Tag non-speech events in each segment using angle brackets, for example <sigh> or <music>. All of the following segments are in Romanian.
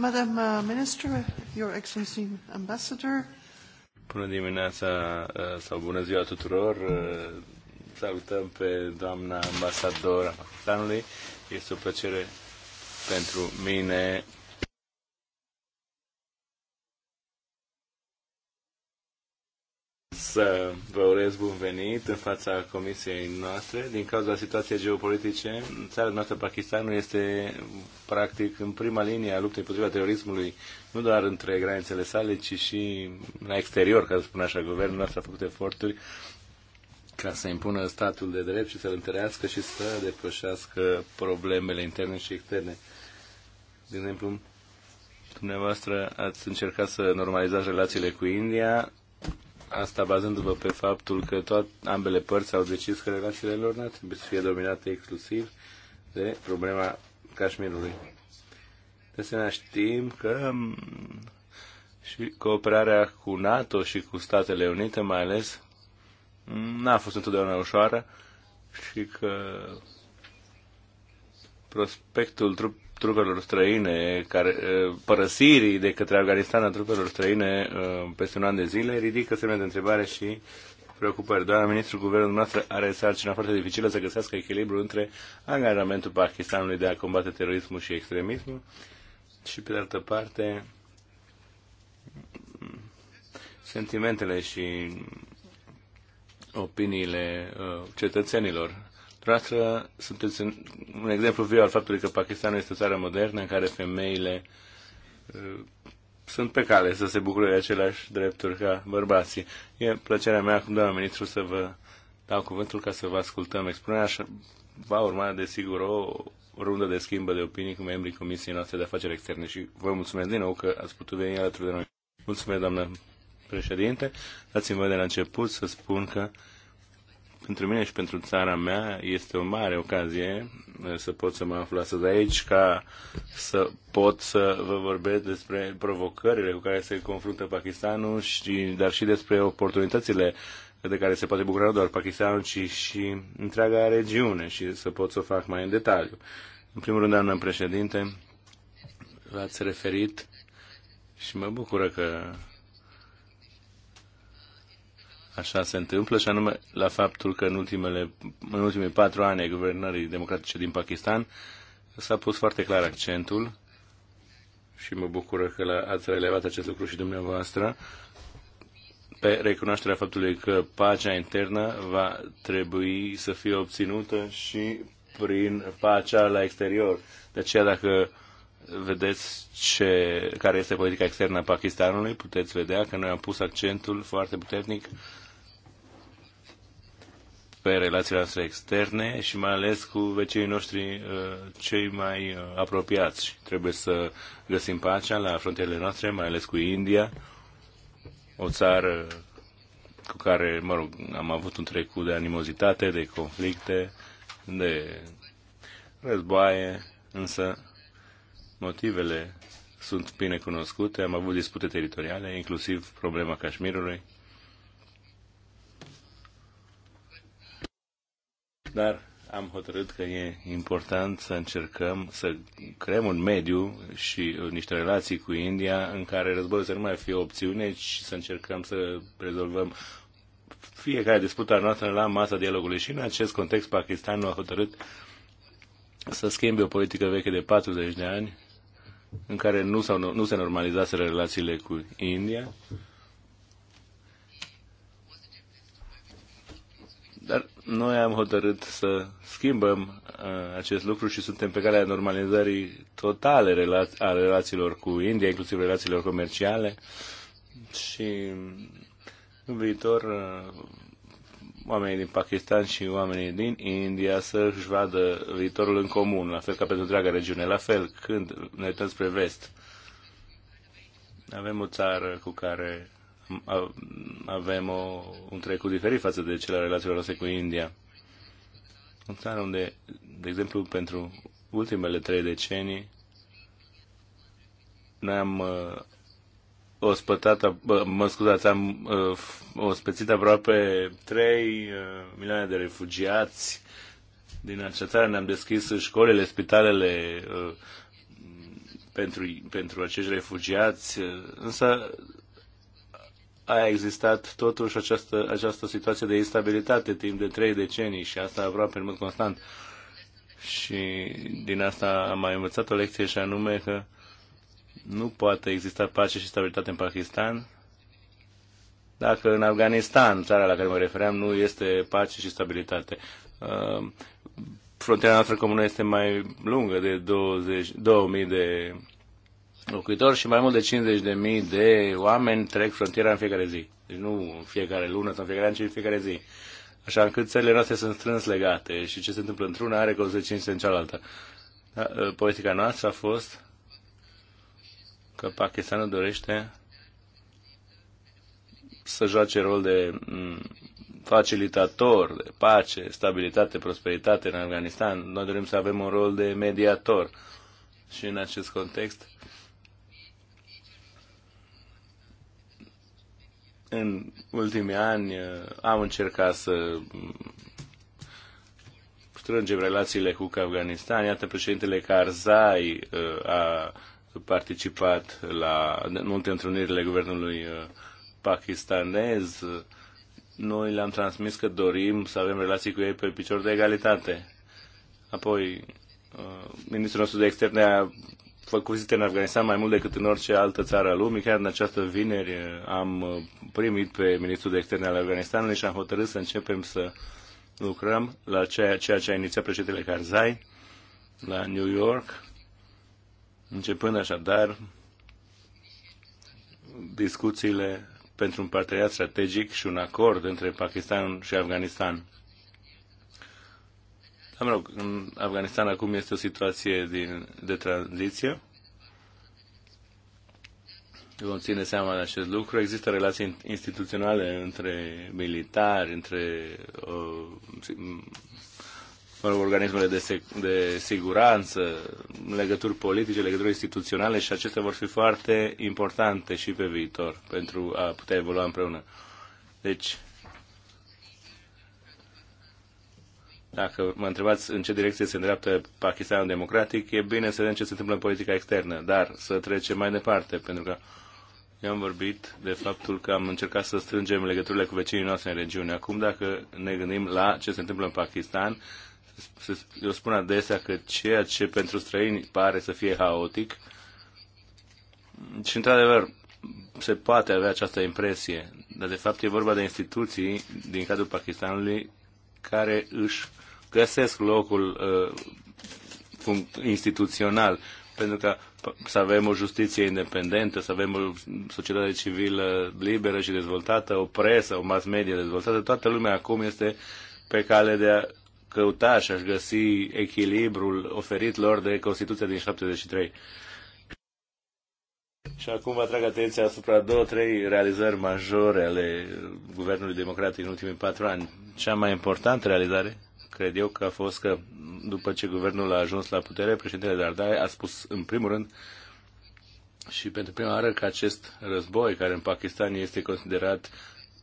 Madam uh, Minister, Your Excellency Ambassador. Bună dimineața uh, sau bună ziua tuturor. Uh, salutăm pe doamna ambasador Stanley. Pakistanului. Este o plăcere pentru mine să vă urez bun venit în fața comisiei noastre. Din cauza situației geopolitice, țara noastră, Pakistanul, este practic în prima linie a luptei împotriva terorismului, nu doar între granițele sale, ci și la exterior, ca să spun așa. Guvernul nostru a făcut eforturi ca să impună statul de drept și să-l întărească și să depășească problemele interne și externe. De exemplu, dumneavoastră ați încercat să normalizați relațiile cu India, Asta bazându-vă pe faptul că toate ambele părți au decis că relațiile lor nu trebuie să fie dominate exclusiv de problema Cașmirului. De asemenea, știm că mm, și cooperarea cu NATO și cu Statele Unite, mai ales, mm, n-a fost întotdeauna ușoară și că prospectul trup trupelor străine, care, părăsirii de către Afganistan a trupelor străine peste un an de zile, ridică semne de întrebare și preocupări. Doamna ministru guvernul noastră are sarcina foarte dificilă să găsească echilibru între angajamentul Pakistanului de a combate terorismul și extremismul și, pe de altă parte, sentimentele și opiniile cetățenilor Dumneavoastră sunteți un exemplu viu al faptului că Pakistanul este o țară modernă în care femeile uh, sunt pe cale să se bucure de aceleași drepturi ca bărbații. E plăcerea mea, acum, doamna ministru, să vă dau cuvântul ca să vă ascultăm expunerea și va urma, desigur, o rundă de schimbă de opinii cu membrii Comisiei noastre de afaceri externe și vă mulțumesc din nou că ați putut veni alături de noi. Mulțumesc, doamnă președinte. Dați-mi voi de la început să spun că pentru mine și pentru țara mea este o mare ocazie eh, să pot să mă aflu astăzi aici ca să pot să vă vorbesc despre provocările cu care se confruntă Pakistanul, și, dar și despre oportunitățile de care se poate bucura doar Pakistanul, ci și întreaga regiune și să pot să o fac mai în detaliu. În primul rând, doamnă președinte, v-ați referit și mă bucură că așa se întâmplă, și anume la faptul că în, ultimele, în ultimele patru ani ai guvernării democratice din Pakistan s-a pus foarte clar accentul și mă bucură că la, ați relevat acest lucru și dumneavoastră, pe recunoașterea faptului că pacea internă va trebui să fie obținută și prin pacea la exterior. De aceea, dacă vedeți ce, care este politica externă a Pakistanului, puteți vedea că noi am pus accentul foarte puternic pe relațiile noastre externe și mai ales cu vecinii noștri uh, cei mai uh, apropiați. Trebuie să găsim pacea la frontierele noastre, mai ales cu India, o țară cu care, mă rog, am avut un trecut de animozitate, de conflicte, de războaie, însă motivele sunt bine cunoscute, am avut dispute teritoriale, inclusiv problema Cașmirului, Dar am hotărât că e important să încercăm să creăm un mediu și niște relații cu India în care războiul să nu mai fie o opțiune, ci să încercăm să rezolvăm fiecare disputa noastră la masa dialogului. Și în acest context, Pakistanul a hotărât să schimbe o politică veche de 40 de ani în care nu, s-au, nu se normalizase relațiile cu India Noi am hotărât să schimbăm uh, acest lucru și suntem pe calea normalizării totale rela a relațiilor cu India, inclusiv relațiilor comerciale și în viitor uh, oamenii din Pakistan și oamenii din India să și vadă viitorul în comun, la fel ca pentru întreaga regiune. La fel, când ne uităm spre vest, avem o țară cu care avem o, un trecut diferit față de cele relațiilor noastre cu India. O țară unde, de exemplu, pentru ultimele trei decenii, noi am uh, ospătat, mă scuzați, am uh, ospețit aproape 3 uh, milioane de refugiați din acea țară, ne-am deschis școlile, spitalele uh, pentru, pentru acești refugiați, uh, însă a existat totuși această, această situație de instabilitate timp de trei decenii și asta aproape în mod constant. Și din asta am mai învățat o lecție și anume că nu poate exista pace și stabilitate în Pakistan dacă în Afganistan, țara la care mă refeream, nu este pace și stabilitate. Uh, frontiera noastră comună este mai lungă de 20, 2000 de locuitori și mai mult de 50.000 de de oameni trec frontiera în fiecare zi. Deci nu în fiecare lună sau în fiecare an, ci în fiecare zi. Așa încât țările noastre sunt strâns legate și ce se întâmplă într-una are consecințe în cealaltă. Da, ă, politica noastră a fost că Pakistanul dorește să joace rol de facilitator de pace, stabilitate, prosperitate în Afganistan. Noi dorim să avem un rol de mediator. Și în acest context, uh, în ultimii ani uh, am încercat să mm, strângem relațiile cu Afganistan. Iată, președintele Karzai uh, a participat la multe întrunirile guvernului uh, pakistanez. Noi le-am transmis că dorim să avem relații cu ei pe picior de egalitate. Apoi, ministrul nostru de externe a vizite în Afganistan mai mult decât în orice altă țară a lumii. Chiar în această vineri am uh, primit pe ministrul de externe al Afganistanului și am hotărât să începem să lucrăm la ceea, ceea ce a inițiat președintele Karzai la New York, începând așadar discuțiile pentru un parteneriat strategic și un acord între Pakistan și Afganistan. Mă rog, în Afganistan acum este o situație din, de tranziție. Vom ține seama de acest lucru. Există relații instituționale între militari, între o, mă rog, organismele de, sec- de siguranță, legături politice, legături instituționale și acestea vor fi foarte importante și pe viitor pentru a putea evolua împreună. Deci, Dacă mă întrebați în ce direcție se îndreaptă Pakistanul democratic, e bine să vedem ce se întâmplă în politica externă, dar să trecem mai departe, pentru că eu am vorbit de faptul că am încercat să strângem legăturile cu vecinii noastre în regiune. Acum, dacă ne gândim la ce se întâmplă în Pakistan, eu spun adesea că ceea ce pentru străini pare să fie haotic, și într-adevăr, se poate avea această impresie, dar de fapt e vorba de instituții din cadrul Pakistanului care își găsesc locul uh, instituțional, pentru că să avem o justiție independentă, să avem o societate civilă liberă și dezvoltată, o presă, o mass media dezvoltată, toată lumea acum este pe cale de a căuta și a-și găsi echilibrul oferit lor de Constituția din 73. Și acum vă atrag atenția asupra două, trei realizări majore ale Guvernului Democrat în ultimii patru ani. Cea mai importantă realizare, cred eu, că a fost că după ce guvernul a ajuns la putere, președintele Dardai a spus în primul rând și pentru prima oară că acest război, care în Pakistan este considerat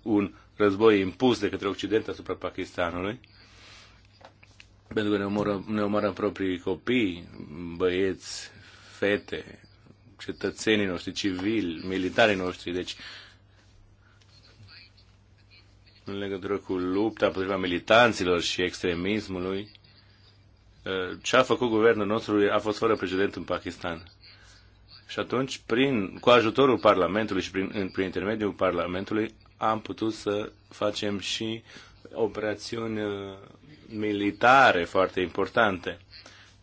un război impus de către Occident asupra Pakistanului, pentru că ne omoară, ne omoară proprii copii, băieți, fete, cetățenii noștri, civili, militarii noștri. Deci, în legătură cu lupta împotriva militanților și extremismului, ă, ce a făcut guvernul nostru a fost fără precedent în Pakistan. Și atunci, prin, cu ajutorul Parlamentului și prin, prin intermediul Parlamentului, am putut să facem și operațiuni ă, militare foarte importante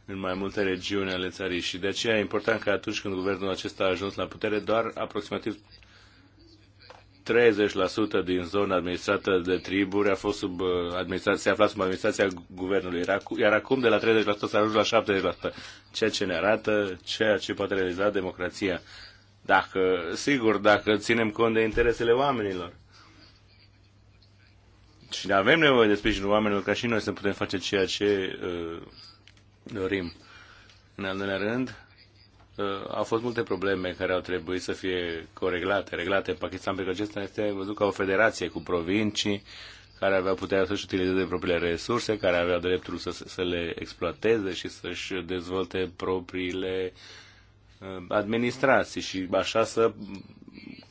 în mai multe regiuni ale țării și de aceea e important că atunci când guvernul acesta a ajuns la putere, doar aproximativ 30% din zona administrată de triburi a fost sub uh, administra- se afla sub administrația guvernului, iar acum de la 30% s-a ajuns la 70%, ceea ce ne arată ceea ce poate realiza democrația. Dacă, sigur, dacă ținem cont de interesele oamenilor. Și avem nevoie de sprijinul oamenilor ca și noi să putem face ceea ce uh, dorim. În al doilea rând, uh, au fost multe probleme care au trebuit să fie coreglate, reglate în Pakistan, pentru că acesta este văzut ca o federație cu provincii care aveau puterea să-și utilizeze propriile resurse, care aveau dreptul să, să le exploateze și să-și dezvolte propriile uh, administrații și așa să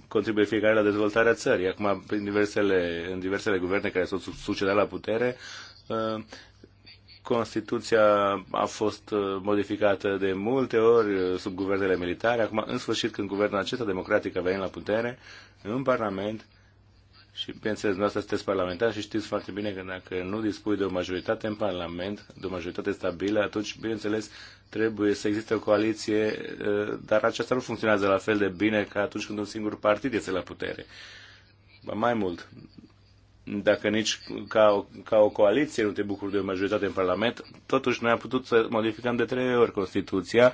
contribuie fiecare la dezvoltarea țării. Acum, prin diversele, în diversele guverne care s-au succedat la putere, uh, Constituția a fost uh, modificată de multe ori uh, sub guvernele militare. Acum, în sfârșit, când guvernul acesta democratic a venit la putere, în Parlament, și bineînțeles, noastră sunteți parlamentar și știți foarte bine că dacă nu dispui de o majoritate în Parlament, de o majoritate stabilă, atunci, bineînțeles, trebuie să existe o coaliție, uh, dar aceasta nu funcționează la fel de bine ca atunci când un singur partid este la putere. Mai mult, dacă nici ca o, ca o coaliție nu te bucuri de o majoritate în Parlament, totuși noi am putut să modificăm de trei ori Constituția.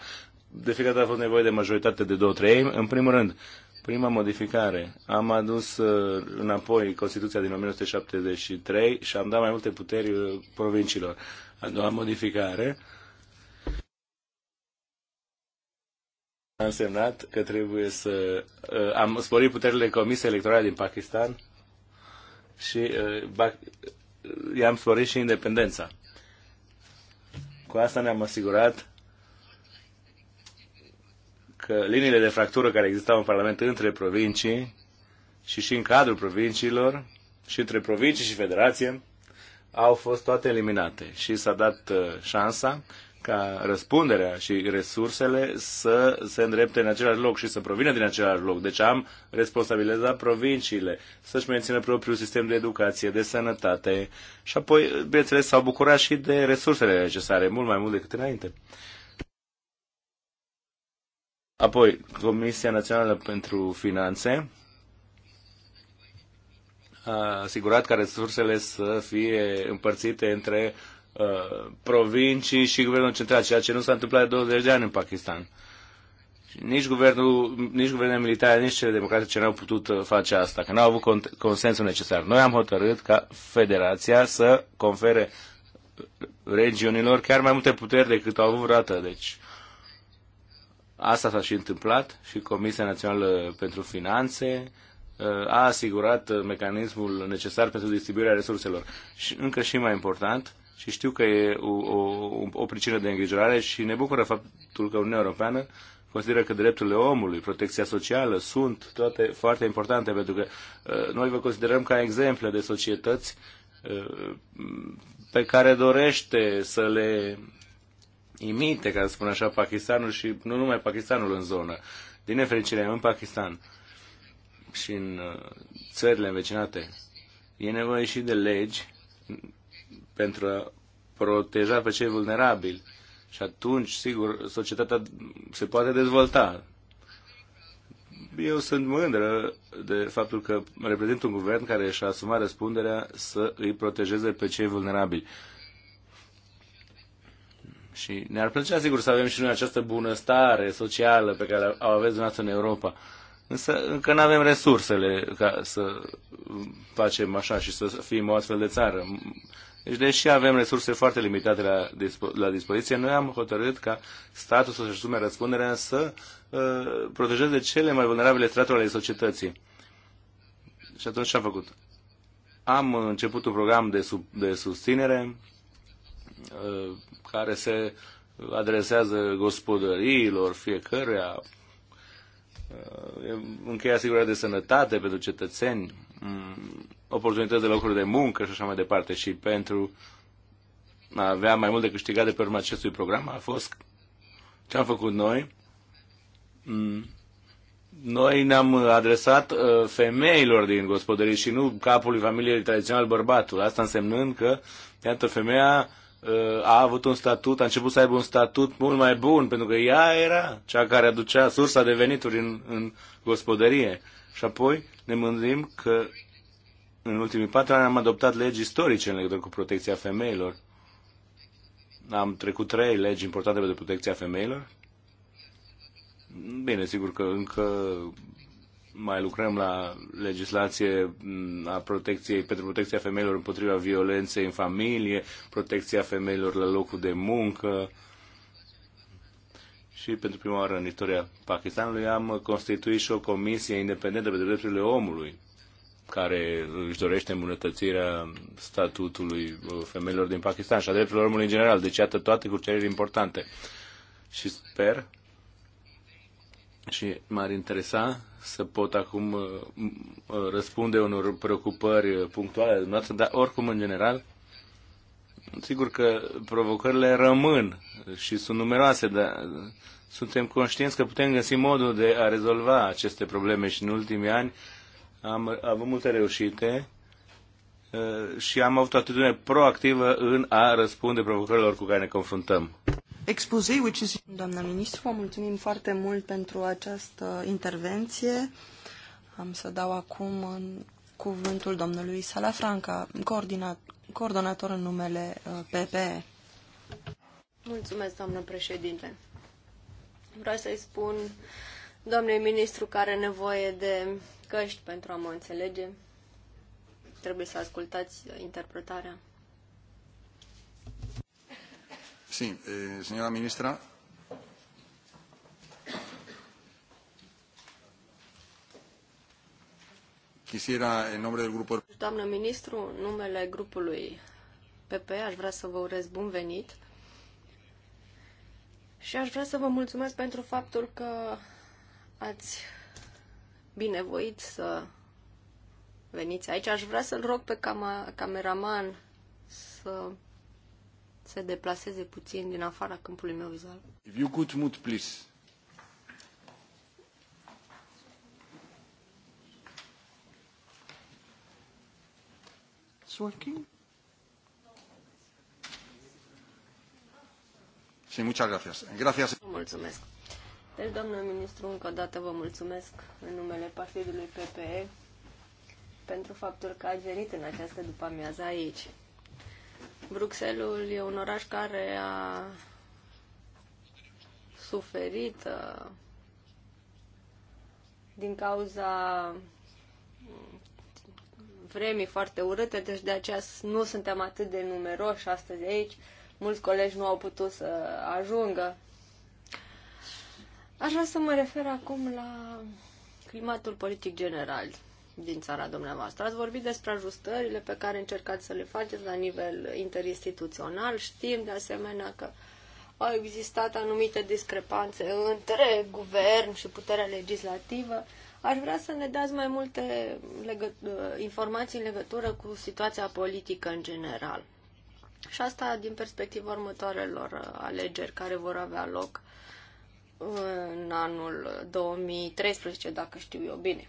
De fiecare dată a fost nevoie de majoritate de două treimi. În primul rând, prima modificare, am adus uh, înapoi Constituția din 1973 și am dat mai multe puteri uh, provinciilor. A doua modificare, a însemnat că trebuie să... Uh, am sporit puterile Comisiei Electorale din Pakistan și uh, i-am florit și independența. Cu asta ne-am asigurat că liniile de fractură care existau în Parlament între provincii și și în cadrul provinciilor și între provincii și federație au fost toate eliminate și s-a dat uh, șansa ca răspunderea și resursele să se îndrepte în același loc și să provină din același loc. Deci am responsabilizat provinciile să-și mențină propriul sistem de educație, de sănătate și apoi, bineînțeles, s-au bucurat și de resursele necesare, mult mai mult decât înainte. Apoi, Comisia Națională pentru Finanțe a asigurat ca resursele să fie împărțite între Uh, provincii și guvernul central, ceea ce nu s-a întâmplat de 20 de ani în Pakistan. Nici guvernul, nici guvernul militar, nici cele democratice n-au putut uh, face asta, că n-au avut consensul necesar. Noi am hotărât ca federația să confere regiunilor chiar mai multe puteri decât au avut vreodată. Deci, asta s-a și întâmplat și Comisia Națională pentru Finanțe, uh, a asigurat mecanismul necesar pentru distribuirea resurselor. Și încă și mai important, și știu că e o, o, o pricină de îngrijorare și ne bucură faptul că Uniunea Europeană consideră că drepturile omului, protecția socială sunt toate foarte importante pentru că uh, noi vă considerăm ca exemple de societăți uh, pe care dorește să le imite, ca să spun așa, Pakistanul și nu numai Pakistanul în zonă. Din nefericire, în Pakistan și în uh, țările învecinate e nevoie și de legi pentru a proteja pe cei vulnerabili. Și atunci, sigur, societatea se poate dezvolta. Eu sunt mândră de faptul că reprezint un guvern care și-a asumat răspunderea să îi protejeze pe cei vulnerabili. Și ne-ar plăcea, sigur, să avem și noi această bunăstare socială pe care o aveți dumneavoastră în Europa. Însă încă nu avem resursele ca să facem așa și să fim o astfel de țară. Deci, deși avem resurse foarte limitate la, dispo- la dispoziție, noi am hotărât ca statul să-și asume răspunderea să uh, protejeze cele mai vulnerabile straturi ale societății. Și atunci ce am făcut? Am început un program de, sub, de susținere uh, care se adresează gospodăriilor, fiecăruia, uh, încheia asigurarea de sănătate pentru cetățeni, um, oportunități de locuri de muncă și așa mai departe și pentru a avea mai mult de câștigat de pe urma acestui program a fost ce am făcut noi. Mm. Noi ne-am adresat uh, femeilor din gospodării și nu capului familiei tradițional bărbatul. Asta însemnând că, iată, femeia uh, a avut un statut, a început să aibă un statut mult mai bun, pentru că ea era cea care aducea sursa de venituri în, în gospodărie. Și apoi ne mândrim că în ultimii patru ani am adoptat legi istorice în legătură cu protecția femeilor. Am trecut trei legi importante pentru protecția femeilor. Bine, sigur că încă mai lucrăm la legislație mm, a protecției, pentru protecția femeilor împotriva violenței în familie, protecția femeilor la locul de muncă. Și pentru prima oară în istoria Pakistanului am constituit și o comisie independentă pentru drepturile omului care își dorește îmbunătățirea statutului uh, femeilor din Pakistan și a drepturilor omului în general. Deci, iată toate cuceriri importante. Și sper și m-ar interesa să pot acum uh, uh, răspunde unor preocupări punctuale ale dumneavoastră, dar oricum, în general, sigur că provocările rămân și sunt numeroase, dar suntem conștienți că putem găsi modul de a rezolva aceste probleme și în ultimii ani am avut multe reușite uh, și am avut o atitudine proactivă în a răspunde provocărilor cu care ne confruntăm. Expose, which is... Doamna ministru, vă mulțumim foarte mult pentru această intervenție. Am să dau acum în cuvântul domnului Salafranca, coordonator în numele uh, PPE. Mulțumesc, doamnă președinte. Vreau să-i spun doamnei ministru care are nevoie de căști pentru a mă înțelege. Trebuie să ascultați interpretarea. Sí, eh, señora ministra, Quisiera, în del grupului... Doamnă ministru, numele grupului PP, aș vrea să vă urez bun venit și aș vrea să vă mulțumesc pentru faptul că ați binevoit să veniți aici. Aș vrea să-l rog pe cam- cameraman să se deplaseze puțin din afara câmpului meu vizual. If you could mute, please. It's working? Sí, muchas gracias. Gracias. Mulțumesc. Deci, doamnă ministru, încă o dată vă mulțumesc în numele partidului PPE pentru faptul că ați venit în această după-amiază aici. Bruxelles e un oraș care a suferit uh, din cauza vremii foarte urâte, deci de aceea nu suntem atât de numeroși astăzi aici. Mulți colegi nu au putut să ajungă Aș vrea să mă refer acum la climatul politic general din țara dumneavoastră. Ați vorbit despre ajustările pe care încercați să le faceți la nivel interinstituțional. Știm de asemenea că au existat anumite discrepanțe între guvern și puterea legislativă. Aș vrea să ne dați mai multe informații în legătură cu situația politică în general. Și asta din perspectiva următoarelor alegeri care vor avea loc în anul 2013, dacă știu eu bine.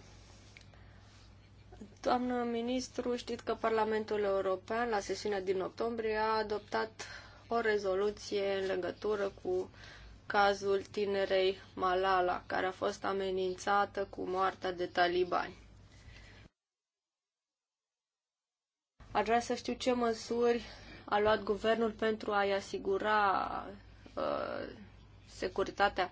Doamnă ministru, știți că Parlamentul European, la sesiunea din octombrie, a adoptat o rezoluție în legătură cu cazul tinerei Malala, care a fost amenințată cu moartea de talibani. Aș vrea să știu ce măsuri a luat guvernul pentru a-i asigura uh, securitatea.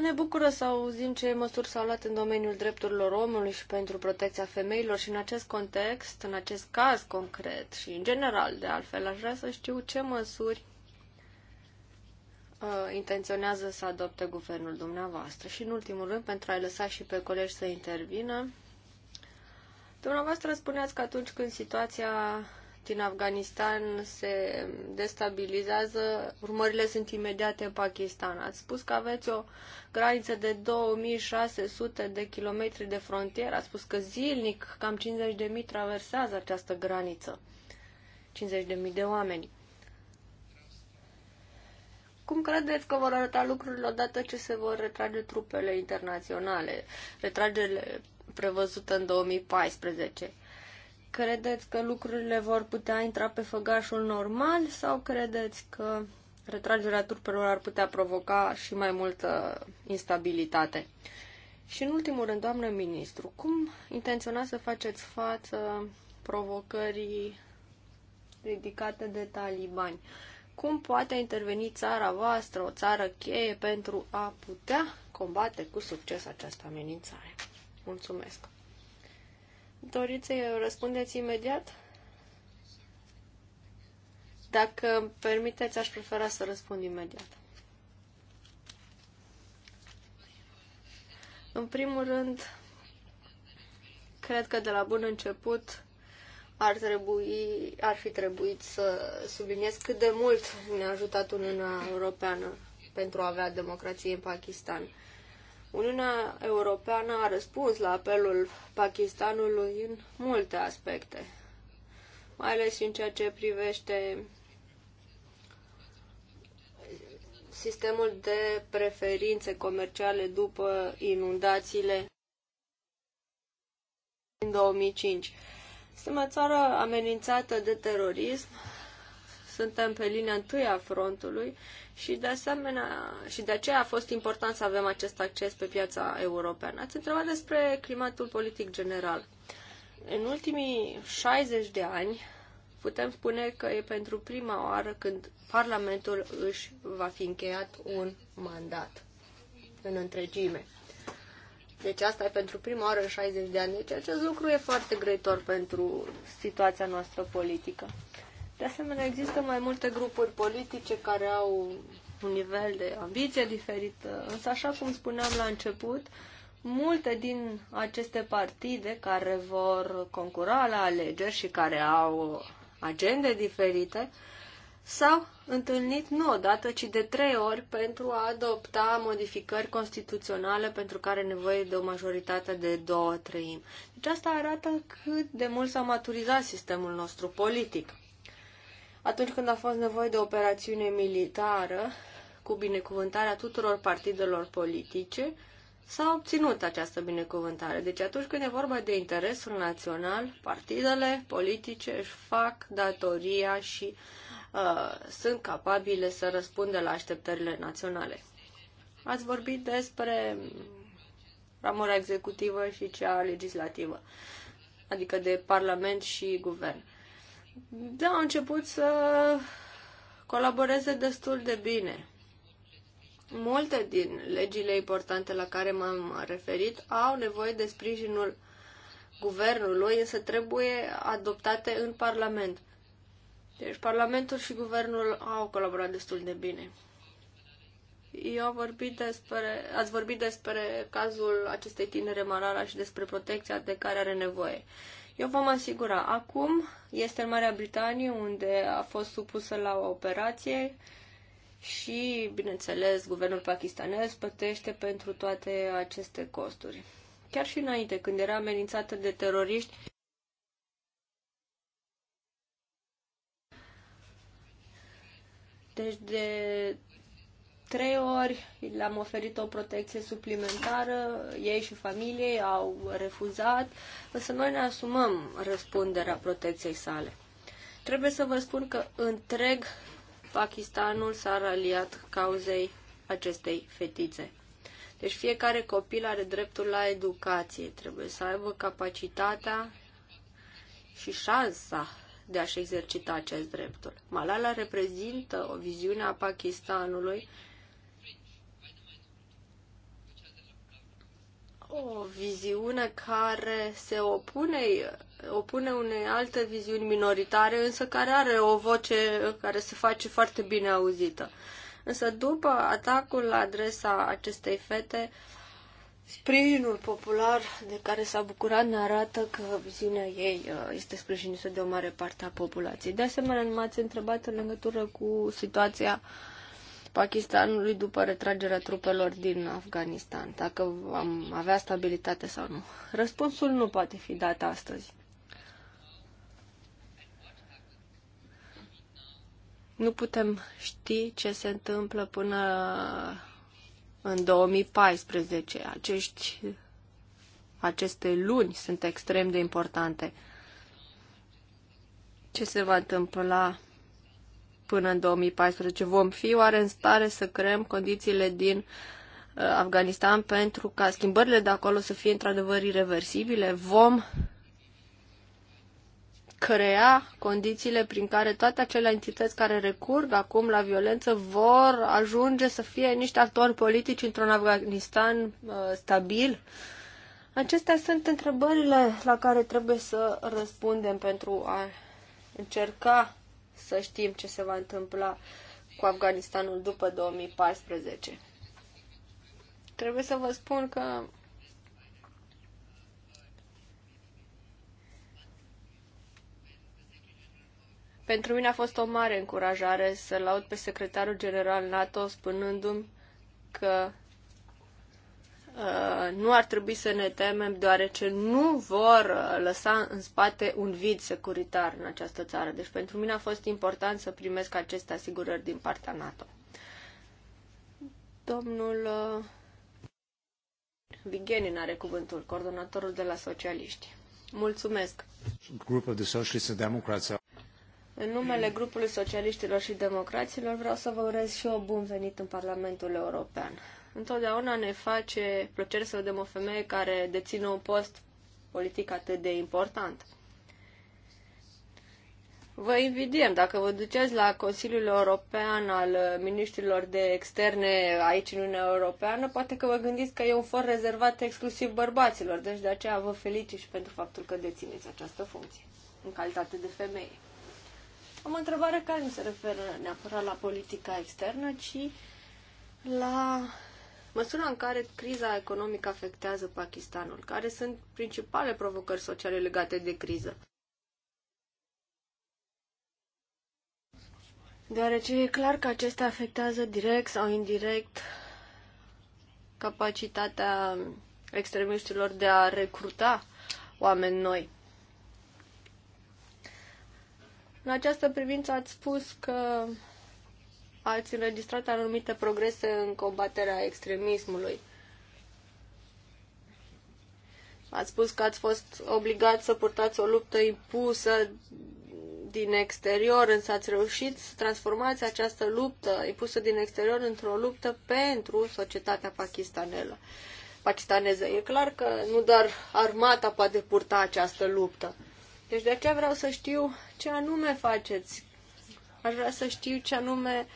Ne bucură să auzim ce măsuri s-au luat în domeniul drepturilor omului și pentru protecția femeilor și în acest context, în acest caz concret și în general, de altfel, aș vrea să știu ce măsuri uh, intenționează să adopte guvernul dumneavoastră. Și în ultimul rând, pentru a-i lăsa și pe colegi să intervină, dumneavoastră spuneați că atunci când situația din Afganistan se destabilizează, urmările sunt imediate în Pakistan. Ați spus că aveți o graniță de 2600 de kilometri de frontieră. Ați spus că zilnic cam 50.000 traversează această graniță. 50.000 de oameni. Cum credeți că vor arăta lucrurile odată ce se vor retrage trupele internaționale? Retragerile prevăzută în 2014. Credeți că lucrurile vor putea intra pe făgașul normal sau credeți că retragerea trupelor ar putea provoca și mai multă instabilitate? Și în ultimul rând, doamnă ministru, cum intenționați să faceți față provocării ridicate de talibani? Cum poate interveni țara voastră, o țară cheie, pentru a putea combate cu succes această amenințare? Mulțumesc! Doriți să răspundeți imediat? Dacă îmi permiteți, aș prefera să răspund imediat. În primul rând, cred că de la bun început ar, trebui, ar fi trebuit să subliniez cât de mult ne-a ajutat Uniunea Europeană pentru a avea democrație în Pakistan. Uniunea Europeană a răspuns la apelul Pakistanului în multe aspecte, mai ales în ceea ce privește sistemul de preferințe comerciale după inundațiile din 2005. Este o țară amenințată de terorism suntem pe linia întâi a frontului și de asemenea, și de aceea a fost important să avem acest acces pe piața europeană. Ați întrebat despre climatul politic general. În ultimii 60 de ani putem spune că e pentru prima oară când Parlamentul își va fi încheiat un mandat în întregime. Deci asta e pentru prima oară în 60 de ani. Deci acest lucru e foarte greitor pentru situația noastră politică. De asemenea, există mai multe grupuri politice care au un nivel de ambiție diferit, însă, așa cum spuneam la început, multe din aceste partide care vor concura la alegeri și care au agende diferite s-au întâlnit nu odată, ci de trei ori pentru a adopta modificări constituționale pentru care are nevoie de o majoritate de două treimi. Deci asta arată cât de mult s-a maturizat sistemul nostru politic atunci când a fost nevoie de operațiune militară cu binecuvântarea tuturor partidelor politice, s-a obținut această binecuvântare. Deci atunci când e vorba de interesul național, partidele politice își fac datoria și uh, sunt capabile să răspundă la așteptările naționale. Ați vorbit despre ramura executivă și cea legislativă, adică de parlament și guvern. Uh, da, au început să colaboreze destul de bine. Multe din legile importante la care m-am referit au nevoie de sprijinul guvernului, însă trebuie adoptate în Parlament. Deci Parlamentul și guvernul au colaborat destul de bine. Eu am vorbit despre, ați vorbit despre cazul acestei tinere Marara și despre protecția de care are nevoie. Eu vom asigura. Acum este în Marea Britanie, unde a fost supusă la o operație și, bineînțeles, guvernul pakistanez plătește pentru toate aceste costuri. Chiar și înainte, când era amenințată de teroriști, Deci de trei ori, le-am oferit o protecție suplimentară, ei și familiei au refuzat, însă noi ne asumăm răspunderea protecției sale. Trebuie să vă spun că întreg Pakistanul s-a raliat cauzei acestei fetițe. Deci fiecare copil are dreptul la educație, trebuie să aibă capacitatea și șansa de a-și exercita acest dreptul. Malala reprezintă o viziune a Pakistanului o viziune care se opune, opune unei alte viziuni minoritare, însă care are o voce care se face foarte bine auzită. Însă după atacul la adresa acestei fete, sprijinul popular de care s-a bucurat ne arată că viziunea ei uh, este sprijinită de o mare parte a populației. De asemenea, m-ați întrebat în legătură cu situația uh, Pakistanului după retragerea trupelor din Afganistan, dacă am avea stabilitate sau nu. Răspunsul nu poate fi dat astăzi. Nu putem ști ce se întâmplă până în 2014. Acești, aceste luni sunt extrem de importante. Ce se va întâmpla până în 2014 vom fi oare în stare să creăm condițiile din uh, Afganistan pentru ca schimbările de acolo să fie într-adevăr irreversibile? Vom crea condițiile prin care toate acele entități care recurg acum la violență vor ajunge să fie niște actori politici într-un Afganistan uh, stabil? Acestea sunt întrebările la care trebuie să răspundem pentru a încerca să știm ce se va întâmpla cu Afganistanul după 2014. Trebuie să vă spun că Pentru mine a fost o mare încurajare să-l aud pe secretarul general NATO spunându-mi că Uh, nu ar trebui să ne temem, deoarece nu vor uh, lăsa în spate un vid securitar în această țară. Deci pentru mine a fost important să primesc aceste asigurări din partea NATO. Domnul uh, Vigenin are cuvântul, coordonatorul de la Socialiști. Mulțumesc! Grupul de Socialiști Democrați în numele grupului socialiștilor și democraților vreau să vă urez și eu bun venit în Parlamentul European întotdeauna ne face plăcere să vedem o femeie care deține un post politic atât de important. Vă invidiem, dacă vă duceți la Consiliul European al Ministrilor de Externe aici în Uniunea Europeană, poate că vă gândiți că e un for rezervat exclusiv bărbaților, deci de aceea vă felicit și pentru faptul că dețineți această funcție în calitate de femeie. Am o întrebare care nu se referă neapărat la politica externă, ci la măsura în care criza economică afectează Pakistanul, care sunt principale provocări sociale legate de criză. Deoarece e clar că acestea afectează direct sau indirect capacitatea extremiștilor de a recruta oameni noi. În această privință ați spus că ați înregistrat anumite progrese în combaterea extremismului. Ați spus că ați fost obligat să purtați o luptă impusă din exterior, însă ați reușit să transformați această luptă impusă din exterior într-o luptă pentru societatea pakistanelă, pakistaneză. E clar că nu doar armata poate purta această luptă. Deci de aceea vreau să știu ce anume faceți. Aș vrea să știu ce anume uh,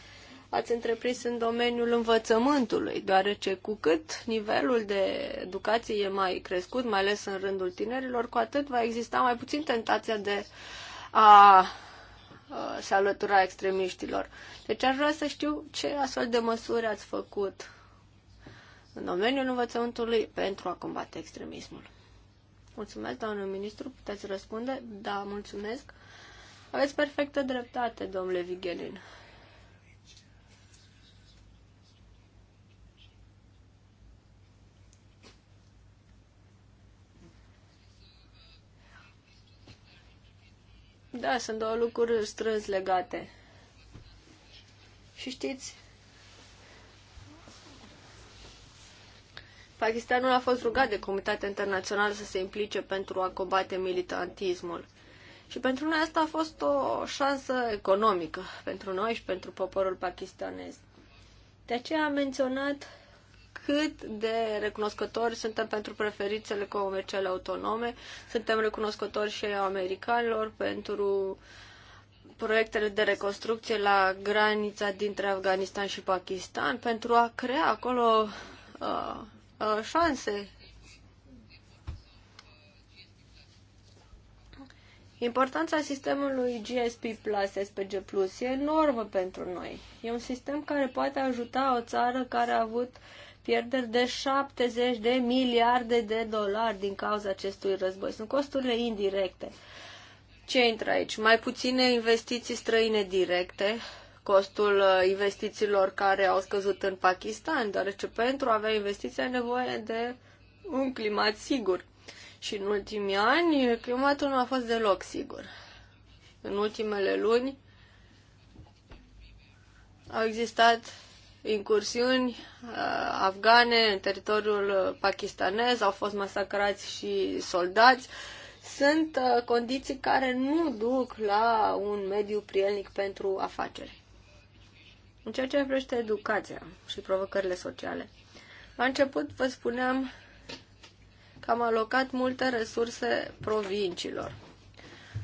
ați întreprins în domeniul învățământului, deoarece cu cât nivelul de educație e mai crescut, mai ales în rândul tinerilor, cu atât va exista mai puțin tentația de a se alătura extremiștilor. Deci aș vrea să știu ce astfel de măsuri ați făcut în domeniul învățământului pentru a combate extremismul. Mulțumesc, domnul ministru, puteți răspunde? Da, mulțumesc. Aveți perfectă dreptate, domnule Vigenin. Da, sunt două lucruri strâns legate. Și știți, Pakistanul a fost rugat de comunitatea internațională să se implice pentru a combate militantismul. Și pentru noi asta a fost o șansă economică, pentru noi și pentru poporul pakistanez. De aceea am menționat cât de recunoscători suntem pentru preferințele comerciale autonome, suntem recunoscători și americanilor pentru proiectele de reconstrucție la granița dintre Afganistan și Pakistan, pentru a crea acolo uh, uh, șanse. Importanța sistemului GSP Plus, SPG Plus e enormă pentru noi. E un sistem care poate ajuta o țară care a avut uh, pierderi de 70 de miliarde de dolari din cauza acestui război. Sunt costurile indirecte. Ce intră aici? Mai puține investiții străine directe, costul uh, investițiilor care au scăzut în Pakistan, deoarece pentru a avea investiții ai nevoie de un climat sigur. Și în ultimii ani, climatul nu a fost deloc sigur. În ultimele luni au existat incursiuni uh, afgane în teritoriul pakistanez, au fost masacrați și soldați. Sunt uh, condiții care nu duc la un mediu prielnic pentru afaceri. În ceea ce privește educația și provocările sociale. La început vă spuneam că am alocat multe resurse provinciilor,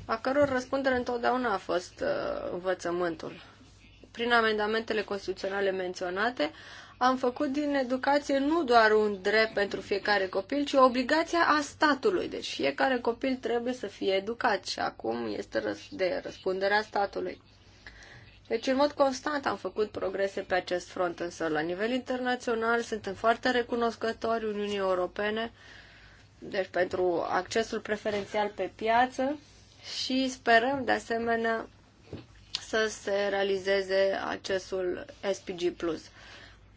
a căror răspundere întotdeauna a fost uh, învățământul prin amendamentele constituționale menționate, am făcut din educație nu doar un drept pentru fiecare copil, ci o obligație a statului. Deci fiecare copil trebuie să fie educat și acum este de răspunderea statului. Deci, în mod constant am făcut progrese pe acest front, însă la nivel internațional suntem foarte recunoscători Uniunii Europene deci pentru accesul preferențial pe piață și sperăm de asemenea să se realizeze accesul SPG+.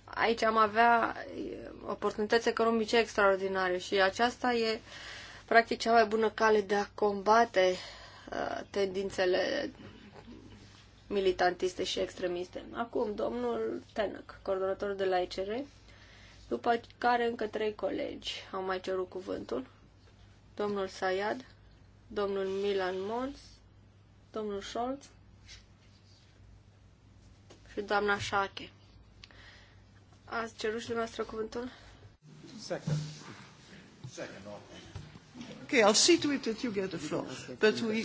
Aici am avea eh, oportunități economice extraordinare și aceasta e practic cea mai bună cale de a combate eh, tendințele militantiste și extremiste. Acum, domnul Tenăc, coordonator de la ICR, după care încă trei colegi au mai cerut cuvântul. Domnul Sayad, domnul Milan Mons, domnul Scholz și doamna Șache. Ați cerut și dumneavoastră cuvântul? Second. Second, Okay, I'll see to it that you get the floor. But we,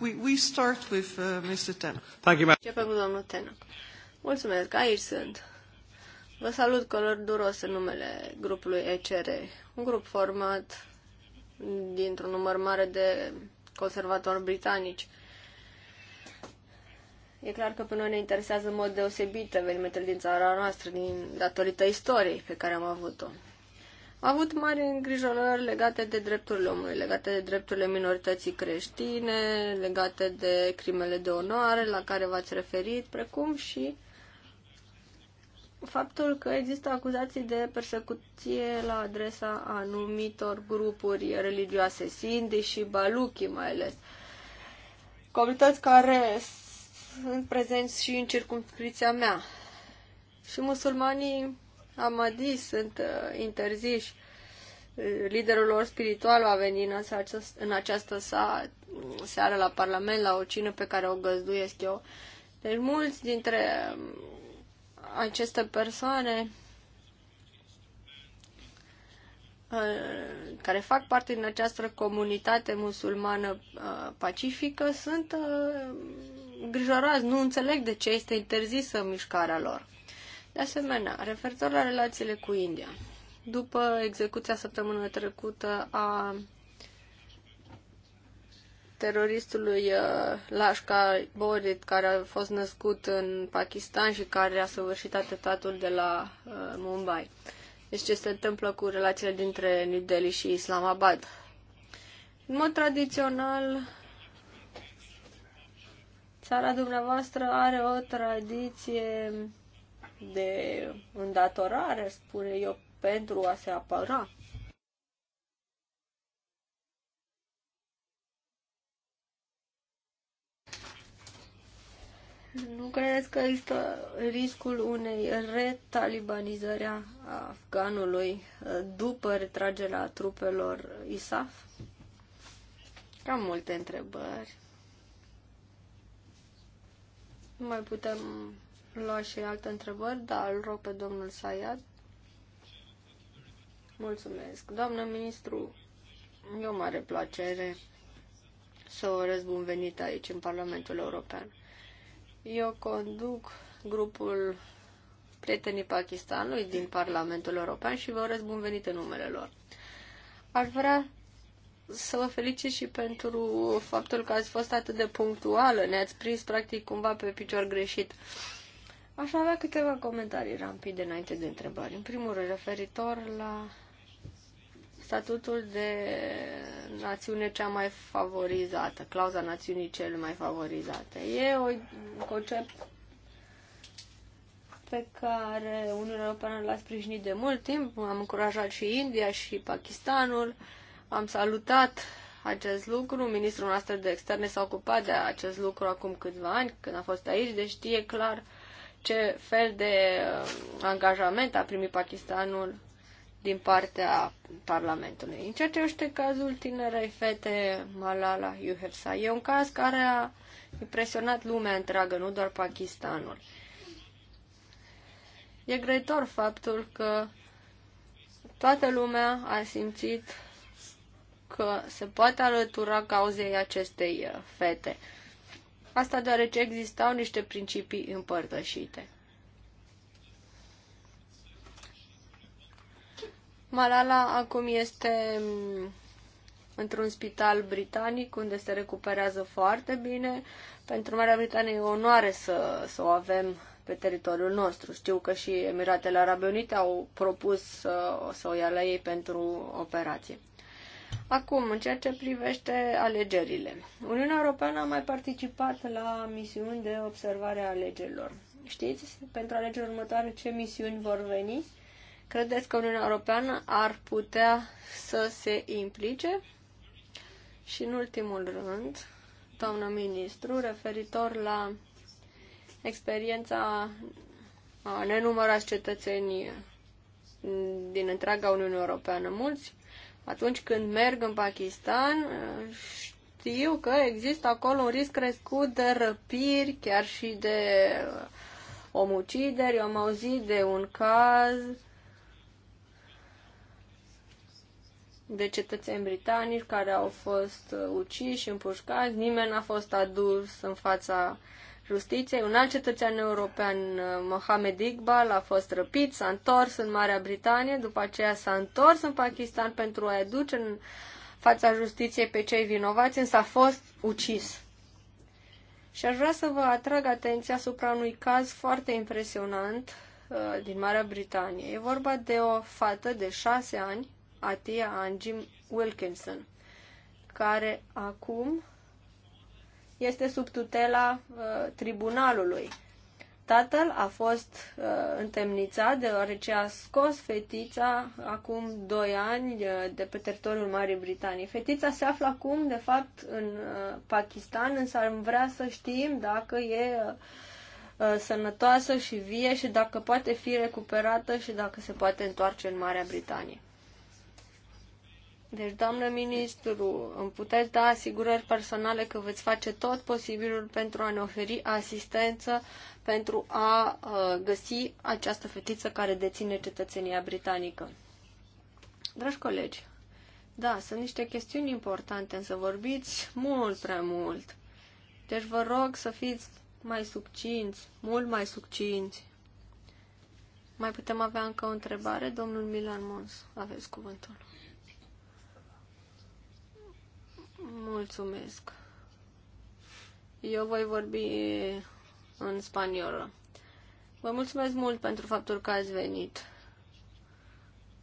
we, we start with uh, Mr. Tanner. Thank you, Începem cu domnul Tanner. Mulțumesc, aici sunt. Vă salut duros în numele grupului ECR, un grup format dintr-un număr mare de conservatori britanici E clar că pe noi ne interesează în mod deosebit evenimentele din țara noastră, din datorită istoriei pe care am avut-o. Am avut mari îngrijorări legate de drepturile omului, legate de drepturile minorității creștine, legate de crimele de onoare la care v-ați referit, precum și faptul că există acuzații de persecuție la adresa anumitor grupuri religioase, Sindi și Baluchi mai ales. Comunități care sunt prezent și în circunscripția mea. Și musulmanii amadi sunt uh, interziși. Uh, liderul lor spiritual va veni în această, în această sa, mm, seară la Parlament, la o cină pe care o găzduiesc eu. Deci mulți dintre um, aceste persoane uh, care fac parte din această comunitate musulmană uh, pacifică sunt îngrijorați, nu înțeleg de ce este interzisă mișcarea lor. De asemenea, referitor la relațiile cu India, după execuția săptămână trecută a teroristului uh, Lashka Borit, care a fost născut în Pakistan și care a săvârșit atentatul de la uh, Mumbai. Deci ce se întâmplă cu relațiile dintre New Delhi și Islamabad. În mod tradițional, Țara dumneavoastră are o tradiție de îndatorare, spune eu, pentru a se apăra. Nu credeți că există riscul unei retalibanizări a Afganului uh, după retragerea trupelor ISAF? Cam multe întrebări. Mai putem lua și alte întrebări, dar îl rog pe domnul Sayad. Mulțumesc. Doamnă ministru, e o mare plăcere să o urez bun venit aici, în Parlamentul European. Eu conduc grupul prietenii Pakistanului din Parlamentul European și vă urez bun venit în numele lor. Aș vrea să vă felicit și pentru faptul că ați fost atât de punctuală, ne-ați prins practic cumva pe picior greșit. Aș avea câteva comentarii rapide înainte de întrebări. În primul rând, referitor la statutul de națiune cea mai favorizată, clauza națiunii cele mai favorizate. E o, un concept pe care Uniunea Europeană l-a sprijinit de mult timp, am încurajat și India și Pakistanul, uh, am salutat acest lucru, ministrul nostru de externe s-a ocupat de acest lucru acum câțiva ani, când a fost aici, deci știe clar ce fel de uh, angajament a primit Pakistanul din partea Parlamentului. În ceea ce este cazul tinerei fete Malala Yousafzai, e un caz care a impresionat lumea întreagă, nu doar Pakistanul. E greitor faptul că toată lumea a simțit că se poate alătura cauzei acestei uh, fete. Asta deoarece existau niște principii împărtășite. Malala acum este mm, într-un spital britanic unde se recuperează foarte bine. Pentru Marea Britanie e o onoare să, să o avem pe teritoriul nostru. Știu că și Emiratele Arabe Unite au propus să, să o ia la ei pentru operație. Acum, în ceea ce privește alegerile, Uniunea Europeană a mai participat la misiuni de observare a alegerilor. Știți pentru alegerile următoare ce misiuni vor veni? Credeți că Uniunea Europeană ar putea să se implice? Și în ultimul rând, doamnă ministru, referitor la experiența a nenumărați cetățenii din întreaga Uniune Europeană. Mulți atunci când merg în Pakistan, știu că există acolo un risc crescut de răpiri, chiar și de uh, omucideri. Eu am auzit de un caz de cetățeni britanici care au fost uh, uciși, împușcați, nimeni n-a fost adus în fața Justiției. Un alt cetățean european, uh, Mohamed Iqbal, a fost răpit, s-a întors în Marea Britanie, după aceea s-a întors în Pakistan pentru a aduce în fața justiției pe cei vinovați, însă a fost ucis. Și aș vrea să vă atrag atenția asupra unui caz foarte impresionant uh, din Marea Britanie. E vorba de o fată de șase ani, Atia Angie Wilkinson, care acum este sub tutela uh, tribunalului. Tatăl a fost uh, întemnițat deoarece a scos fetița acum 2 ani uh, de pe teritoriul Marii Britanii. Fetița se află acum, de fapt, în uh, Pakistan, însă am vrea să știm dacă e uh, uh sănătoasă și vie și dacă poate fi recuperată și dacă se poate întoarce în Marea Britanie. Deci, doamnă ministru, îmi puteți da asigurări personale că veți face tot posibilul pentru a ne oferi asistență pentru a uh, găsi această fetiță care deține cetățenia britanică. Dragi colegi, da, sunt niște chestiuni importante, însă vorbiți mult prea mult. Deci vă rog să fiți mai succinți, mult mai succinți. Mai putem avea încă o întrebare? Domnul Milan Mons, aveți cuvântul. Mulțumesc. Eu voi vorbi în spaniolă. Vă mulțumesc mult pentru faptul că ați venit.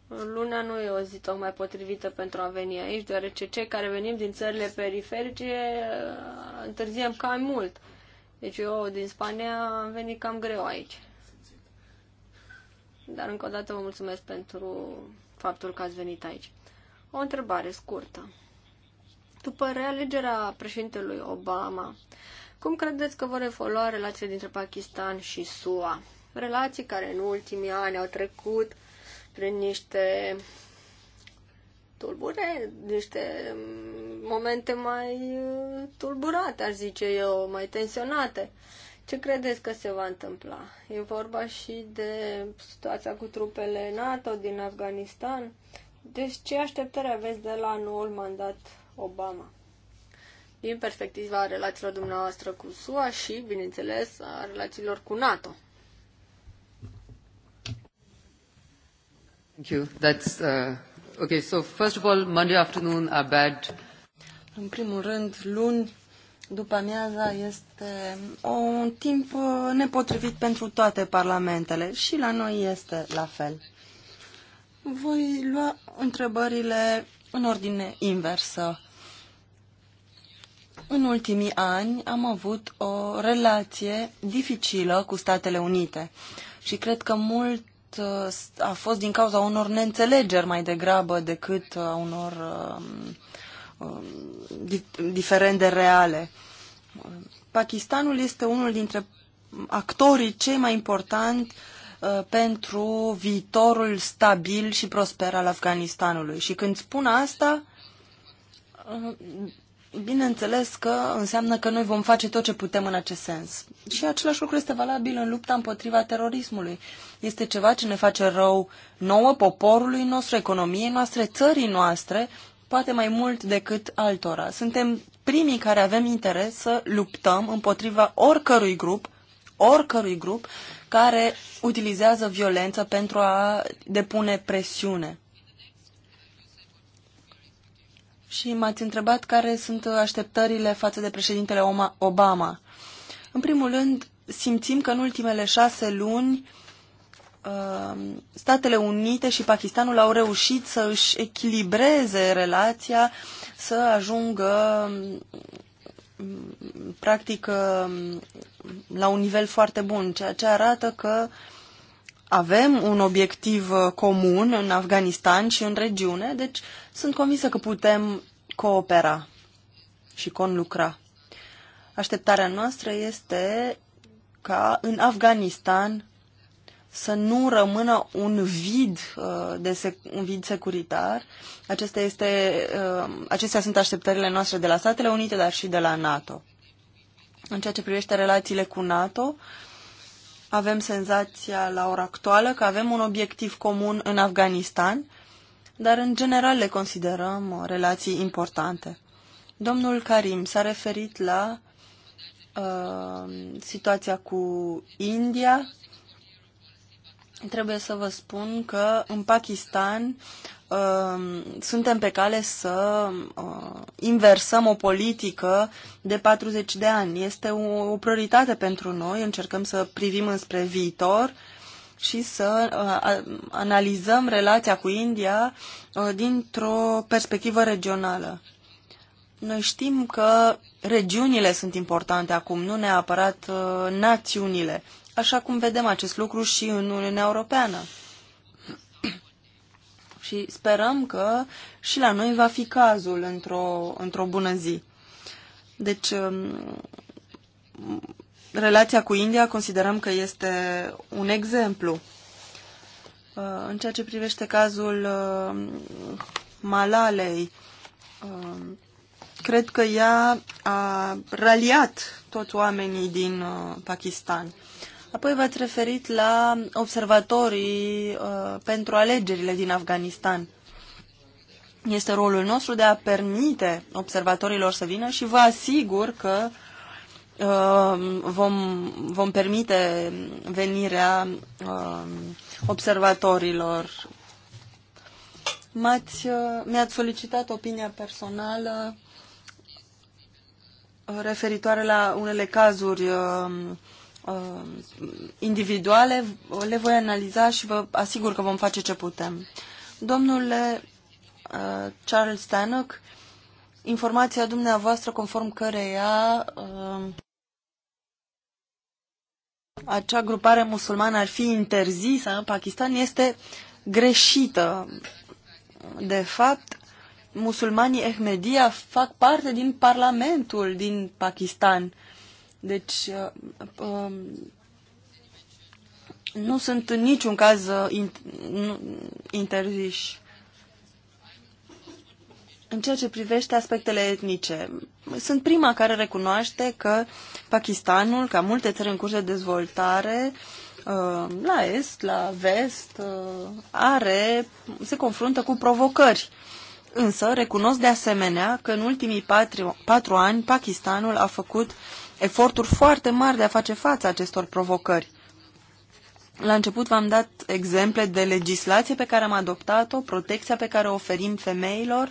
Luna nu e o zi tocmai potrivită pentru a veni aici, deoarece cei care venim din țările periferice uh, întârziem cam mult. Deci eu din Spania am venit cam greu aici. Dar încă o dată vă mulțumesc pentru faptul că ați venit aici. O întrebare scurtă după realegerea președintelui Obama, cum credeți că vor evolua relațiile dintre Pakistan și SUA? Relații care în ultimii ani au trecut prin niște tulbure, niște momente mai uh, tulburate, aș zice eu, mai tensionate. Ce credeți că se va întâmpla? E vorba și de situația cu trupele NATO din Afganistan. Deci ce așteptări aveți de la noul mandat Obama din perspectiva relațiilor dumneavoastră cu SUA și, bineînțeles, a relațiilor cu NATO. Thank you. That's uh, okay. So first of all, Monday afternoon a bad. În primul rând, luni după amiaza este un timp uh, nepotrivit pentru toate parlamentele și la noi este la fel. Voi lua întrebările în ordine inversă. În ultimii ani am avut o relație dificilă cu Statele Unite și cred că mult uh, a fost din cauza unor neînțelegeri mai degrabă decât uh, a unor um, um, diferende reale. Pakistanul este unul dintre actorii cei mai importanti Uh, pentru viitorul stabil și prosper al Afganistanului. Și când spun asta, uh, bineînțeles că înseamnă că noi vom face tot ce putem în acest sens. Și același lucru este valabil în lupta împotriva terorismului. Este ceva ce ne face rău nouă, poporului nostru, economiei noastre, țării noastre, poate mai mult decât altora. Suntem primii care avem interes să luptăm împotriva oricărui grup, oricărui grup care utilizează violență pentru a depune presiune. Și m-ați întrebat care sunt așteptările față de președintele Obama. În primul rând, simțim că în ultimele șase luni uh, Statele Unite și Pakistanul au reușit să își echilibreze relația, să ajungă practic uh, la un nivel foarte bun, ceea ce arată că avem un obiectiv uh, comun în Afganistan și în regiune, deci sunt convinsă că putem coopera și conlucra. Așteptarea noastră este ca în Afganistan să nu rămână un vid, uh, de un vid securitar. Acesta este, uh, acestea sunt așteptările noastre de la Statele Unite, dar și de la NATO. În ceea ce privește relațiile cu NATO, avem senzația la ora actuală că avem un obiectiv comun în Afganistan, dar în general le considerăm uh, relații importante. Domnul Karim s-a referit la uh, situația cu India trebuie să vă spun că în Pakistan uh, suntem pe cale să uh, inversăm o politică de 40 de ani. Este o, o prioritate pentru noi, încercăm să privim înspre viitor și să uh, analizăm relația cu India uh, dintr-o perspectivă regională. Noi știm că regiunile sunt importante acum, nu neapărat uh, națiunile așa cum vedem acest lucru și în Uniunea Europeană. <clears throat> și sperăm că și la noi va fi cazul într-o, într-o bună zi. Deci, um, relația cu India considerăm că este un exemplu. Uh, în ceea ce privește cazul uh, Malalei, um, cred că ea a raliat toți oamenii din uh, Pakistan. Apoi v-ați referit la observatorii uh, pentru alegerile din Afganistan. Este rolul nostru de a permite observatorilor să vină și vă asigur că uh, vom, vom permite venirea uh, observatorilor. M-ați, uh, mi-ați solicitat opinia personală uh, referitoare la unele cazuri uh, Uh, individuale, le voi analiza și vă asigur că vom face ce putem. Domnule uh, Charles Stanock, informația dumneavoastră conform căreia uh, acea grupare musulmană ar fi interzisă în Pakistan este greșită. De fapt, musulmanii Ahmedia fac parte din parlamentul din Pakistan. Uh, deci, uh, um, nu sunt în niciun caz uh, interziși. În ceea ce privește aspectele etnice, sunt prima care recunoaște că Pakistanul, ca multe țări în curs de dezvoltare, uh, la est, la vest, are, se confruntă cu provocări. Însă recunosc de asemenea că în ultimii patru, patru ani Pakistanul a făcut uh, eforturi foarte mari de a face față acestor provocări. La început v-am dat exemple de legislație pe care am adoptat-o, protecția pe care o oferim femeilor,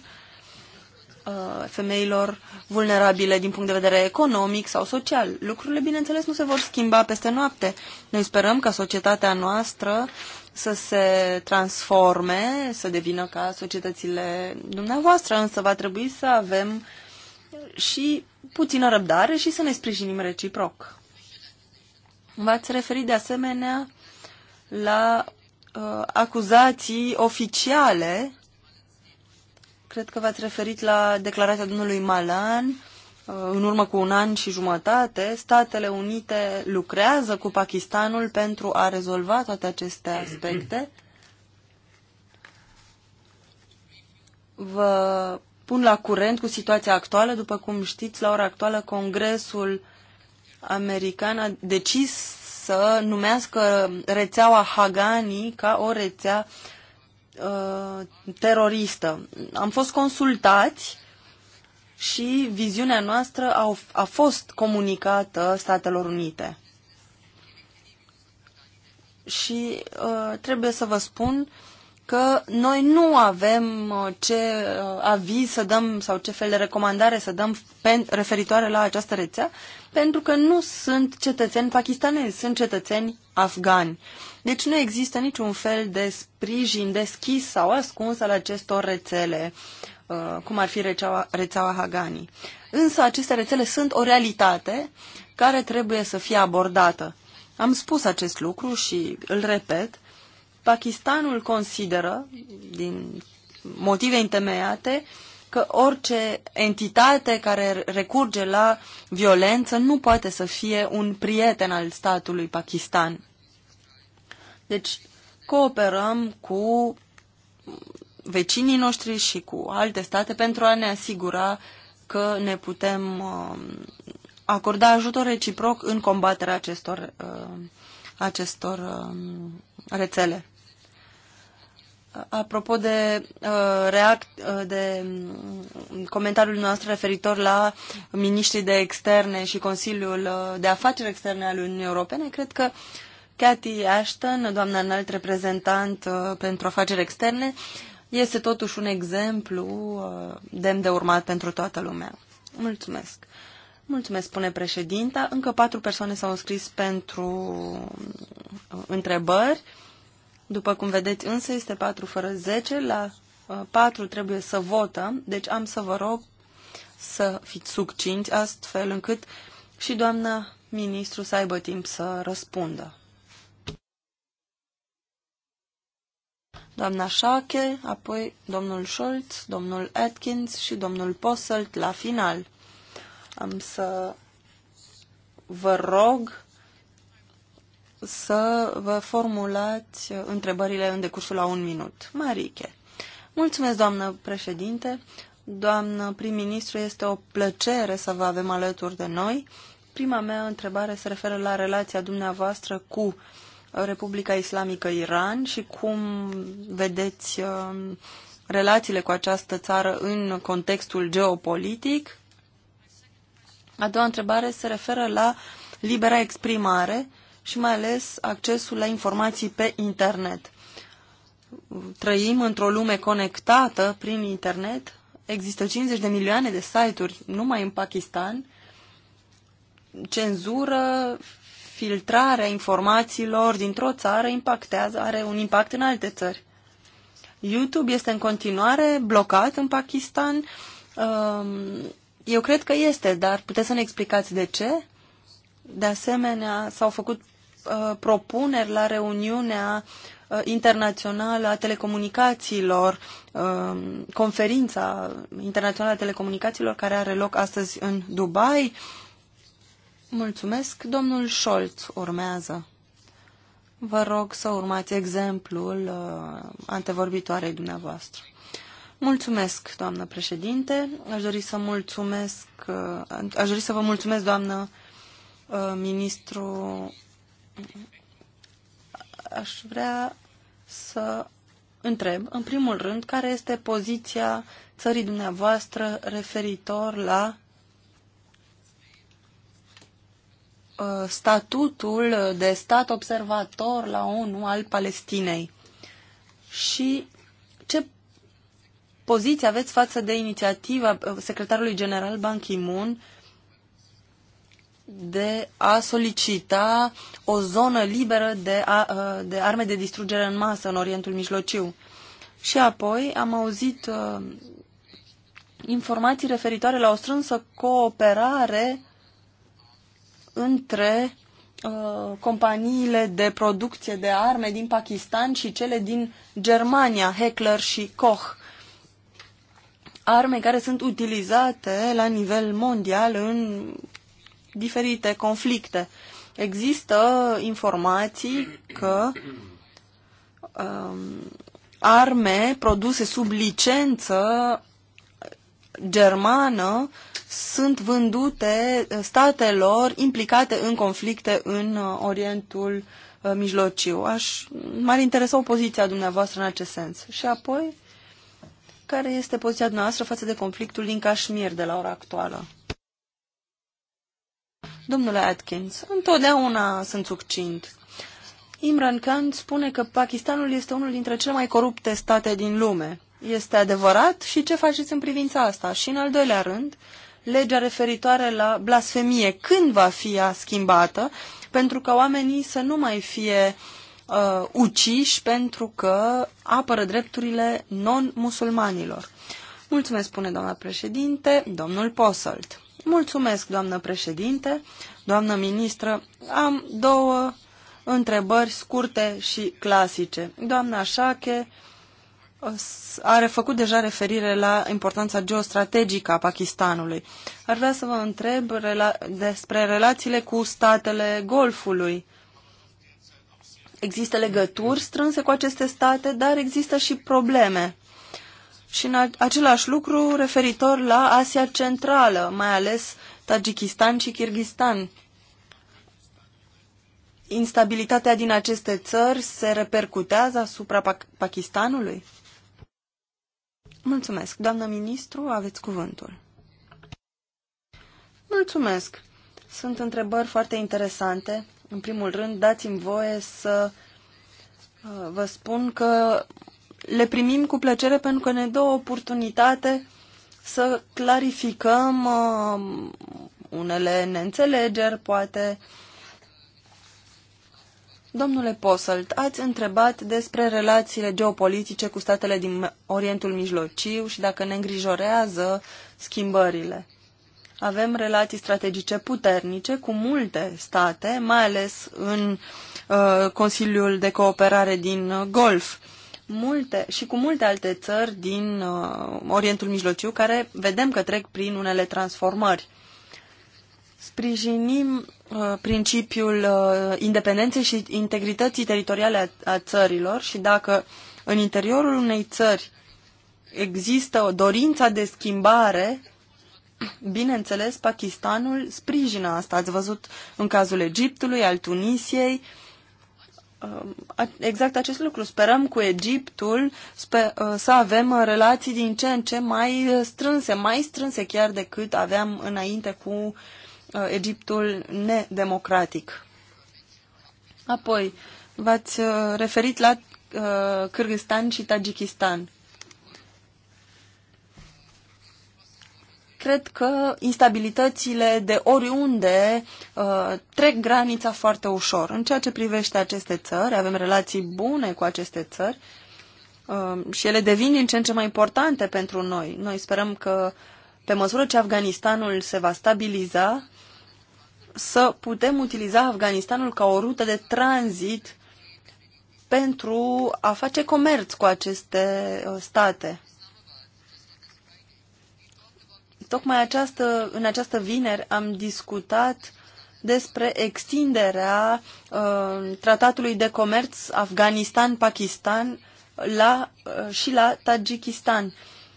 uh, femeilor vulnerabile din punct de vedere economic sau social. Lucrurile, bineînțeles, nu se vor schimba peste noapte. Noi sperăm ca societatea noastră să se transforme, să devină ca societățile dumneavoastră, însă va trebui să avem și puțină răbdare și să ne sprijinim reciproc. V-ați referit de asemenea la uh, acuzații oficiale. Cred că v-ați referit la declarația domnului Malan uh, în urmă cu un an și jumătate. Statele Unite lucrează cu Pakistanul pentru a rezolva toate aceste aspecte. Vă pun la curent cu situația actuală. După cum știți, la ora actuală, Congresul American a decis să numească rețeaua Hagani ca o rețea uh, teroristă. Am fost consultați și viziunea noastră a, a fost comunicată Statelor Unite. Și uh, trebuie să vă spun uh, că noi nu avem uh, ce uh, aviz să dăm sau ce fel de recomandare să dăm referitoare la această rețea, pentru că nu sunt cetățeni pakistanezi, sunt cetățeni afgani. Deci nu există niciun fel de sprijin deschis sau ascuns al acestor rețele, uh, cum ar fi rețeaua, rețeaua Hagani. Însă aceste rețele sunt o realitate care trebuie să fie abordată. Am spus acest lucru și îl repet, Pakistanul consideră, din motive întemeiate, că orice entitate care recurge la violență nu poate să fie un prieten al statului Pakistan. Deci, cooperăm cu vecinii noștri și cu alte state pentru a ne asigura că ne putem um, acorda ajutor reciproc în combaterea acestor uh, acestor um, rețele. Apropo de, uh, react, uh, de um, comentariul nostru referitor la miniștrii de externe și Consiliul uh, de Afaceri Externe al Uniunii Europene, cred că Cathy Ashton, doamna înalt reprezentant pentru afaceri externe, este totuși un exemplu demn de urmat pentru toată lumea. Mulțumesc! Mulțumesc, spune președinta. Încă patru persoane s-au înscris pentru uh, întrebări. După cum vedeți, însă este 4 fără 10, la 4 uh, trebuie să votăm, deci am să vă rog să fiți succinți, astfel încât și doamna ministru să aibă timp să răspundă. Doamna Șache, apoi domnul Scholz, domnul Atkins și domnul Posselt la final. Am să vă rog să vă formulați întrebările în decursul la un minut. Marike. Mulțumesc, doamnă președinte. Doamnă prim-ministru, este o plăcere să vă avem alături de noi. Prima mea întrebare se referă la relația dumneavoastră cu Republica Islamică Iran și cum vedeți uh, relațiile cu această țară în contextul geopolitic a doua întrebare se referă la libera exprimare și mai ales accesul la informații pe internet. Trăim într-o lume conectată prin internet. Există 50 de milioane de site-uri numai în Pakistan. Cenzură, filtrarea informațiilor dintr-o țară impactează, are un impact în alte țări. YouTube este în continuare blocat în Pakistan. Eu cred că este, dar puteți să ne explicați de ce? De asemenea, s-au făcut uh, propuneri la reuniunea uh, internațională a telecomunicațiilor, uh, conferința internațională a telecomunicațiilor care are loc astăzi în Dubai. Mulțumesc. Domnul Scholz urmează. Vă rog să urmați exemplul uh, antevorbitoarei dumneavoastră. Mulțumesc, doamnă președinte. Aș dori să mulțumesc, uh, aș dori să vă mulțumesc, doamnă uh, ministru. Aș vrea să întreb, în primul rând, care este poziția țării dumneavoastră referitor la uh, statutul de stat observator la ONU al Palestinei și ce poziție aveți față de inițiativa uh, secretarului general Ban Ki-moon de a solicita o zonă liberă de, a, uh, de arme de distrugere în masă în Orientul Mijlociu. Și apoi am auzit uh, informații referitoare la o strânsă cooperare între uh, companiile de producție de arme din Pakistan și cele din Germania, Heckler și Koch arme care sunt utilizate la nivel mondial în diferite conflicte. Există informații că um, arme produse sub licență germană sunt vândute statelor implicate în conflicte în uh, Orientul uh, Mijlociu. Aș, m-ar interesa a dumneavoastră în acest sens. Și apoi, care este poziția noastră față de conflictul din Kashmir de la ora actuală? Domnule Atkins, întotdeauna sunt succint. Imran Khan spune că Pakistanul este unul dintre cele mai corupte state din lume. Este adevărat? Și ce faceți în privința asta? Și în al doilea rând, legea referitoare la blasfemie, când va fi ea schimbată, pentru ca oamenii să nu mai fie uh, uh, uciși pentru că apără drepturile non-musulmanilor. Mulțumesc, spune doamna președinte, domnul Posolt. Mulțumesc, doamnă președinte, doamnă ministră. Am două întrebări scurte și clasice. Doamna Șache uh, are făcut deja referire la importanța geostrategică a Pakistanului. Ar vrea să vă întreb rela despre relațiile cu statele Golfului Există legături strânse cu aceste state, dar există și probleme. Și în același lucru referitor la Asia Centrală, mai ales Tajikistan și Kirghistan. Instabilitatea din aceste țări se repercutează asupra Pakistanului? Mulțumesc. Doamnă ministru, aveți cuvântul. Mulțumesc. Sunt întrebări foarte interesante în primul rând, dați-mi voie să uh, vă spun că le primim cu plăcere pentru că ne dă o oportunitate să clarificăm uh, unele neînțelegeri, poate. Domnule Posselt, ați întrebat despre relațiile geopolitice cu statele din Orientul Mijlociu și dacă ne îngrijorează schimbările. Avem relații strategice puternice cu multe state, mai ales în uh, Consiliul de Cooperare din uh, Golf multe, și cu multe alte țări din uh, Orientul Mijlociu care vedem că trec prin unele transformări. Sprijinim uh, principiul uh, independenței și integrității teritoriale a, a țărilor și dacă în interiorul unei țări există o dorință de schimbare, Bineînțeles, Pakistanul sprijină asta. Ați văzut în cazul Egiptului, al Tunisiei, um, exact acest lucru. Sperăm cu Egiptul sper, uh, să avem relații din ce în ce mai strânse, mai strânse chiar decât aveam înainte cu uh, Egiptul nedemocratic. Apoi, v-ați uh, referit la Kyrgyzstan și Tajikistan. cred că instabilitățile de oriunde uh, trec granița foarte ușor. În ceea ce privește aceste țări, avem relații bune cu aceste țări uh, și ele devin din ce în ce mai importante pentru noi. Noi sperăm că pe măsură ce Afganistanul se va stabiliza, să putem utiliza Afganistanul ca o rută de tranzit pentru a face comerț cu aceste uh, state Tocmai această, în această vineri am discutat despre extinderea uh, tratatului de comerț Afganistan-Pakistan la, uh, și la Tajikistan.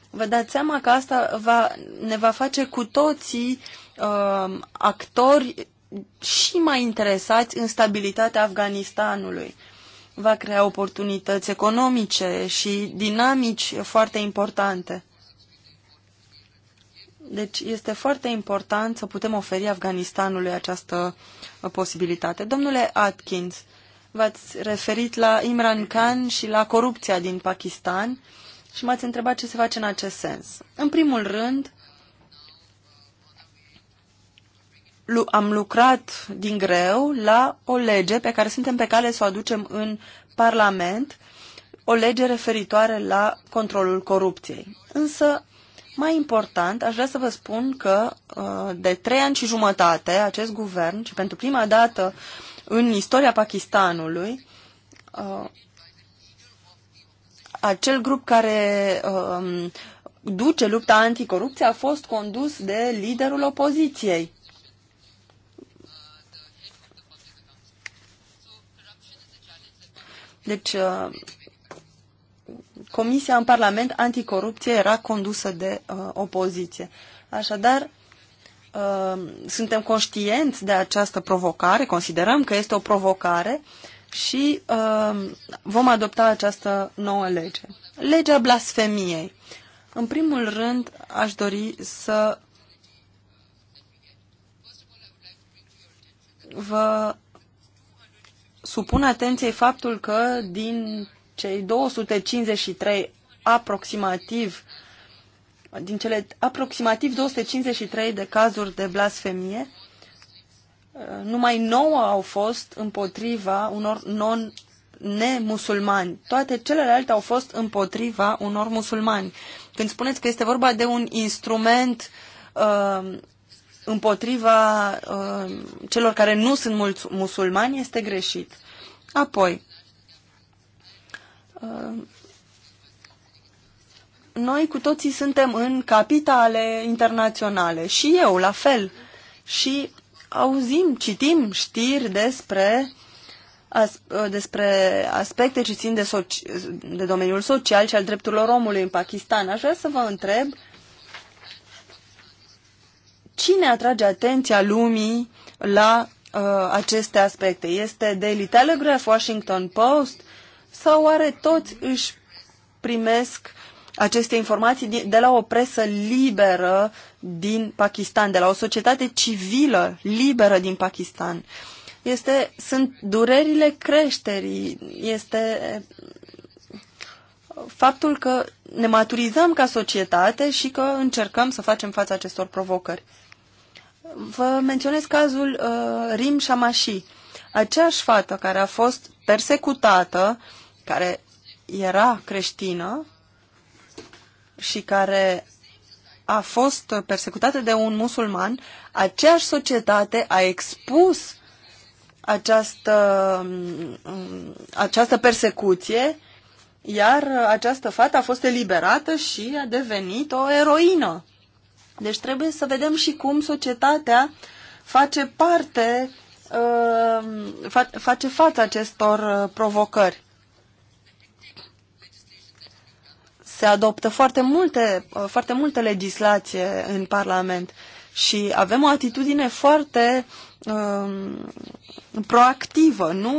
Vă dați seama că asta va, ne va face cu toții uh, actori și mai interesați în stabilitatea Afganistanului. Va crea oportunități economice și dinamici foarte importante. Deci este foarte important să putem oferi Afganistanului această uh, posibilitate. Domnule Atkins, v-ați referit la Imran Khan și la corupția din Pakistan și m-ați întrebat ce se face în acest sens. În primul rând, am lucrat din greu la o lege pe care suntem pe cale să o aducem în Parlament, o lege referitoare la controlul corupției. Însă mai important, aș vrea să vă spun că uh, de trei ani și jumătate acest guvern, și pentru prima dată în istoria Pakistanului, uh, acel grup care um, duce lupta anticorupție a fost condus de liderul opoziției. Deci, uh, Comisia în Parlament anticorupție era condusă de uh, opoziție. Așadar, uh, suntem conștienți de această provocare, considerăm că este o provocare și uh, vom adopta această nouă lege. Legea blasfemiei. În primul rând, aș dori să vă supun atenției faptul că din cei 253 aproximativ din cele aproximativ 253 de cazuri de blasfemie, uh, numai 9 au fost împotriva unor non nemusulmani. Toate celelalte au fost împotriva unor musulmani. Când spuneți că este vorba de un instrument uh, împotriva uh, celor care nu sunt mulți musulmani, este greșit. Apoi, Uh, noi cu toții suntem în capitale internaționale și eu la fel. Și auzim, citim știri despre, as, uh, despre aspecte ce țin de, soci, de domeniul social și al drepturilor omului în Pakistan. Aș vrea să vă întreb cine atrage atenția lumii la uh, aceste aspecte? Este Daily Telegraph, Washington Post, uh, sau oare toți își primesc aceste informații de la o presă liberă din Pakistan, de la o societate civilă liberă din Pakistan? Este, sunt durerile creșterii, este uh, faptul că ne maturizăm ca societate și că încercăm să facem față acestor provocări. Vă menționez cazul uh, Rim Shamashi, aceeași fată care a fost persecutată uh, care era creștină și care a fost persecutată de un musulman, aceeași societate a expus această, această persecuție, iar această fată a fost eliberată și a devenit o eroină. Deci trebuie să vedem și cum societatea face parte, uh, face față acestor uh, provocări. se adoptă foarte multe, uh, foarte multe legislație în Parlament și avem o atitudine foarte um, proactivă, nu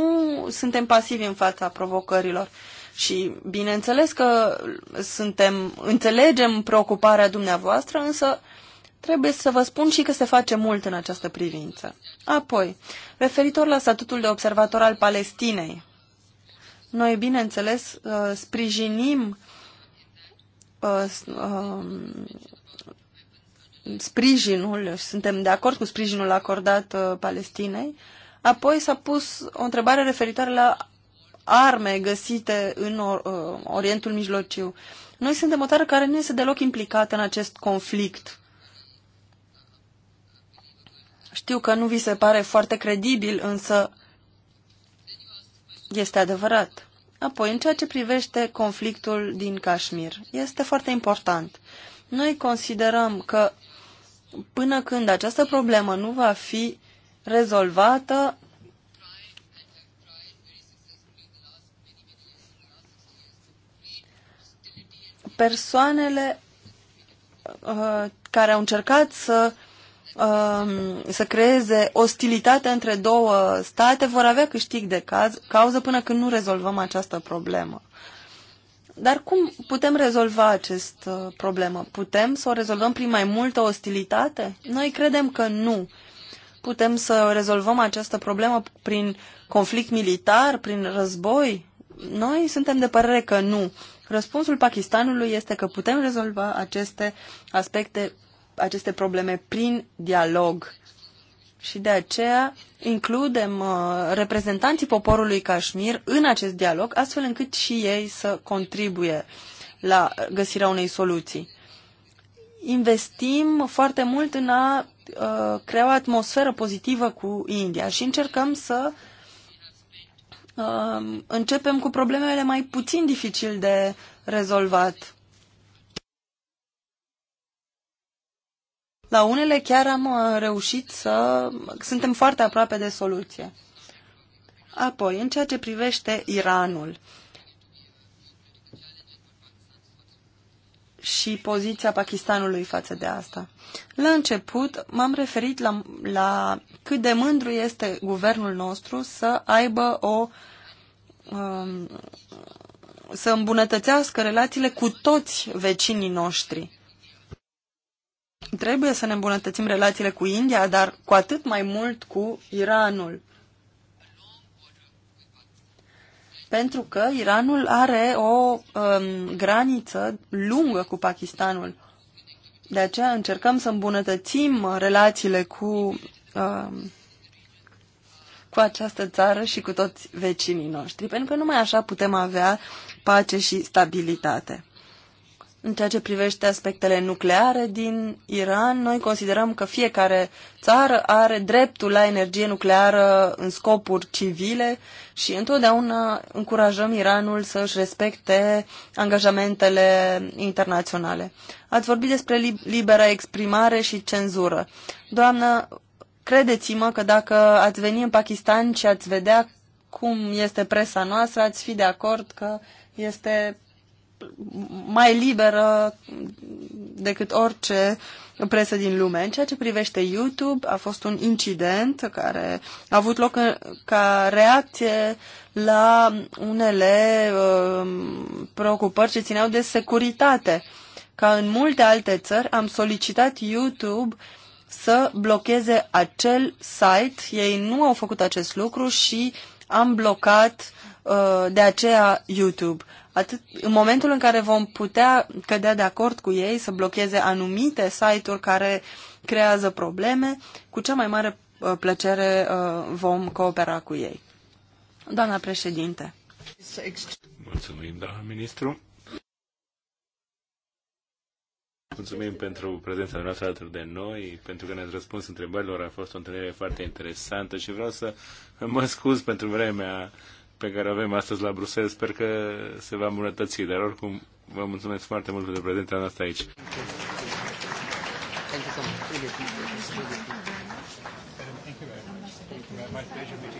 suntem pasivi în fața provocărilor. Și bineînțeles că suntem, înțelegem preocuparea dumneavoastră, însă trebuie să vă spun și că se face mult în această privință. Apoi, referitor la statutul de observator al Palestinei, noi, bineînțeles, uh, sprijinim Uh, um, sprijinul, suntem de acord cu sprijinul acordat uh, Palestinei. Apoi s-a pus o întrebare referitoare la arme găsite în uh, Orientul Mijlociu. Noi suntem o țară care nu este deloc implicată în acest conflict. Știu că nu vi se pare foarte credibil, însă este adevărat. Apoi, în ceea ce privește conflictul din Kashmir, este foarte important. Noi considerăm că până când această problemă nu va fi rezolvată, persoanele uh, care au încercat să Um, să creeze ostilitate între două state, vor avea câștig de caz, cauză până când nu rezolvăm această problemă. Dar cum putem rezolva acest uh, problemă? Putem să o rezolvăm prin mai multă ostilitate? Noi credem că nu. Putem să rezolvăm această problemă prin conflict militar, prin război? Noi suntem de părere că nu. Răspunsul Pakistanului este că putem rezolva aceste aspecte aceste probleme prin dialog. Și de aceea includem uh, reprezentanții poporului Kashmir în acest dialog, astfel încât și ei să contribuie la găsirea unei soluții. Investim foarte mult în a uh, crea o atmosferă pozitivă cu India și încercăm să uh, începem cu problemele mai puțin dificil de rezolvat La unele chiar am uh, reușit să... Suntem foarte aproape de soluție. Apoi, în ceea ce privește Iranul și poziția Pakistanului față de asta. La început m-am referit la, la cât de mândru este guvernul nostru să aibă o... Um, să îmbunătățească relațiile cu toți vecinii noștri. Trebuie să ne îmbunătățim relațiile cu India, dar cu atât mai mult cu Iranul. Pentru că Iranul are o um, graniță lungă cu Pakistanul. De aceea încercăm să îmbunătățim relațiile cu, um, cu această țară și cu toți vecinii noștri, pentru că numai așa putem avea pace și stabilitate. În ceea ce privește aspectele nucleare din Iran, noi considerăm că fiecare țară are dreptul la energie nucleară în scopuri civile și întotdeauna încurajăm Iranul să își respecte angajamentele internaționale. Ați vorbit despre libera exprimare și cenzură. Doamnă, credeți-mă că dacă ați veni în Pakistan și ați vedea cum este presa noastră, ați fi de acord că este mai liberă decât orice presă din lume. În ceea ce privește YouTube, a fost un incident care a avut loc ca reacție la unele uh, preocupări ce țineau de securitate. Ca în multe alte țări, am solicitat YouTube să blocheze acel site. Ei nu au făcut acest lucru și am blocat uh, de aceea YouTube atât în momentul în care vom putea cădea de acord cu ei să blocheze anumite site-uri care creează probleme, cu cea mai mare uh, plăcere uh, vom coopera cu ei. Doamna președinte. Mulțumim, doamna ministru. Mulțumim pentru prezența noastră alături de noi, pentru că ne-ați răspuns întrebărilor. A fost o întâlnire foarte interesantă și vreau să mă scuz pentru vremea pe care o avem astăzi la Bruxelles. Sper că se va îmbunătăți, dar oricum vă mulțumesc foarte mult pentru prezența noastră aici. Thank you Thank you. so much.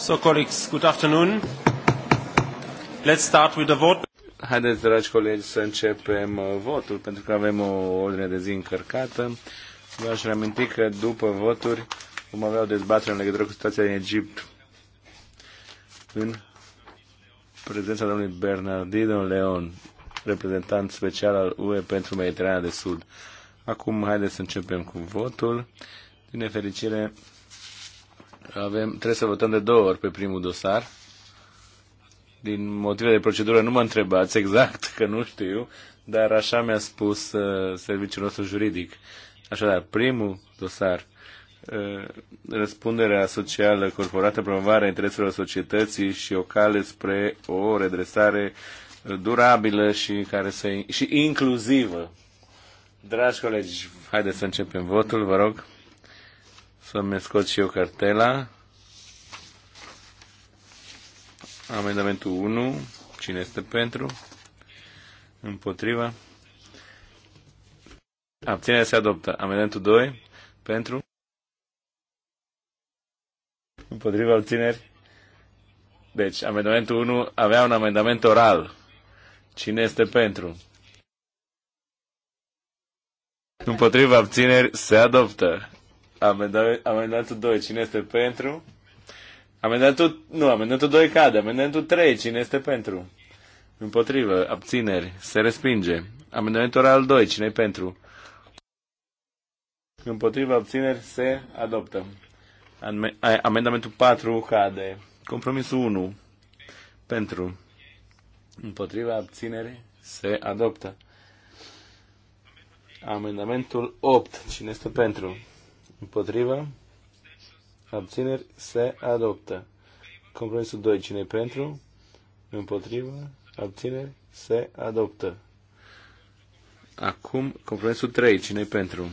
So, good afternoon. Let's start with the vote. Haideți, dragi colegi, să începem uh, votul, pentru că avem o ordine de zi încărcată. V-aș reaminti că după voturi vom avea o dezbatere în legătură cu situația din Egipt în prezența domnului Bernardino Leon, reprezentant special al UE pentru Mediterana de Sud. Acum, haideți să începem cu votul. Din nefericire, avem, trebuie să votăm de două ori pe primul dosar. Din motive de procedură nu mă întrebați exact, că nu știu, dar așa mi-a spus uh, serviciul nostru juridic. Așadar, primul dosar, uh, răspunderea socială corporată, promovarea intereselor societății și o cale spre o redresare uh, durabilă și, care să, și inclusivă. Dragi colegi, haideți să începem votul, vă rog. Să-mi scot și eu cartela. Amendamentul 1. Cine este pentru? Împotriva. Abținerea se adoptă. Amendamentul 2. Pentru. Împotriva abțineri. Deci, amendamentul 1 avea un amendament oral. Cine este pentru? Împotriva abțineri se adoptă. Amendamentul 2. Cine este pentru? Amendamentul, nu, amendamentul 2 cade. Amendamentul 3. Cine este pentru? Împotrivă. Abțineri. Se respinge. Amendamentul al 2. cine e pentru? Împotrivă. Abțineri. Se adoptă. Amendamentul 4 cade. Compromisul 1. Pentru. Împotriva abținere se adoptă. Amendamentul 8. Cine este pentru? Împotrivă. Abțineri se adoptă. Compromisul 2. Cine pentru? Împotrivă. Abțineri se adoptă. Acum, compromisul 3. cine pentru?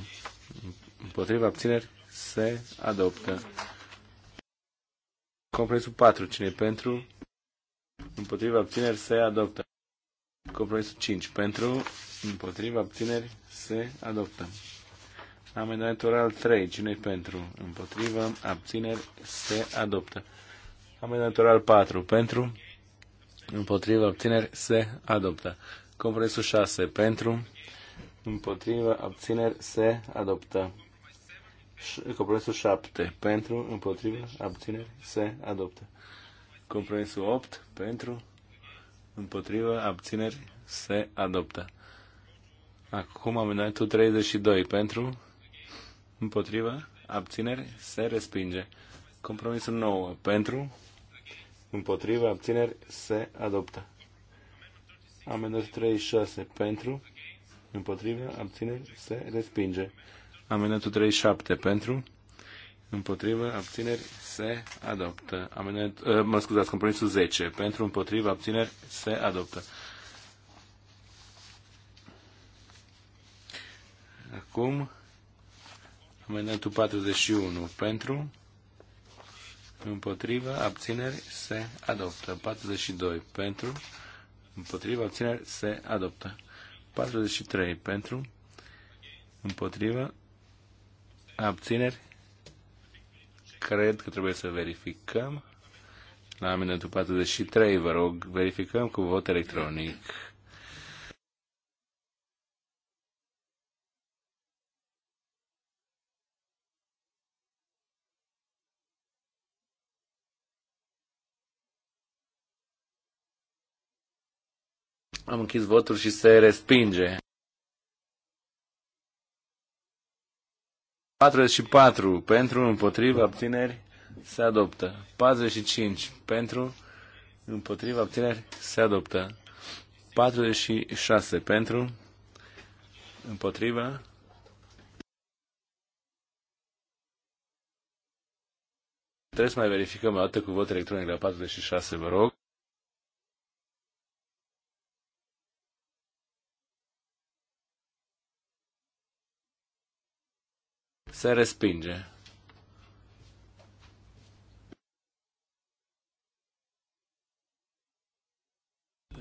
Împotriva abțineri se adoptă. Compromisul 4. cine pentru? Împotriva abțineri se adoptă. Compromisul 5. Pentru, împotriva abțineri se adoptă. Amendamentul al 3. cine pentru? Împotrivă. Abțineri. Se adoptă. Amendamentul al 4. Pentru. Împotrivă. Abțineri. Se adoptă. Compromisul 6. Pentru. Împotrivă. Abțineri. Se adoptă. Compromisul 7. Pentru. Împotrivă. Abțineri. Se adoptă. Compromisul 8. Pentru. Împotrivă. Abțineri. Se adoptă. Acum amendamentul 32. Pentru Împotrivă? abțineri, se respinge. Compromisul nou pentru, Împotrivă? abțineri, se adoptă. Amendamentul 36 pentru, Împotrivă? abțineri, se respinge. Amendamentul 37 pentru, Împotrivă? abțineri, se adoptă. Amendament, uh, mă scuzați, compromisul 10 pentru, Împotrivă? abțineri, se adoptă. Acum, Amendamentul 41 pentru, împotriva, abțineri, se adoptă. 42 pentru, împotriva, abțineri, se adoptă. 43 pentru, împotriva, abțineri, cred că trebuie să verificăm. La amendamentul 43, vă rog, verificăm cu vot electronic. Am închis votul și se respinge. 44 pentru, împotriva, abțineri, se adoptă. 45 pentru, împotriva, abțineri, se adoptă. 46 pentru, împotriva, Trebuie să mai verificăm o dată cu vot electronic la 46, vă rog. Se respinge.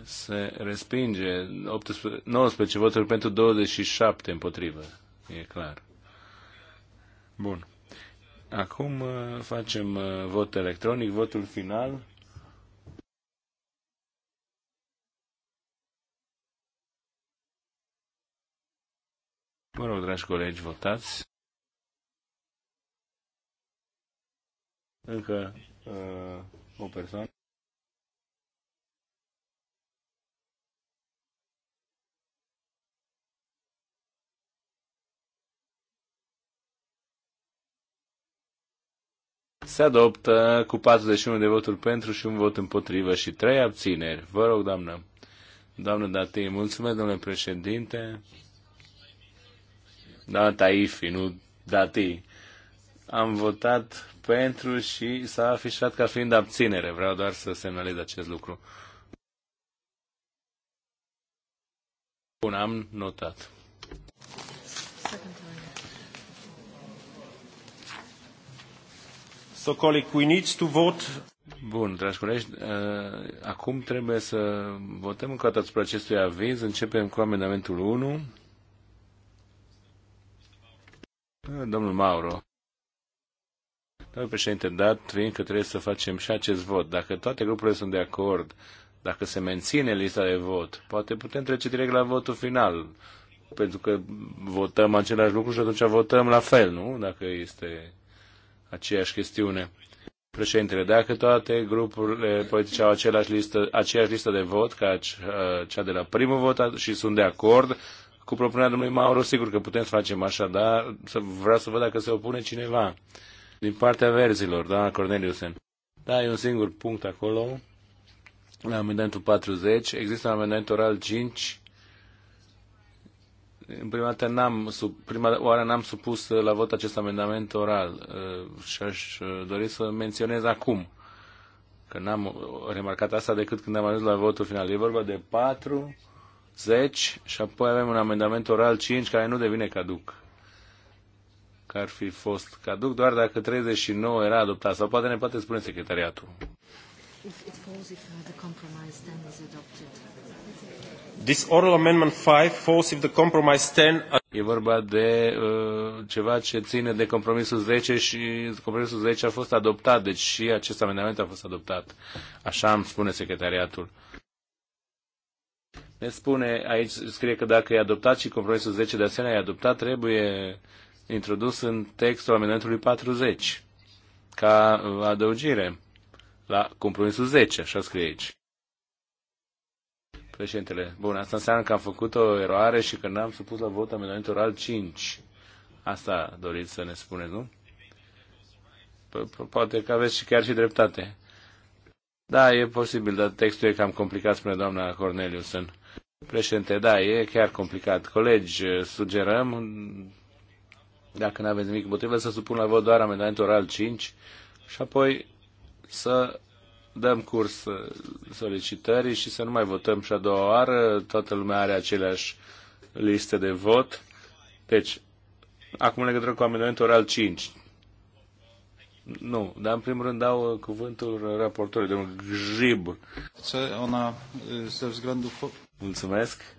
Se respinge 18, 19 voturi pentru 27 împotrivă. E clar. Bun. Acum uh, facem uh, vot electronic, votul final. Mă rog, dragi colegi, votați. Încă uh, o persoană. Se adoptă cu 41 de voturi pentru și un vot împotrivă și trei abțineri. Vă rog, doamnă. Doamnă Datei, mulțumesc, domnule președinte. Doamna Taifi, nu Dati. Am votat pentru și s-a afișat ca fiind abținere. Vreau doar să semnalez acest lucru. Bun, am notat. Socolic, we need to vote. Bun, dragi colegi, uh, acum trebuie să votăm încă o dată asupra acestui aviz. Începem cu amendamentul 1. Domnul Mauro. Domnul președinte, dat fiind că trebuie să facem și acest vot, dacă toate grupurile sunt de acord, dacă se menține lista de vot, poate putem trece direct la votul final, pentru că votăm același lucru și atunci votăm la fel, nu? Dacă este aceeași chestiune. Președintele, dacă toate grupurile politice au același listă, aceeași listă de vot ca cea de la primul vot și sunt de acord cu propunerea domnului Mauro, sigur că putem să facem așa, dar vreau să văd dacă se opune cineva din partea verzilor, da, Corneliusen. Da, e un singur punct acolo, la amendamentul 40. Există un amendament oral 5. În prima dată n-am, sub, prima oară n-am supus la vot acest amendament oral uh, și aș uh, dori să menționez acum că n-am remarcat asta decât când am ajuns la votul final. E vorba de 4, 10 și apoi avem un amendament oral 5 care nu devine caduc că ar fi fost caduc, doar dacă 39 era adoptat. Sau poate ne poate spune secretariatul. Uh, This oral amendment 5 falls if the compromise 10 E vorba de uh, ceva ce ține de compromisul 10 și compromisul 10 a fost adoptat, deci și acest amendament a fost adoptat. Așa îmi spune secretariatul. Ne spune, aici scrie că dacă e adoptat și compromisul 10 de asemenea e adoptat, trebuie introdus în textul amendamentului 40, ca adăugire la compromisul 10, așa scrie aici. Președintele, bun, asta înseamnă că am făcut o eroare și că n-am supus la vot amendamentul oral 5. Asta doriți să ne spuneți, nu? Poate că aveți și chiar și dreptate. Da, e posibil, dar textul e cam complicat, spune doamna Corneliusen. Președinte, da, e chiar complicat. Colegi, sugerăm dacă nu aveți nimic împotrivă, să supun la vot doar amendamentul oral 5 și apoi să dăm curs uh, solicitării și să nu mai votăm și a doua oară. Toată lumea are aceleași liste de vot. Deci, acum în legătură cu amendamentul oral 5. Nu, dar în primul rând dau uh, cuvântul raportorului, domnul Grib. Ce ona uh, se Mulțumesc.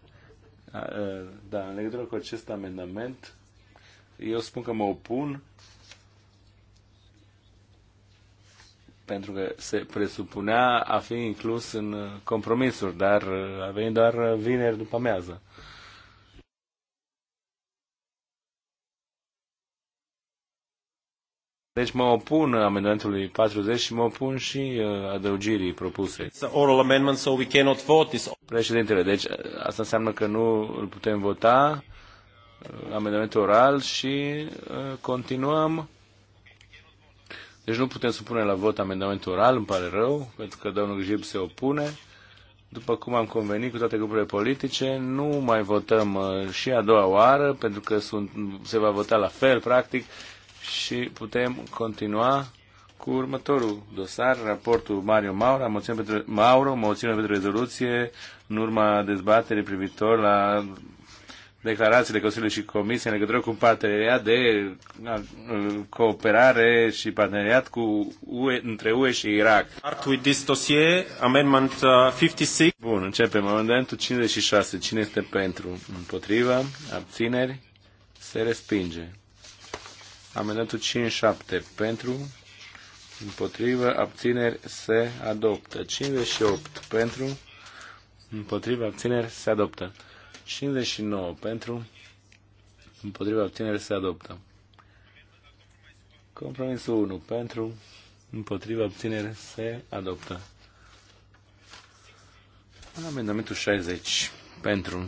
Da, în legătură cu acest amendament, eu spun că mă opun pentru că se presupunea a fi inclus în compromisuri, dar a venit doar vineri după amiază. Deci mă opun amendamentului 40 și mă opun și uh, adăugirii propuse. Oral amendment, so we cannot vote this. Președintele, deci uh, asta înseamnă că nu îl putem vota amendament oral și uh, continuăm. Deci nu putem să punem la vot amendamentul oral, îmi pare rău, pentru că domnul Grip se opune. După cum am convenit cu toate grupurile politice, nu mai votăm uh, și a doua oară, pentru că sunt, se va vota la fel, practic, și putem continua cu următorul dosar, raportul Mario Maura, moțiune pentru, Mauro, moțiune pentru rezoluție în urma dezbaterii privitor la declarațiile Consiliului și Comisiei în legătură cu un parteneriat de uh, cooperare și parteneriat cu UE, între UE și Irak. Start with this dossier, amendment 56. Uh, Bun, începem. Amendamentul 56. Cine este pentru? Împotriva? Abțineri? Se respinge. Amendamentul 57. Pentru? Împotrivă, abțineri, se adoptă. 58 pentru, împotrivă, abțineri, se adoptă. 59 pentru, împotriva abținere se adoptă. Compromisul 1 pentru, împotriva abținere se adoptă. Amendamentul 60 pentru,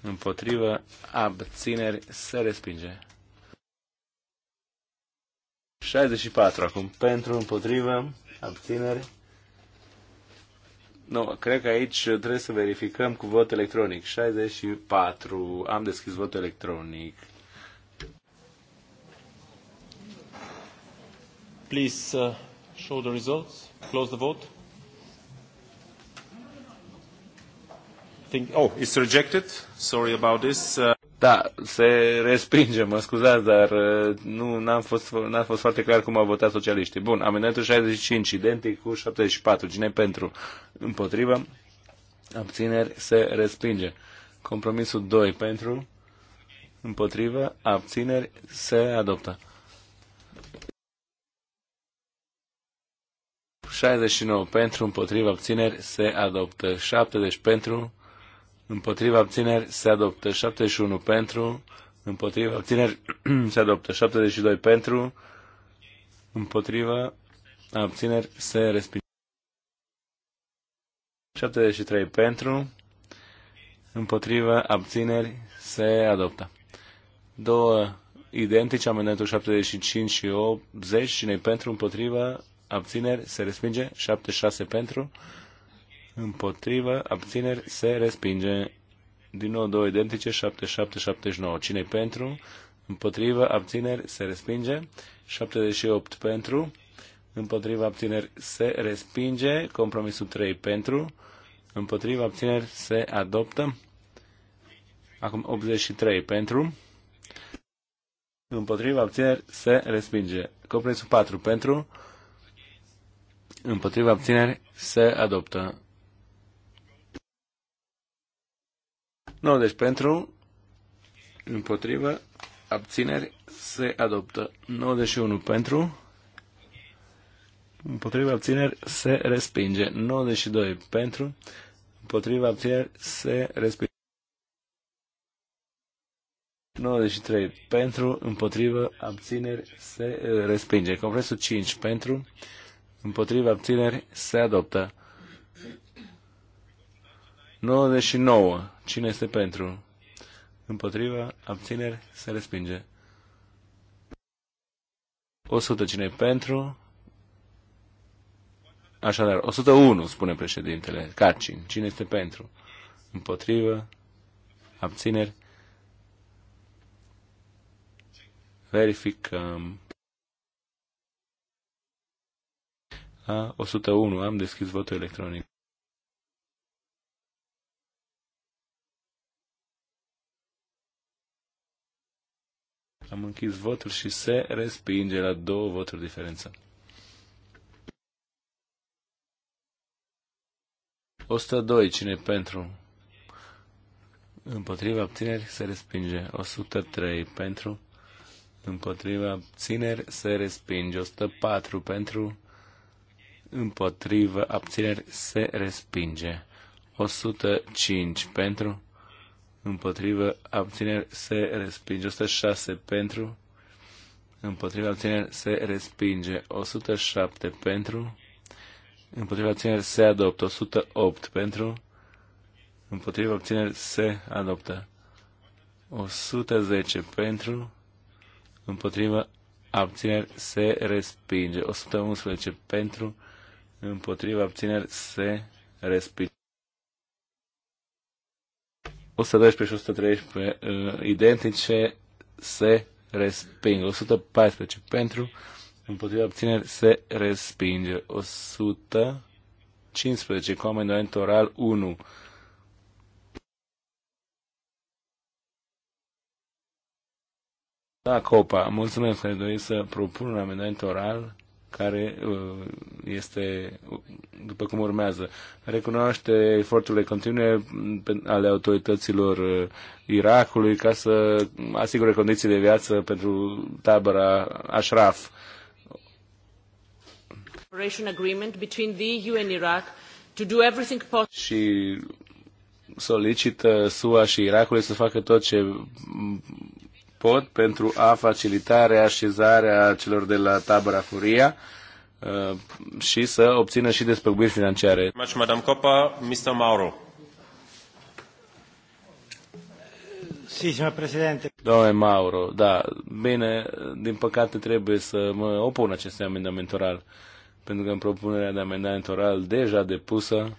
împotriva abțineri se respinge. 64 acum pentru, împotriva abțineri nu, cred că aici trebuie să verificăm cu vot electronic. 64. Am deschis vot electronic. Please uh, show the results. Close the vote. Think, oh, it's rejected. Sorry about this. Uh... Da, se respinge, mă scuzați, dar uh, nu n-am fost, n-a fost foarte clar cum au votat socialiștii. Bun, amendamentul 65, identic cu 74. Cine pentru? Împotrivă? Abțineri se respinge. Compromisul 2 pentru? Împotrivă? Abțineri se adoptă. 69 pentru, împotrivă, abțineri se adoptă. 70 pentru, împotriva abțineri se adoptă 71 pentru, împotriva abțineri <clears throat> se adoptă 72 pentru, împotriva abțineri se respinge 73 pentru, împotriva abțineri se adoptă. Două identice, amendamentul 75 și 80, cine pentru, împotriva, abțineri, se respinge, 76 pentru, împotrivă, abțineri, se respinge. Din nou două identice, 7, 7, 79. Cine pentru? Împotrivă, abțineri, se respinge. 78 pentru. Împotrivă, abțineri, se respinge. Compromisul 3 pentru. Împotrivă, abțineri, se adoptă. Acum 83 pentru. Împotrivă, abțineri se respinge. Compromisul 4 pentru. Împotrivă, abțineri se adoptă. deci pentru, împotrivă, abțineri, se adoptă. 91 pentru, împotrivă, abțineri, se respinge. 92 pentru, împotrivă, abțineri, se respinge. 93 pentru, împotrivă, abțineri, se eh, respinge. Compresul 5 pentru, împotrivă, abțineri, se adoptă. 99. Cine este pentru? Împotriva, abțineri, se respinge. 100. Cine e pentru? Așadar, 101, spune președintele. Carcin. Cine este pentru? Împotrivă, abțineri. Verificăm. La 101 am deschis votul electronic. Am închis votul și se respinge la două voturi diferență. 102. Cine pentru? Împotriva abțineri se respinge. 103. Pentru? Împotriva abțineri se respinge. 104. Pentru? Împotriva abțineri se respinge. 105. Pentru? împotrivă, abțineri, se respinge. 106 pentru, împotrivă, abțineri, se respinge. 107 pentru, împotrivă, abțineri, se adoptă. 108 pentru, împotrivă, abțineri, se adoptă. 110 pentru, împotrivă, abțineri, se respinge. 111 pentru, împotrivă, abțineri, se respinge. 112 și 113 uh, identice se resping. 114 pentru, împotriva obțineri se respinge. 115 cu amendament oral 1. Da, Copa, mulțumesc că doriți să propun un amendament oral care uh, este după cum urmează. Recunoaște eforturile continue ale autorităților uh, Irakului ca să asigure condiții de viață pentru tabăra Ashraf. Și solicită SUA și Irakului să facă tot ce pot pentru a facilita reașezarea celor de la tabăra Furia uh, și să obțină și despăgubiri financiare. Madame Copa, Mr. Mauro. Domnule Mauro, da, bine, din păcate trebuie să mă opun acestui amendament oral, pentru că în propunerea de amendament oral deja depusă,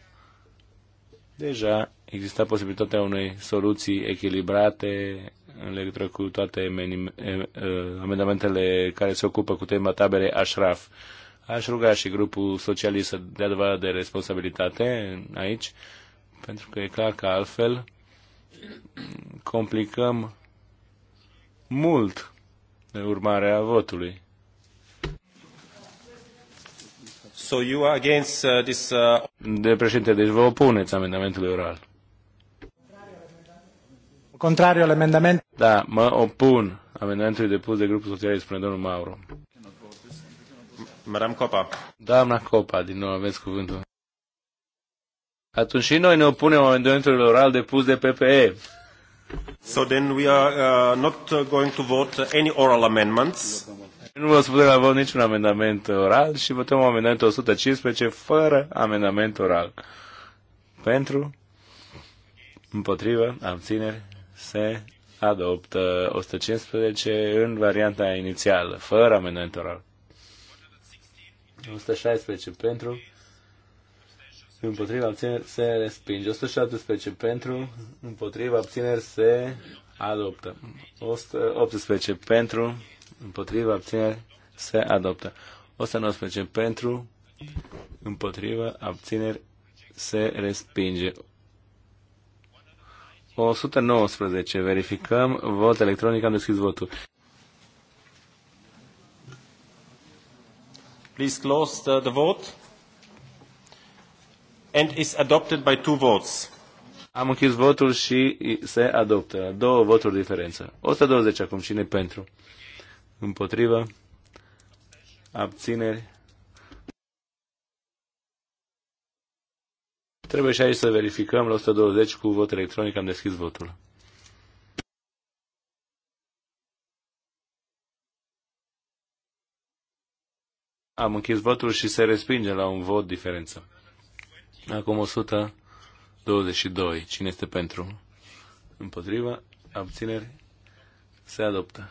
deja exista posibilitatea unei soluții echilibrate în legătură cu toate amendamentele care se ocupă cu tema taberei Ashraf. Aș ruga și grupul socialist să dea dovadă de responsabilitate aici, pentru că e clar că altfel complicăm mult de urmarea votului. So you are against, uh, this, uh... De președinte, deci vă opuneți amendamentului oral. Contrario all'emendamento. Da, ma opun di depus del gruppo socialist, spune domnul Mauro. Madame Copa. Doamna Copa, din nou aveți cuvântul. Atunci și noi ne opunem amendamentului oral depus de PPE. So then we are uh, not going to vote any oral amendments. Nu vă spune la vot niciun amendament oral și votăm amendamentul 115 fără amendament oral. Pentru? Împotrivă? Abțineri? se adoptă 115 în varianta inițială, fără amendament oral. 116 pentru, împotriva abțineri se respinge. 117 pentru, împotriva abțineri se adoptă. 118 pentru, împotriva abțineri se adoptă. 119 pentru, împotriva abțineri se respinge. 119. Verificăm. Vot electronic. Am deschis votul. Please close the, the vote. And is adopted by two votes. Am închis votul și se adoptă. Două voturi diferență. 120 acum. Cine pentru? Împotrivă? Abțineri? Trebuie și aici să verificăm la 120 cu vot electronic. Am deschis votul. Am închis votul și se respinge la un vot diferență. Acum 122. Cine este pentru? Împotriva? Abțineri? Se adoptă.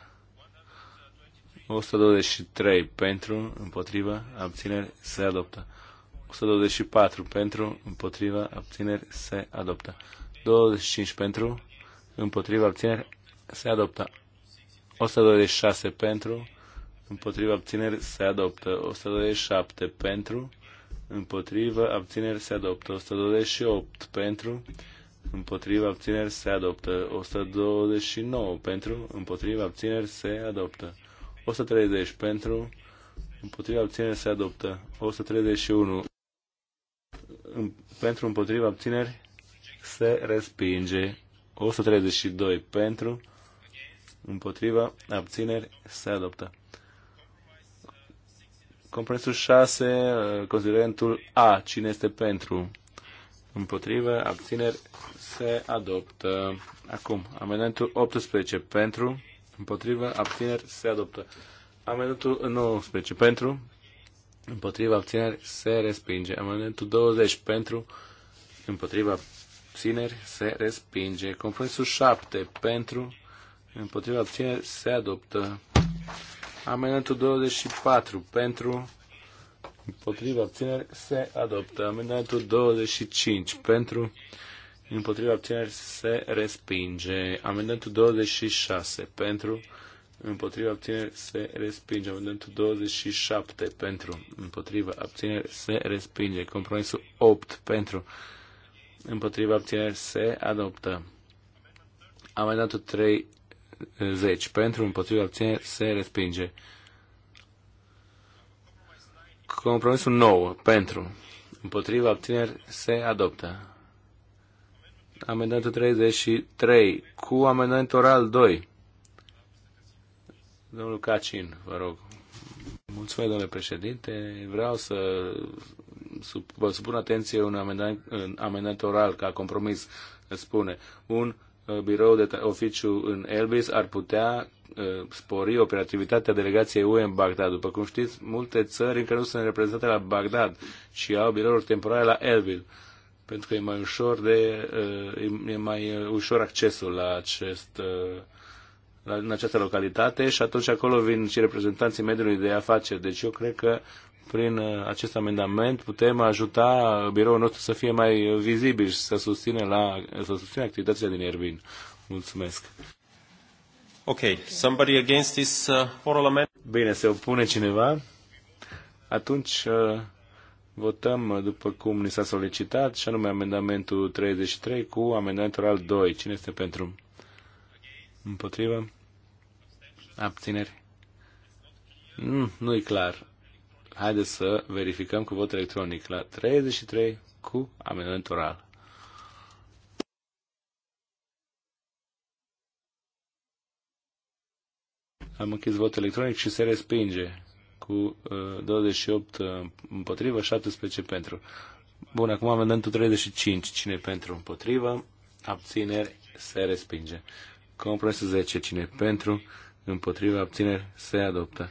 123 pentru, împotriva, abțineri, se adoptă. 124 pentru, împotriva, abțineri, se adoptă. 25 pentru, împotriva, abțineri, se adoptă. 126 pentru, împotriva, abțineri, se adoptă. 127 pentru, împotriva, abțineri, se adoptă. 128 pentru, împotriva, abțineri, se adoptă. 129 pentru, împotriva, abțineri, se adoptă. 130 pentru, împotriva, abțineri, se adoptă. 131 pentru împotriva abțineri se respinge. 132 pentru împotriva abțineri se adoptă. Compromisul 6, uh, considerentul A, cine este pentru? Împotrivă, abțineri, se adoptă. Acum, amendamentul 18 pentru, împotrivă, abțineri, se adoptă. Amendamentul 19 pentru, împotriva abțineri se respinge. Amendamentul 20 pentru, împotriva abțineri se respinge. Compromisul 7 pentru, împotriva abțineri se adoptă. Amendamentul 24 pentru, împotriva abțineri se adoptă. Amendamentul 25 pentru, împotriva abțineri se respinge. Amendamentul 26 pentru, împotriva abțineri se respinge. Amendamentul 27 pentru, împotriva abțineri se respinge. Compromisul 8 pentru, împotriva abțineri se adoptă. Amendamentul 30 pentru, împotriva abțineri se respinge. Compromisul 9 pentru, împotriva abțineri se adoptă. Amendamentul 33 cu amendamentul oral 2 Domnul Cacin, vă rog. Mulțumesc, domnule președinte. Vreau să sub, vă supun atenție un amendament, amendament oral ca compromis. Spune, un uh, birou de oficiu în Elbis ar putea uh, spori operativitatea delegației UE în Bagdad. După cum știți, multe țări încă nu sunt reprezentate la Bagdad și au birouri temporare la Elbil, pentru că e mai ușor, de, uh, e mai ușor accesul la acest la, în această localitate și atunci acolo vin și reprezentanții mediului de afaceri. Deci eu cred că prin uh, acest amendament putem ajuta biroul nostru să fie mai vizibil și să susține, la, să susține activitățile din Erbin. Mulțumesc. Ok, somebody against this uh, oral amendment? Bine, se opune cineva. Atunci uh, votăm uh, după cum ni s-a solicitat, și anume amendamentul 33 cu amendamentul al 2. Cine este pentru? Împotrivă? Abțineri? Nu, mm, nu e clar. Haideți să verificăm cu vot electronic la 33 cu amendament oral. Am închis vot electronic și se respinge cu uh, 28 uh, împotrivă, 17 pentru. Bun, acum amendamentul 35. Cine pentru împotrivă? Abțineri se respinge. Compromisul 10. Cine pentru? împotriva abțineri se adoptă.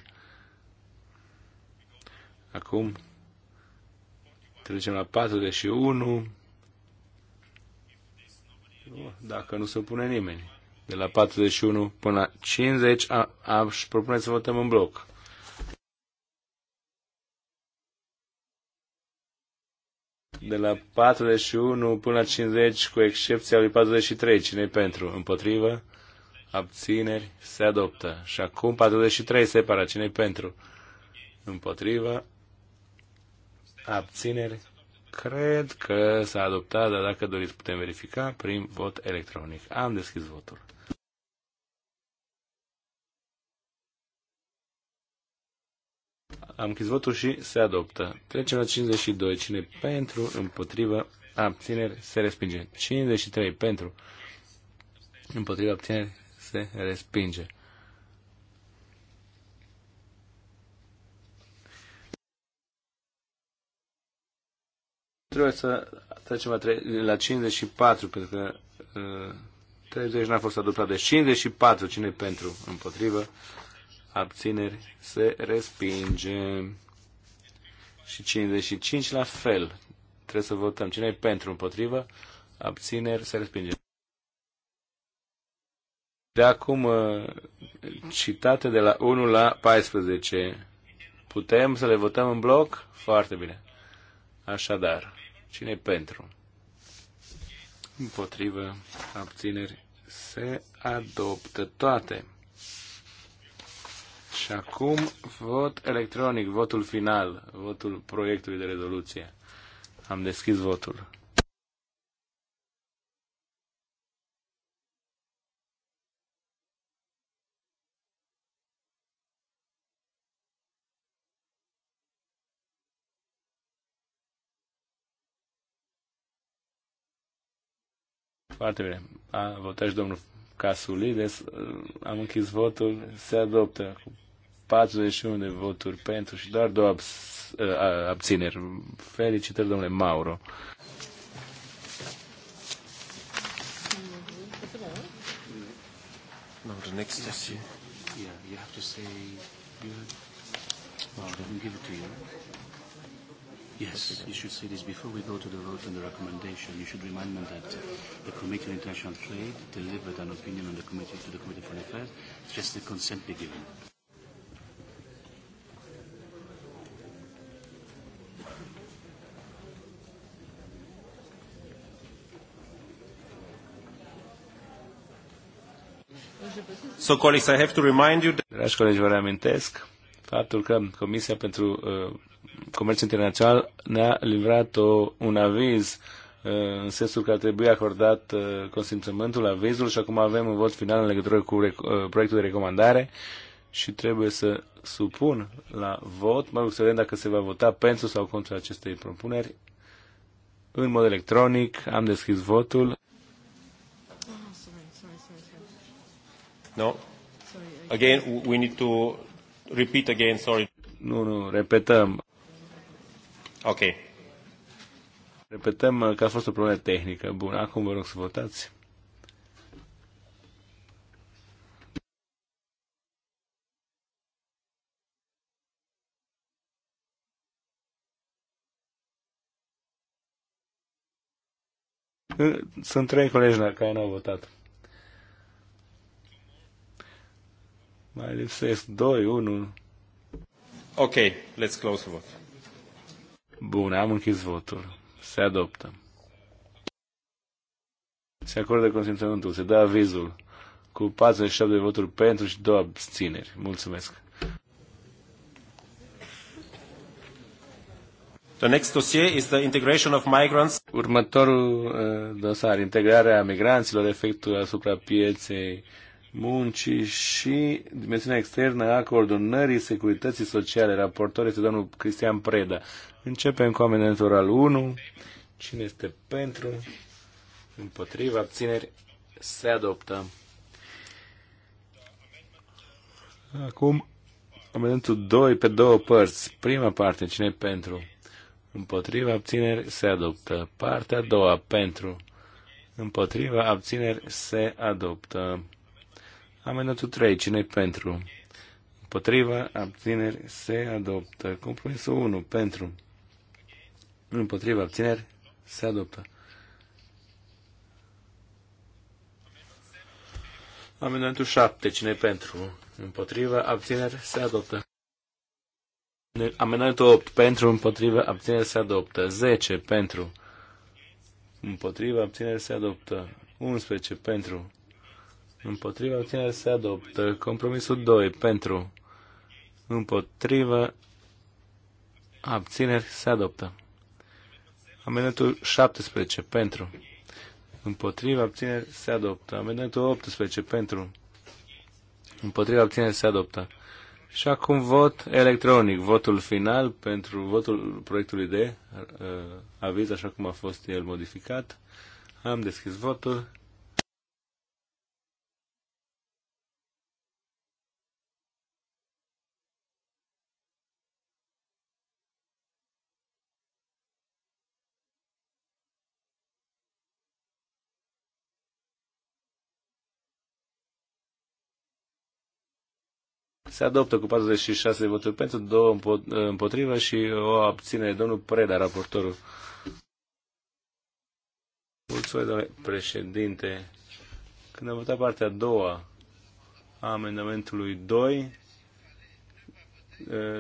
Acum trecem la 41. Dacă nu se opune nimeni. De la 41 până la 50 aș propune să votăm în bloc. De la 41 până la 50, cu excepția lui 43. cine pentru? Împotrivă? abțineri, se adoptă. Și acum 43 separa, cine pentru? Împotriva, abțineri, cred că s-a adoptat, dar dacă doriți putem verifica prin vot electronic. Am deschis votul. Am închis votul și se adoptă. Trecem la 52. Cine pentru, împotrivă, abțineri, se respinge. 53 pentru, împotrivă, abțineri, se respinge. Trebuie să trecem la, 54, pentru că 30 uh, n-a fost adoptat. Deci 54, cine pentru? Împotrivă. Abțineri se respinge. Și 55 la fel. Trebuie să votăm. Cine e pentru? Împotrivă. Abțineri se respinge de acum uh, citate de la 1 la 14. Putem să le votăm în bloc? Foarte bine. Așadar, cine pentru? Împotrivă, abțineri, se adoptă toate. Și acum vot electronic, votul final, votul proiectului de rezoluție. Am deschis votul. Foarte bine. A votat și domnul deci Am închis votul. Se adoptă cu 41 de voturi pentru și doar două abs- abțineri. Felicitări, domnule Mauro. No, the next yeah. is you. Yeah, you have to say you Well, give it to you. Yes, you should say this before we go to the vote on the recommendation. You should remind them that the Committee on International Trade delivered an opinion on the committee to the Committee for Affairs. Just the consent be given. So, colleagues, I have to remind you that... Dragi colegi, vă reamintesc faptul că Comisia pentru uh, Comerț Internațional ne-a livrat o, un aviz uh, în sensul că trebuie acordat uh, consimțământul, avizul și acum avem un vot final în legătură cu proiectul de recomandare și trebuie să supun la vot, mă rog să vedem dacă se va vota pentru sau contra acestei propuneri. În mod electronic am deschis votul. no. Again, we need to repeat again, sorry. Nu, nu, repetăm. Ok. Repetăm uh, că a fost o problemă tehnică. Bun, acum vă rog să votați. Uh, sunt trei colegi la care n-au votat. Mai lipsesc 2, 1. Ok, let's close the vote. Bun, am închis votul. Se adoptă. Se acordă consimțământul, se dă avizul cu 47 de voturi pentru și două abțineri. Mulțumesc. The next dossier is the integration of migrants. Următorul uh, dosar, integrarea migranților, efectul asupra pieței uh, muncii și dimensiunea externă a coordonării securității sociale. Raportor este domnul Cristian Preda. Începem cu amendamentul al 1. Cine este pentru? Împotriva abțineri se adoptă. Acum, amendamentul 2 pe două părți. Prima parte, cine pentru? Împotriva abțineri se adoptă. Partea a doua, pentru. Împotriva abțineri se adoptă. Amendamentul 3. cine pentru? Împotriva, abțineri, se adoptă. Compromisul 1. Pentru. Împotriva, abțineri, se adoptă. Amendamentul 7. cine pentru? Împotriva, abțineri, se adoptă. Amendamentul 8. Pentru, împotriva, abțineri, se adoptă. 10. Pentru. Împotriva, abțineri, se adoptă. 11. Pentru. Împotriva abținere se adoptă. Compromisul 2. Pentru. Împotriva abțineri se adoptă. Amendamentul 17. Pentru. Împotriva abțineri se adoptă. Amendamentul 18. Pentru. Împotriva abțineri se adoptă. Și acum vot electronic, votul final pentru votul proiectului de uh, aviz, așa cum a fost el modificat. Am deschis votul. Se adoptă cu 46 de voturi pentru, două împotrivă și o abține domnul Preda, raportorul. Mulțumesc, domnule președinte. Când am votat partea a doua a amendamentului 2,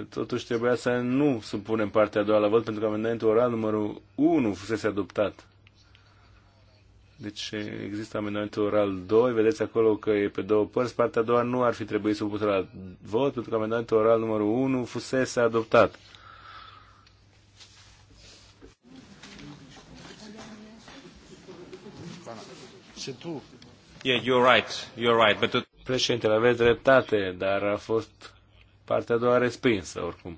totuși trebuia să nu supunem partea a doua la vot, pentru că amendamentul oral numărul 1 fusese adoptat. Deci există amendamentul oral 2, vedeți acolo că e pe două părți, partea a doua nu ar fi trebuit supusă la vot, pentru că amendamentul oral numărul 1 fusese adoptat. Yeah, you're right, you're right, but... Președintele, aveți dreptate, dar a fost partea a doua respinsă, oricum,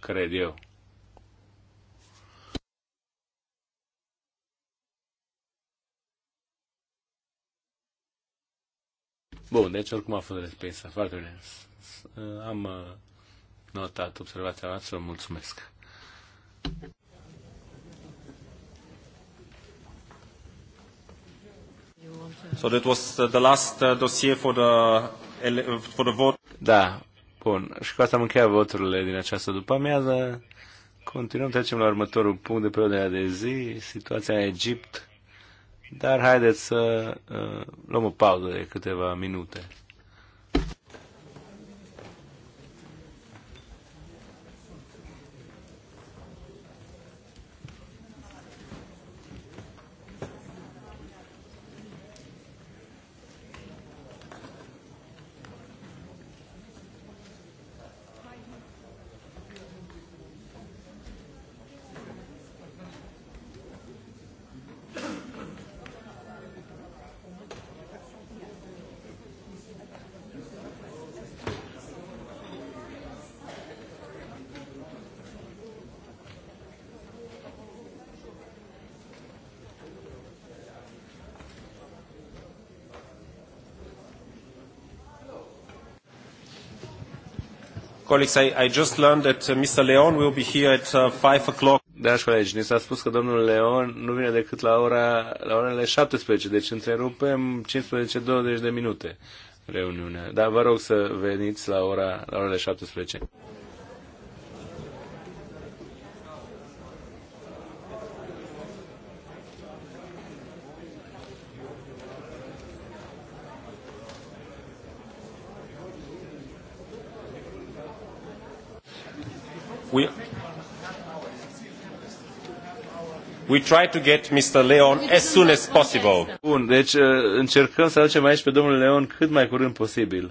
cred eu. Bun, deci oricum a fost respinsă. Foarte bine. Am uh, notat observația noastră. Mulțumesc. So that was the last uh, dossier for the, for the vote. Da, bun. Și cu asta am încheiat voturile din această după-amiază. Continuăm, trecem la următorul punct de pe ordinea de zi, situația în Egipt dar haideți să uh, luăm o pauză de câteva minute. colleagues, I, I just learned that uh, Mr. Leon will be here at uh, o'clock. Dragi colegi, ni s-a spus că domnul Leon nu vine decât la, ora, la orele 17, deci întrerupem 15-20 de minute reuniunea. Dar vă rog să veniți la, ora, la orele 17. We try to get Mr. Leon as soon as possible. Bun, deci uh, încercăm să aducem aici pe domnul Leon cât mai curând posibil.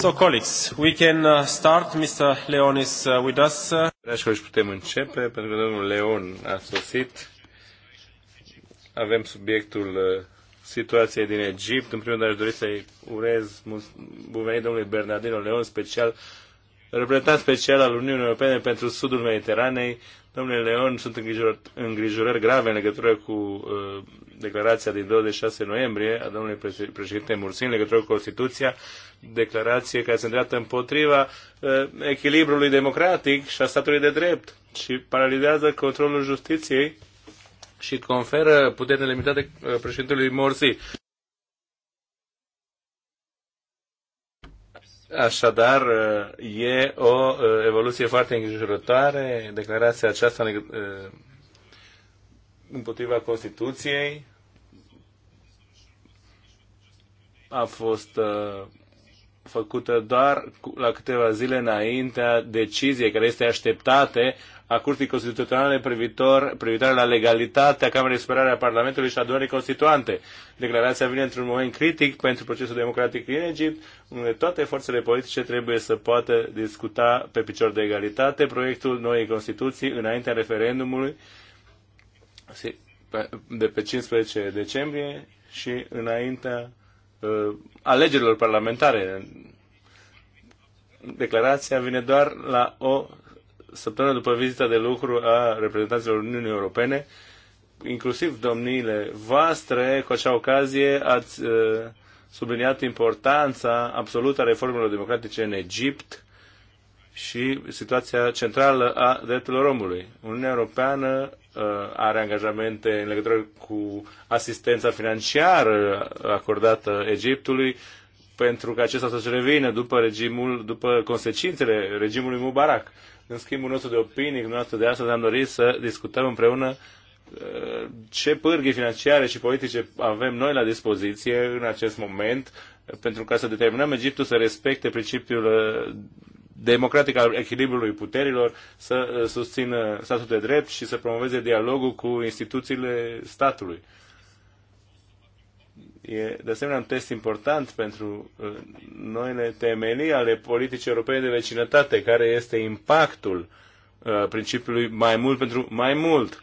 So, colleagues, we can uh, start. Mr. Leon is uh, with us. Uh. Dragi colegi, putem începe, pentru că domnul Leon a sosit. Avem subiectul situației din Egipt. În primul rând, aș dori să-i urez bun venit domnului Bernardino Leon, special reprezentant special al Uniunii Europene pentru Sudul Mediteranei. Domnule Leon, sunt îngrijorări grave în legătură cu declarația din 26 noiembrie a domnului președinte Mursin în legătură cu Constituția declarație care se îndreaptă împotriva uh, echilibrului democratic și a statului de drept și paralizează controlul justiției și conferă puteri nelimitate eh, președintelui Morsi. Așadar, eh, e o evoluție foarte îngrijorătoare declarația aceasta împotriva Constituției. A fost făcută doar la câteva zile înaintea deciziei care este așteptate a Curții Constituționale privitor, privitoare la legalitatea Camerei Superare a Parlamentului și a adunării constituante. Declarația vine într-un moment critic pentru procesul democratic din Egipt, unde toate forțele politice trebuie să poată discuta pe picior de egalitate proiectul noii Constituții înaintea referendumului de pe 15 decembrie și înaintea Uh, alegerilor parlamentare. Declarația vine doar la o săptămână după vizita de lucru a reprezentanților Uniunii Europene, inclusiv domniile voastre, cu acea ocazie ați uh, subliniat importanța absolută a reformelor democratice în Egipt și situația centrală a drepturilor omului. Uniunea Europeană Uh, are angajamente în legătură cu asistența financiară acordată Egiptului pentru că acesta să se revină după regimul, după consecințele regimului Mubarak. În schimbul nostru de opinii, noastră de astăzi, am dorit să discutăm împreună uh, ce pârghii financiare și politice avem noi la dispoziție în acest moment pentru ca să determinăm Egiptul să respecte principiul uh, democratic al echilibrului puterilor, să uh, susțină statul de drept și să promoveze dialogul cu instituțiile statului. E de asemenea un test important pentru uh, noile temelii ale politicii europene de vecinătate, care este impactul uh, principiului mai mult pentru mai mult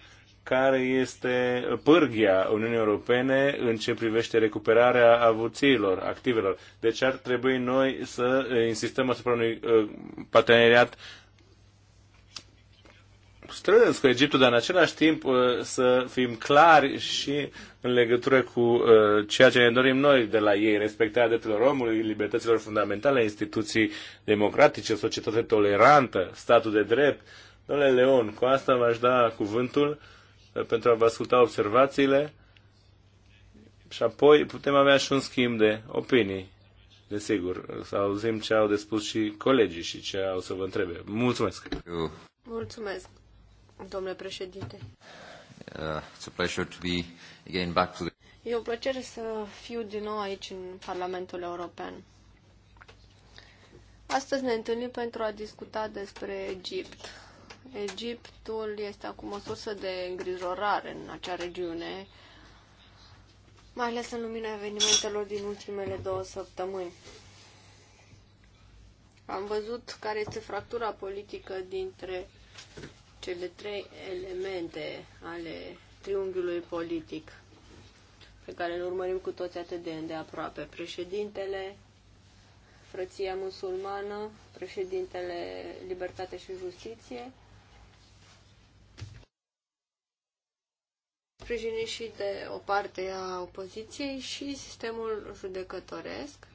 care este pârghia Uniunii Europene în ce privește recuperarea avuțiilor, activelor. Deci ar trebui noi să insistăm asupra unui uh, parteneriat strâns cu Egiptul, dar în același timp uh, să fim clari și în legătură cu uh, ceea ce ne dorim noi de la ei, respectarea drepturilor omului, libertăților fundamentale, instituții democratice, societate tolerantă, statul de drept. Domnule Leon, cu asta v-aș da cuvântul pentru a vă asculta observațiile și apoi putem avea și un schimb de opinii. Desigur, să auzim ce au de spus și colegii și ce au să vă întrebe. Mulțumesc! Mulțumesc, domnule președinte! Uh, it's a pleasure to be again back to the... E o plăcere să fiu din nou aici în Parlamentul European. Astăzi ne întâlnim pentru a discuta despre Egipt. Egiptul este acum o sursă de îngrijorare în acea regiune, mai ales în lumina evenimentelor din ultimele două săptămâni. Am văzut care este fractura politică dintre cele trei elemente ale triunghiului politic pe care îl urmărim cu toți atât de îndeaproape. Președintele, frăția musulmană, președintele Libertate și Justiție sprijinit și de o parte a opoziției și sistemul judecătoresc.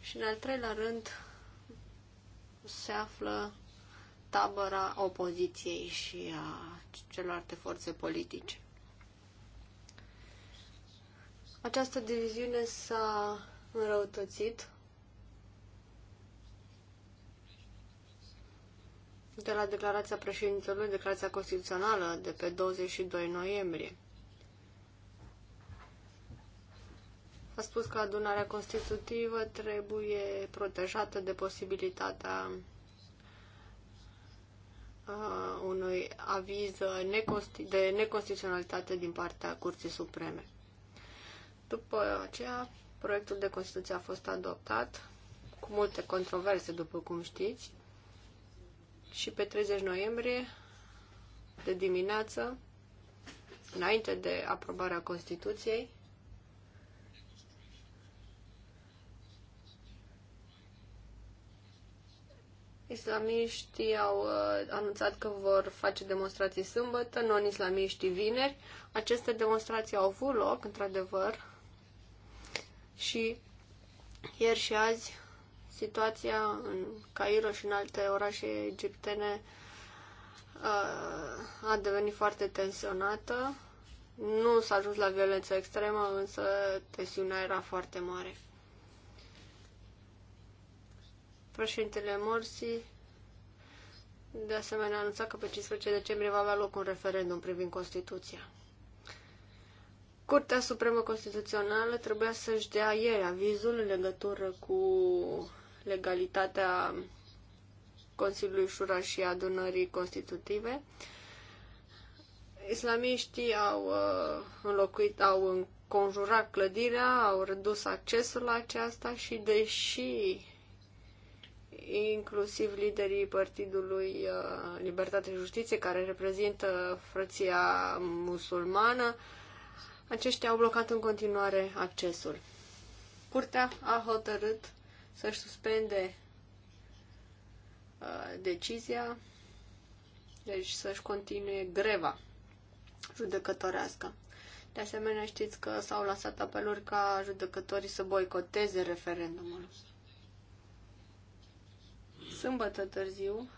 Și în al treilea rând se află tabăra opoziției și a celorlalte forțe politice. Această diviziune s-a înrăutățit de la declarația președintelui, declarația constituțională de pe 22 noiembrie. a spus că adunarea constitutivă trebuie protejată de posibilitatea uh, unui aviz de neconstituționalitate din partea Curții Supreme. După aceea, proiectul de Constituție a fost adoptat cu multe controverse, după cum știți, și pe 30 noiembrie de dimineață, înainte de aprobarea Constituției, Islamiștii au uh, anunțat că vor face demonstrații sâmbătă, non-islamiștii vineri. Aceste demonstrații au avut loc, într-adevăr, și ieri și azi situația în Cairo și în alte orașe egiptene uh, a devenit foarte tensionată. Nu s-a ajuns la violență extremă, însă tensiunea era foarte mare. Președintele Morsi de asemenea a anunțat că pe 15 decembrie va avea loc un referendum privind Constituția. Curtea Supremă Constituțională trebuia să-și dea ieri avizul în legătură cu legalitatea Consiliului Șura și adunării constitutive. Islamiștii au uh, înlocuit, au înconjurat clădirea, au redus accesul la aceasta și deși inclusiv liderii Partidului uh, Libertate și Justiție, care reprezintă frăția musulmană, aceștia au blocat în continuare accesul. Curtea a hotărât să-și suspende uh, decizia, deci să-și continue greva judecătorească. De asemenea, știți că s-au lansat apeluri ca judecătorii să boicoteze referendumul sâmbătă târziu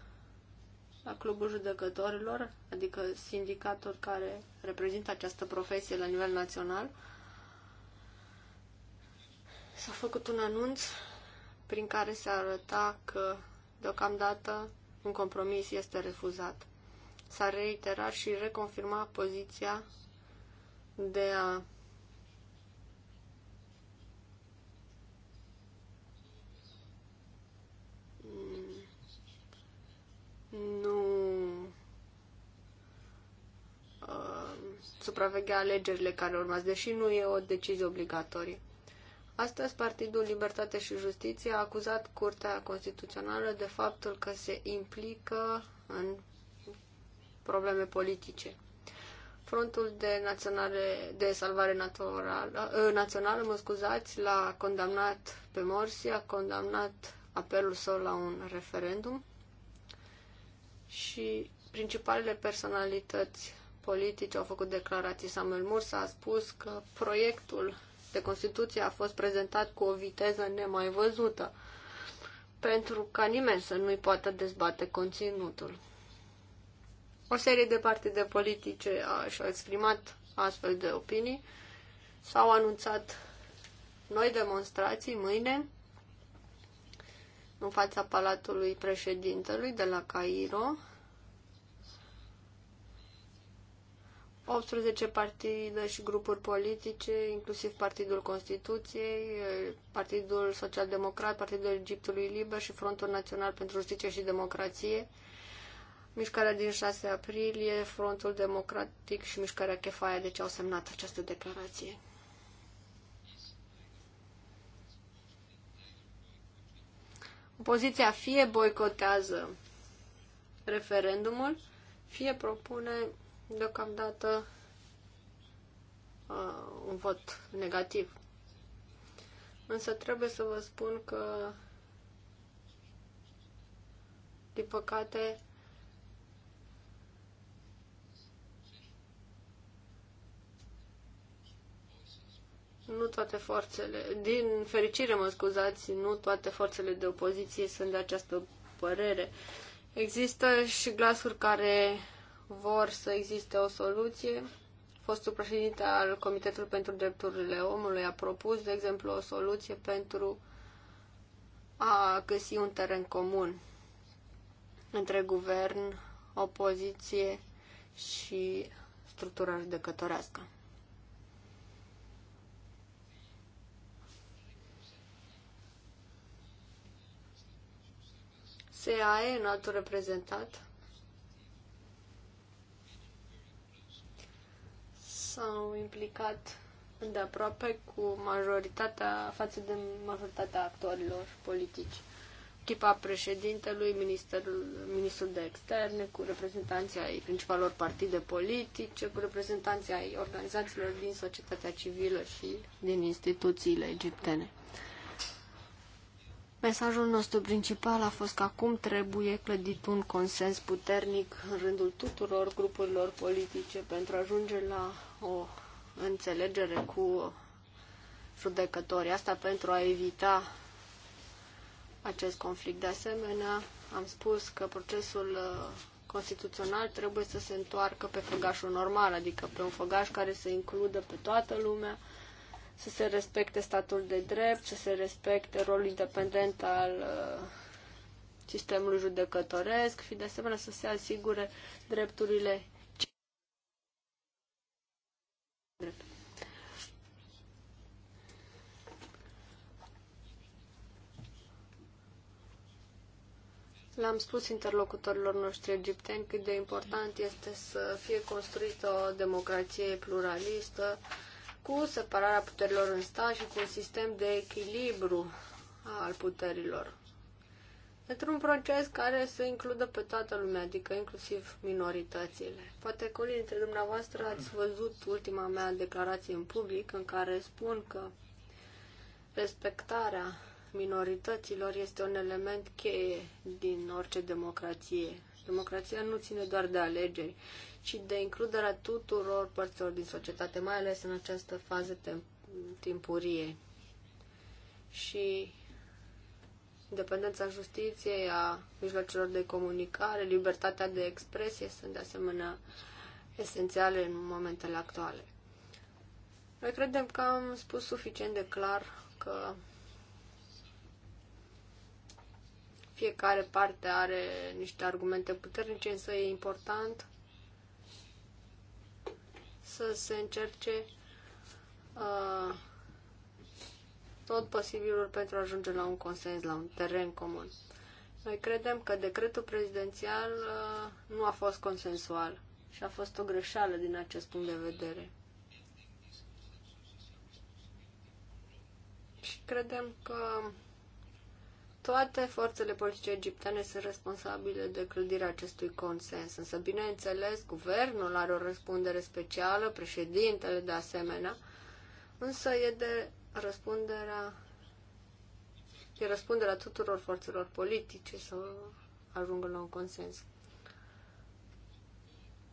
la Clubul Judecătorilor, adică sindicatul care reprezintă această profesie la nivel național, s-a făcut un anunț prin care se arăta că deocamdată un compromis este refuzat. S-a reiterat și reconfirmat poziția de a nu uh, supraveghea alegerile care urmează, deși nu e o decizie obligatorie. Astăzi, Partidul Libertate și Justiție a acuzat Curtea Constituțională de faptul că se implică în probleme politice. Frontul de, naționale, de salvare naturală, uh, națională, mă scuzați, l-a condamnat pe Morsi, a condamnat apelul său la un referendum și principalele personalități politice au făcut declarații. Samuel Mursa a spus că proiectul de Constituție a fost prezentat cu o viteză nemai văzută, pentru ca nimeni să nu-i poată dezbate conținutul. O serie de partide politice și-au exprimat astfel de opinii, s-au anunțat noi demonstrații mâine în fața Palatului Președintelui de la Cairo. 18 partide și grupuri politice, inclusiv Partidul Constituției, Partidul Social Democrat, Partidul Egiptului Liber și Frontul Național pentru Justiție și Democrație, Mișcarea din 6 aprilie, Frontul Democratic și Mișcarea Chefaia, deci au semnat această declarație. Opoziția fie boicotează referendumul, fie propune deocamdată uh, un vot negativ. Însă trebuie să vă spun că, din păcate, nu toate forțele, din fericire mă scuzați, nu toate forțele de opoziție sunt de această părere. Există și glasuri care vor să existe o soluție. Fostul președinte al Comitetului pentru Drepturile Omului a propus, de exemplu, o soluție pentru a găsi un teren comun între guvern, opoziție și structura judecătorească. SAE, un altul reprezentat, s-au implicat îndeaproape cu majoritatea, față de majoritatea actorilor politici. Echipa președintelui, ministerul, ministrul de externe, cu reprezentanții ai principalor partide politice, cu reprezentanții ai organizațiilor din societatea civilă și din instituțiile egiptene. Mesajul nostru principal a fost că acum trebuie clădit un consens puternic în rândul tuturor grupurilor politice pentru a ajunge la o înțelegere cu judecătorii. Asta pentru a evita acest conflict. De asemenea, am spus că procesul uh, constituțional trebuie să se întoarcă pe făgașul normal, adică pe un făgaș care să includă pe toată lumea, să se respecte statul de drept, să se respecte rolul independent al uh, sistemului judecătoresc și de asemenea să se asigure drepturile Le-am spus interlocutorilor noștri egipteni cât de important este să fie construită o democrație pluralistă, cu separarea puterilor în stat și cu un sistem de echilibru al puterilor. Într-un proces care să includă pe toată lumea, adică inclusiv minoritățile. Poate că unii dintre dumneavoastră ați văzut ultima mea declarație în public în care spun că respectarea minorităților este un element cheie din orice democrație. Democrația nu ține doar de alegeri, ci de includerea tuturor părților din societate, mai ales în această fază timpurie. Și independența justiției, a mijloacelor de comunicare, libertatea de expresie sunt de asemenea esențiale în momentele actuale. Noi credem că am spus suficient de clar că fiecare parte are niște argumente puternice, însă e important să se încerce uh, tot posibilul pentru a ajunge la un consens, la un teren comun. Noi credem că decretul prezidențial uh, nu a fost consensual și a fost o greșeală din acest punct de vedere. Și credem că toate forțele politice egiptene sunt responsabile de clădirea acestui consens, însă, bineînțeles, guvernul are o răspundere specială, președintele de asemenea, însă e de răspunderea e răspunderea tuturor forțelor politice să ajungă la un consens.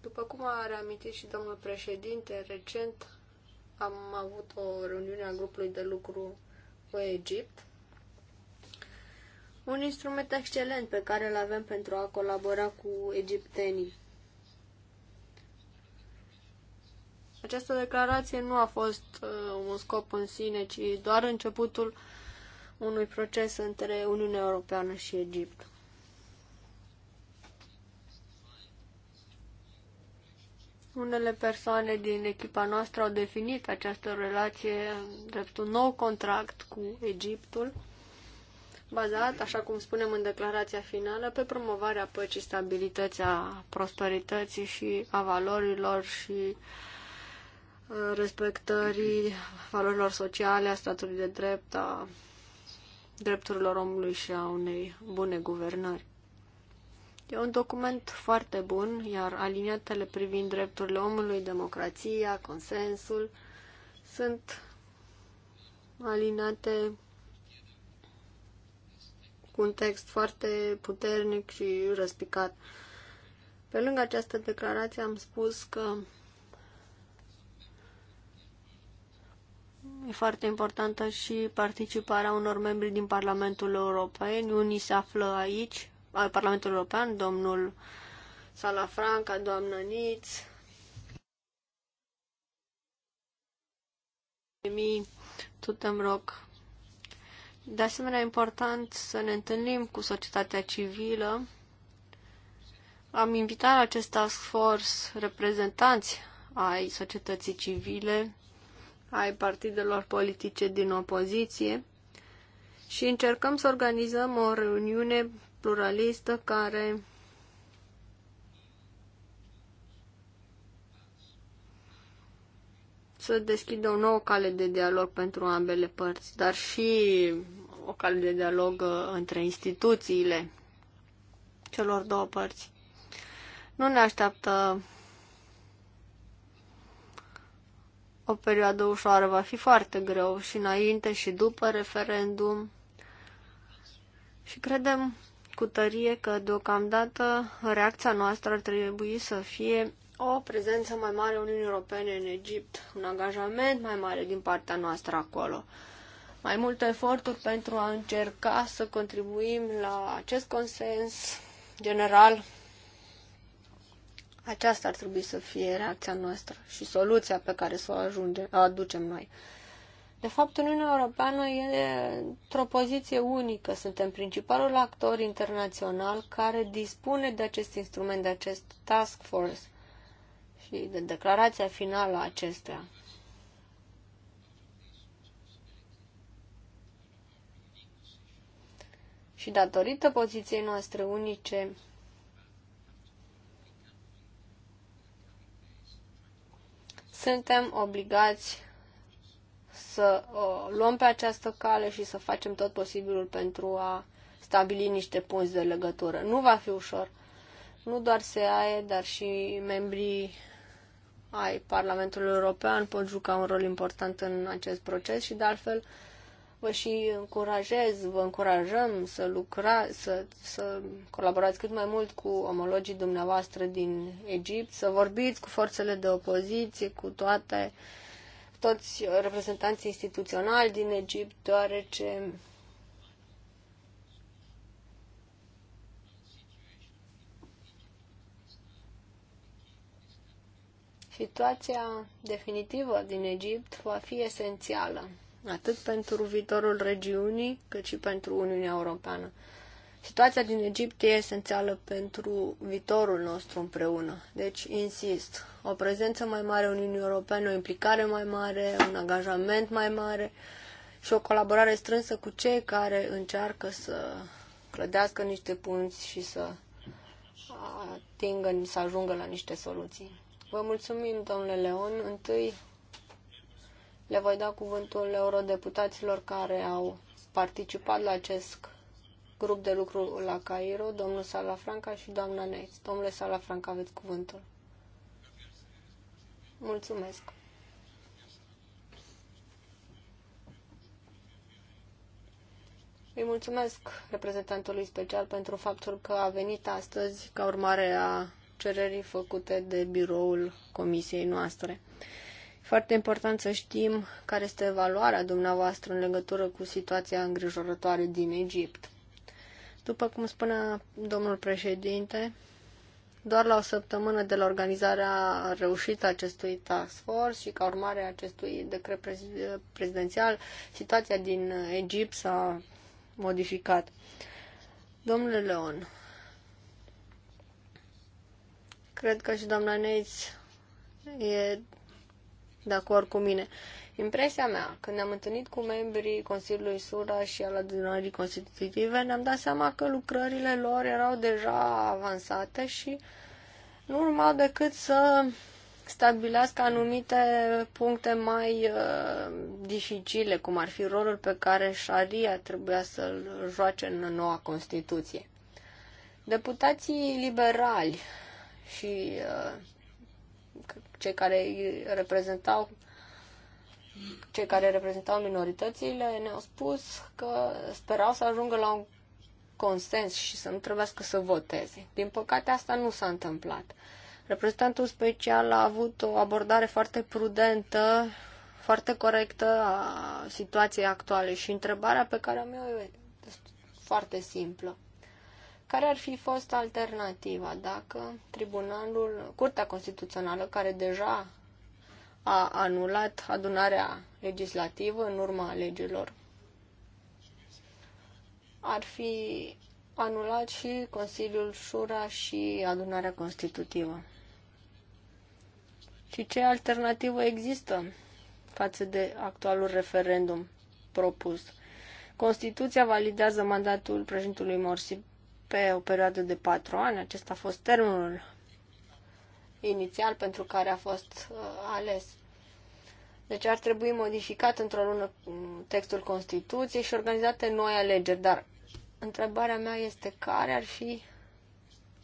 După cum a reamintit și domnul președinte, recent am avut o reuniune a grupului de lucru cu Egipt un instrument excelent pe care îl avem pentru a colabora cu egiptenii. Această declarație nu a fost uh, un scop în sine, ci doar începutul unui proces între Uniunea Europeană și Egipt. Unele persoane din echipa noastră au definit această relație drept un nou contract cu Egiptul bazat, așa cum spunem în declarația finală, pe promovarea păcii, stabilității, a prosperității și a valorilor și uh, respectării valorilor sociale, a statului de drept, a drepturilor omului și a unei bune guvernări. E un document foarte bun, iar aliniatele privind drepturile omului, democrația, consensul, sunt alinate cu un text foarte puternic și răspicat. Pe lângă această declarație am spus că e foarte importantă și participarea unor membri din Parlamentul European. Unii se află aici, al Parlamentului European, domnul Salafranca, doamnă Niț, Tutem Tutemroc, de asemenea, e important să ne întâlnim cu societatea civilă. Am invitat la acest task force reprezentanți ai societății civile, ai partidelor politice din opoziție și încercăm să organizăm o reuniune pluralistă care să deschidă o nouă cale de dialog pentru ambele părți, dar și o cale de dialog uh, între instituțiile celor două părți. Nu ne așteaptă o perioadă ușoară, va fi foarte greu și înainte și după referendum. Și credem cu tărie că deocamdată reacția noastră ar trebui să fie o prezență mai mare a Uniunii Europene în Egipt, un angajament mai mare din partea noastră acolo, mai multe eforturi pentru a încerca să contribuim la acest consens general. Aceasta ar trebui să fie reacția noastră și soluția pe care să o ajunge, aducem noi. De fapt, Uniunea Europeană e într-o poziție unică. Suntem principalul actor internațional care dispune de acest instrument, de acest task force – și de declarația finală a acestea. Și datorită poziției noastre unice, suntem obligați să o luăm pe această cale și să facem tot posibilul pentru a stabili niște punți de legătură. Nu va fi ușor. Nu doar SEAE, dar și membrii ai Parlamentul European pot juca un rol important în acest proces și de altfel vă și încurajez, vă încurajăm să lucrați, să, să colaborați cât mai mult cu omologii dumneavoastră din Egipt, să vorbiți cu forțele de opoziție, cu toate toți reprezentanții instituționali din Egipt, deoarece Situația definitivă din Egipt va fi esențială, atât pentru viitorul regiunii, cât și pentru Uniunea Europeană. Situația din Egipt e esențială pentru viitorul nostru împreună. Deci, insist, o prezență mai mare a Uniunii Europene, o implicare mai mare, un angajament mai mare și o colaborare strânsă cu cei care încearcă să clădească niște punți și să atingă, să ajungă la niște soluții. Vă mulțumim, domnule Leon. Întâi le voi da cuvântul eurodeputaților care au participat la acest grup de lucru la Cairo, domnul Salafranca și doamna Neitz. Domnule Salafranca, aveți cuvântul. Mulțumesc. Îi mulțumesc reprezentantului special pentru faptul că a venit astăzi ca urmare a cererii făcute de biroul comisiei noastre. Foarte important să știm care este valoarea dumneavoastră în legătură cu situația îngrijorătoare din Egipt. După cum spunea domnul președinte, doar la o săptămână de la organizarea reușită acestui task force și ca urmare a acestui decret prezidențial, situația din Egipt s-a modificat. Domnule Leon, Cred că și doamna Neitz e de acord cu mine. Impresia mea, când ne-am întâlnit cu membrii Consiliului Sura și al adunării constitutive, ne-am dat seama că lucrările lor erau deja avansate și nu urmau decât să stabilească anumite puncte mai uh, dificile, cum ar fi rolul pe care șaria trebuia să-l joace în noua Constituție. Deputații liberali și uh, cei care îi reprezentau cei care reprezentau minoritățile ne-au spus că sperau să ajungă la un consens și să nu trebuiască să voteze. Din păcate, asta nu s-a întâmplat. Reprezentantul special a avut o abordare foarte prudentă, foarte corectă a situației actuale și întrebarea pe care am eu e foarte simplă. Care ar fi fost alternativa dacă tribunalul, Curtea Constituțională, care deja a anulat adunarea legislativă în urma alegerilor, ar fi anulat și Consiliul Șura și adunarea constitutivă. Și ce alternativă există față de actualul referendum propus? Constituția validează mandatul președintelui Morsi pe o perioadă de patru ani. Acesta a fost termenul inițial pentru care a fost uh, ales. Deci ar trebui modificat într-o lună textul Constituției și organizate noi alegeri, dar întrebarea mea este care ar fi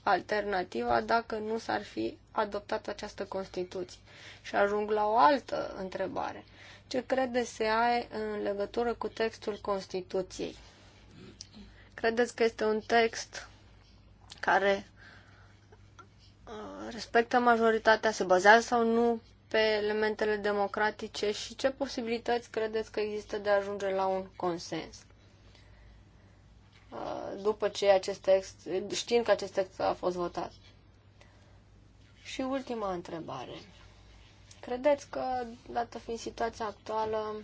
alternativa dacă nu s-ar fi adoptat această Constituție. Și ajung la o altă întrebare. Ce crede ai în legătură cu textul Constituției? Credeți că este un text care uh, respectă majoritatea, se bazează sau nu pe elementele democratice și ce posibilități credeți că există de a ajunge la un consens? Uh, după ce acest text, știind că acest text a fost votat. Și ultima întrebare. Credeți că, dată fiind situația actuală,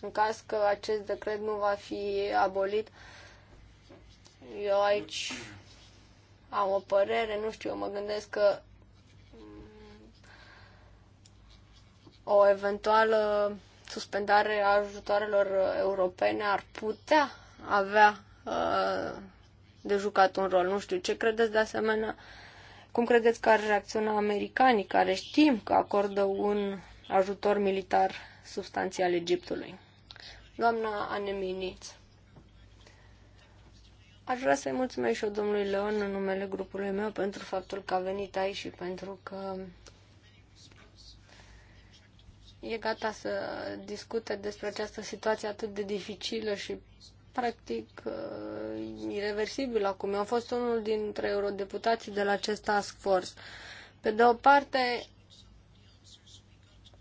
în caz că acest decret nu va fi abolit. Eu aici am o părere, nu știu, eu mă gândesc că o eventuală suspendare a ajutoarelor europene ar putea avea uh, de jucat un rol. Nu știu ce credeți de asemenea, cum credeți că ar reacționa americanii care știm că acordă un ajutor militar substanțial Egiptului? doamna Aneminit. Aș vrea să-i mulțumesc și eu domnului Leon în numele grupului meu pentru faptul că a venit aici și pentru că e gata să discute despre această situație atât de dificilă și practic uh, irreversibil acum. Eu am fost unul dintre eurodeputații de la acest task force. Pe de o parte,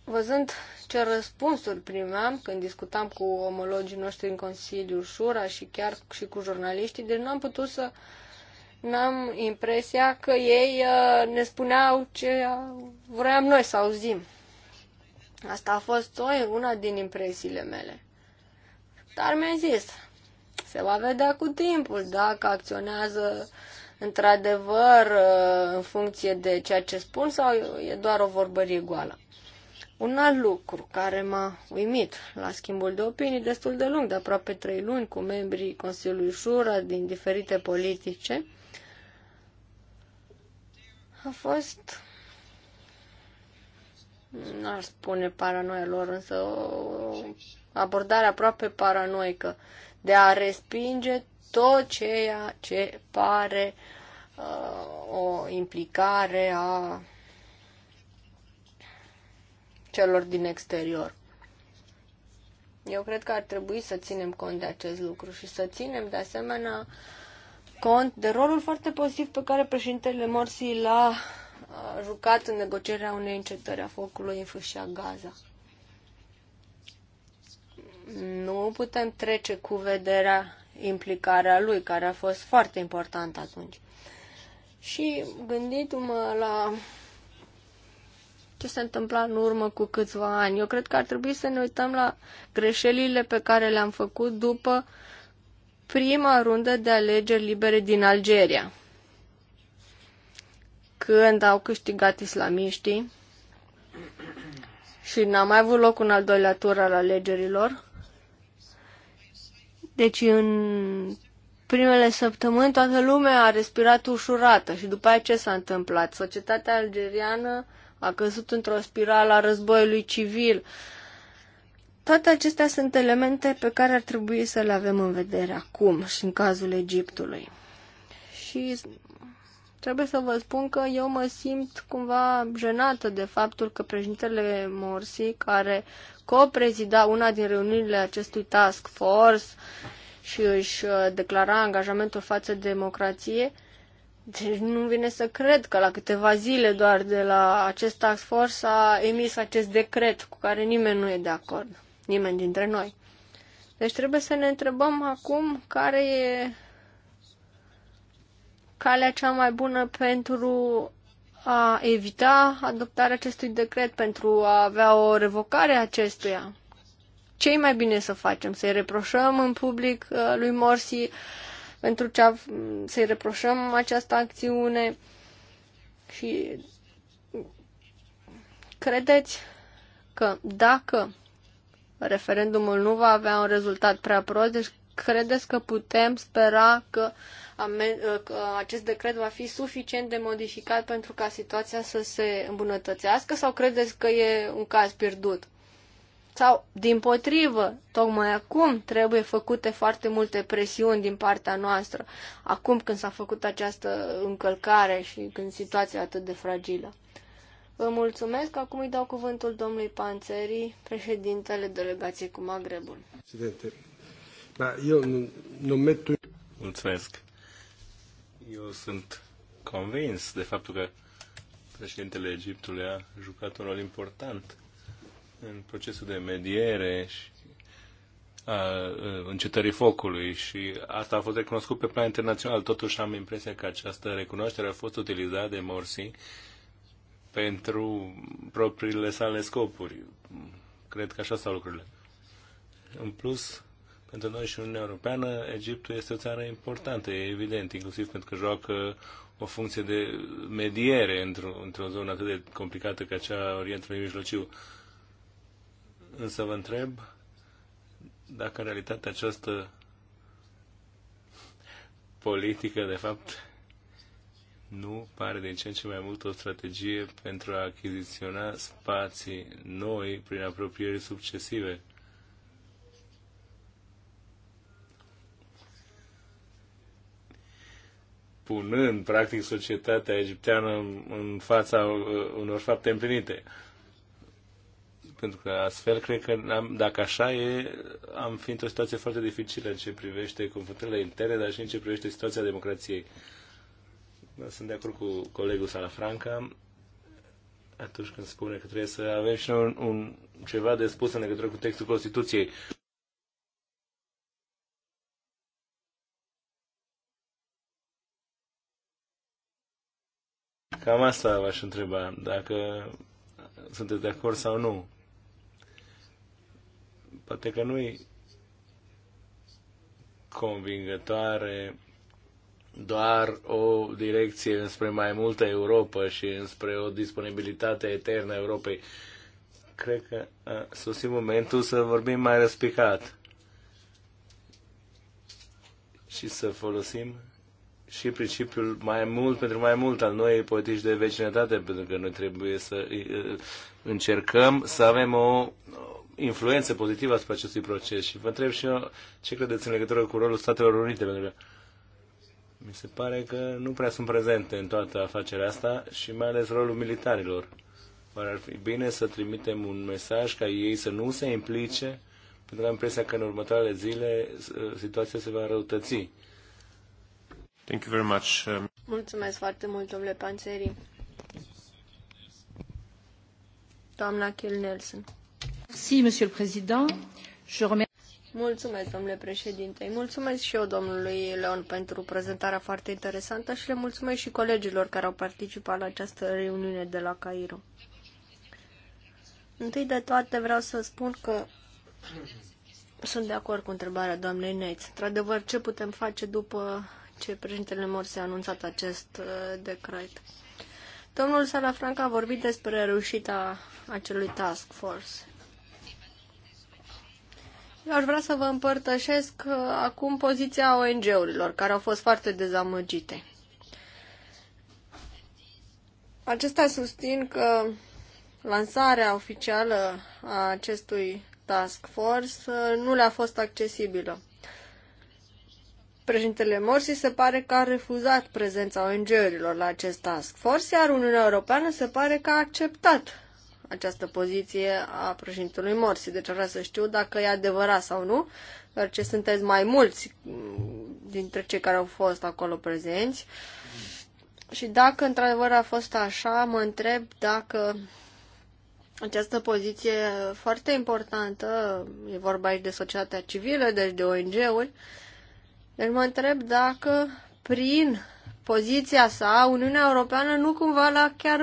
Văzând ce răspunsuri primeam când discutam cu omologii noștri în Consiliul Șura și chiar și cu jurnaliștii, deci nu am putut să n-am impresia că ei uh, ne spuneau ce vroiam noi să auzim. Asta a fost o, una din impresiile mele. Dar mi-a zis, se va vedea cu timpul dacă acționează într-adevăr uh, în funcție de ceea ce spun sau e doar o vorbărie goală. Un alt lucru care m-a uimit la schimbul de opinii destul de lung, de aproape trei luni, cu membrii Consiliului Jura din diferite politice, a fost, n-ar spune paranoia lor, însă o abordare aproape paranoică de a respinge tot ceea ce pare uh, o implicare a celor din exterior. Eu cred că ar trebui să ținem cont de acest lucru și să ținem de asemenea cont de rolul foarte pozitiv pe care președintele Morsi l-a jucat în negocierea unei încetări a focului în fâșia Gaza. Nu putem trece cu vederea implicarea lui, care a fost foarte importantă atunci. Și gândit mă la ce se întâmpla în urmă cu câțiva ani. Eu cred că ar trebui să ne uităm la greșelile pe care le-am făcut după prima rundă de alegeri libere din Algeria, când au câștigat islamiștii și n-a mai avut loc un al doilea tur al alegerilor. Deci în primele săptămâni toată lumea a respirat ușurată și după aceea ce s-a întâmplat? Societatea algeriană a căzut într-o spirală a războiului civil. Toate acestea sunt elemente pe care ar trebui să le avem în vedere acum și în cazul Egiptului. Și trebuie să vă spun că eu mă simt cumva jenată de faptul că președintele Morsi, care coprezida una din reuniunile acestui task force și își uh, declara angajamentul față de democrație, deci nu vine să cred că la câteva zile doar de la acest task force a emis acest decret cu care nimeni nu e de acord, nimeni dintre noi. Deci trebuie să ne întrebăm acum care e calea cea mai bună pentru a evita adoptarea acestui decret, pentru a avea o revocare a acestuia. Ce e mai bine să facem? Să-i reproșăm în public uh, lui Morsi pentru ce să-i reproșăm această acțiune și credeți că dacă referendumul nu va avea un rezultat prea prost, deci credeți că putem spera că, ă, că acest decret va fi suficient de modificat pentru ca situația să se îmbunătățească sau credeți că e un caz pierdut? Sau, din potrivă, tocmai acum trebuie făcute foarte multe presiuni din partea noastră, acum când s-a făcut această încălcare și când situația e atât de fragilă. Vă mulțumesc. Acum îi dau cuvântul domnului Panțeri, președintele delegației cu Magrebul. Presidente, da, eu nu, nu metu... Mulțumesc. Eu sunt convins de faptul că președintele Egiptului a jucat un rol important în procesul de mediere și a încetării focului și asta a fost recunoscut pe plan internațional. Totuși am impresia că această recunoaștere a fost utilizată de Morsi pentru propriile sale scopuri. Cred că așa stau lucrurile. În plus, pentru noi și Uniunea Europeană, Egiptul este o țară importantă, e evident, inclusiv pentru că joacă o funcție de mediere într-o, într, -o, zonă atât de complicată ca cea Orientului Mijlociu. Uh, Însă vă întreb dacă în realitate această politică, de fapt, nu pare din ce în ce mai mult o strategie pentru a achiziționa spații noi prin apropieri succesive. punând, practic, societatea egipteană în fața uh, unor fapte împlinite pentru că astfel cred că am, dacă așa e, am fi într-o situație foarte dificilă în ce privește confruntările interne, dar și în ce privește situația democrației. Sunt de acord cu colegul Salafranca atunci când spune că trebuie să avem și un, un ceva de spus în legătură cu textul Constituției. Cam asta v-aș întreba, dacă sunteți de acord sau nu. Poate că nu-i convingătoare doar o direcție înspre mai multă Europa și înspre o disponibilitate eternă a Europei. Cred că a sosit momentul să vorbim mai răspicat și să folosim și principiul mai mult pentru mai mult al noi politici de vecinătate, pentru că noi trebuie să uh, încercăm să avem o, influență pozitivă asupra acestui proces și vă întreb și eu ce credeți în legătură cu rolul Statelor Unite, pentru că mi se pare că nu prea sunt prezente în toată afacerea asta și mai ales rolul militarilor. Oare ar fi bine să trimitem un mesaj ca ei să nu se implice, pentru că am impresia că în următoarele zile uh, situația se va răutăți. Thank you very much. Uh, Mulțumesc foarte mult, domnule Panțeri. Doamna Kiel Nelson. Mulțumesc, domnule președinte. Mulțumesc și eu domnului Leon pentru prezentarea foarte interesantă și le mulțumesc și colegilor care au participat la această reuniune de la Cairo. Întâi de toate vreau să spun că sunt de acord cu întrebarea doamnei Neitz. Într-adevăr, ce putem face după ce președintele Morse a anunțat acest uh, decret? Domnul Salafranca a vorbit despre reușita acelui task force aș vrea să vă împărtășesc uh, acum poziția ONG-urilor, care au fost foarte dezamăgite. Acestea susțin că lansarea oficială a acestui task force uh, nu le-a fost accesibilă. Președintele Morsi se pare că a refuzat prezența ONG-urilor la acest task force, iar Uniunea Europeană se pare că a acceptat această poziție a președintelui Morsi. Deci vreau să știu dacă e adevărat sau nu, dar ce sunteți mai mulți dintre cei care au fost acolo prezenți. Și dacă într-adevăr a fost așa, mă întreb dacă această poziție foarte importantă, e vorba aici de societatea civilă, deci de ONG-uri, deci mă întreb dacă prin poziția sa, Uniunea Europeană nu cumva l-a chiar,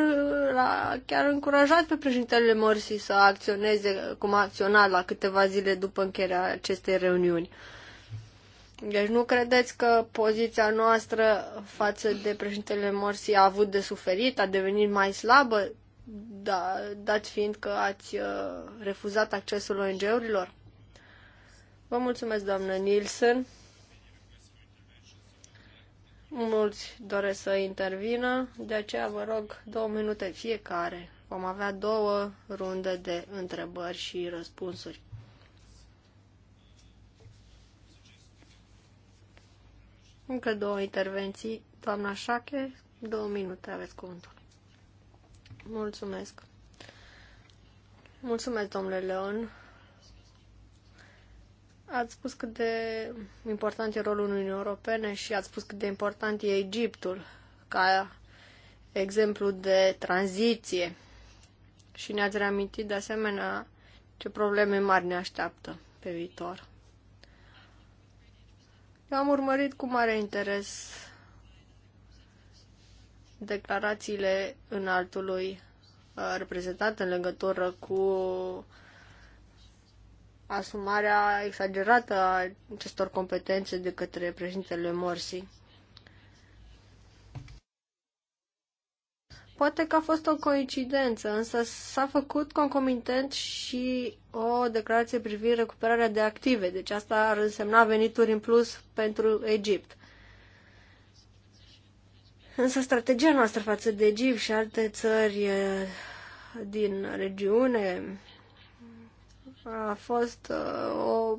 l-a chiar încurajat pe președintele Morsi să acționeze cum a acționat la câteva zile după încheierea acestei reuniuni. Deci nu credeți că poziția noastră față de președintele Morsi a avut de suferit, a devenit mai slabă, da, dat fiind că ați uh, refuzat accesul ONG-urilor? Vă mulțumesc, doamnă Nielsen. Mulți doresc să intervină, de aceea vă rog două minute fiecare. Vom avea două runde de întrebări și răspunsuri. Încă două intervenții. Doamna Șache, două minute aveți cuvântul. Mulțumesc. Mulțumesc, domnule Leon. Ați spus cât de important e rolul Uniunii Europene și ați spus cât de important e Egiptul ca exemplu de tranziție. Și ne-ați reamintit de asemenea ce probleme mari ne așteaptă pe viitor. Eu am urmărit cu mare interes declarațiile înaltului uh, reprezentat în legătură cu asumarea exagerată a acestor competențe de către președintele Morsi. Poate că a fost o coincidență, însă s-a făcut concomitent și o declarație privind recuperarea de active, deci asta ar însemna venituri în plus pentru Egipt. Însă strategia noastră față de Egipt și alte țări eh, din regiune, a fost uh, o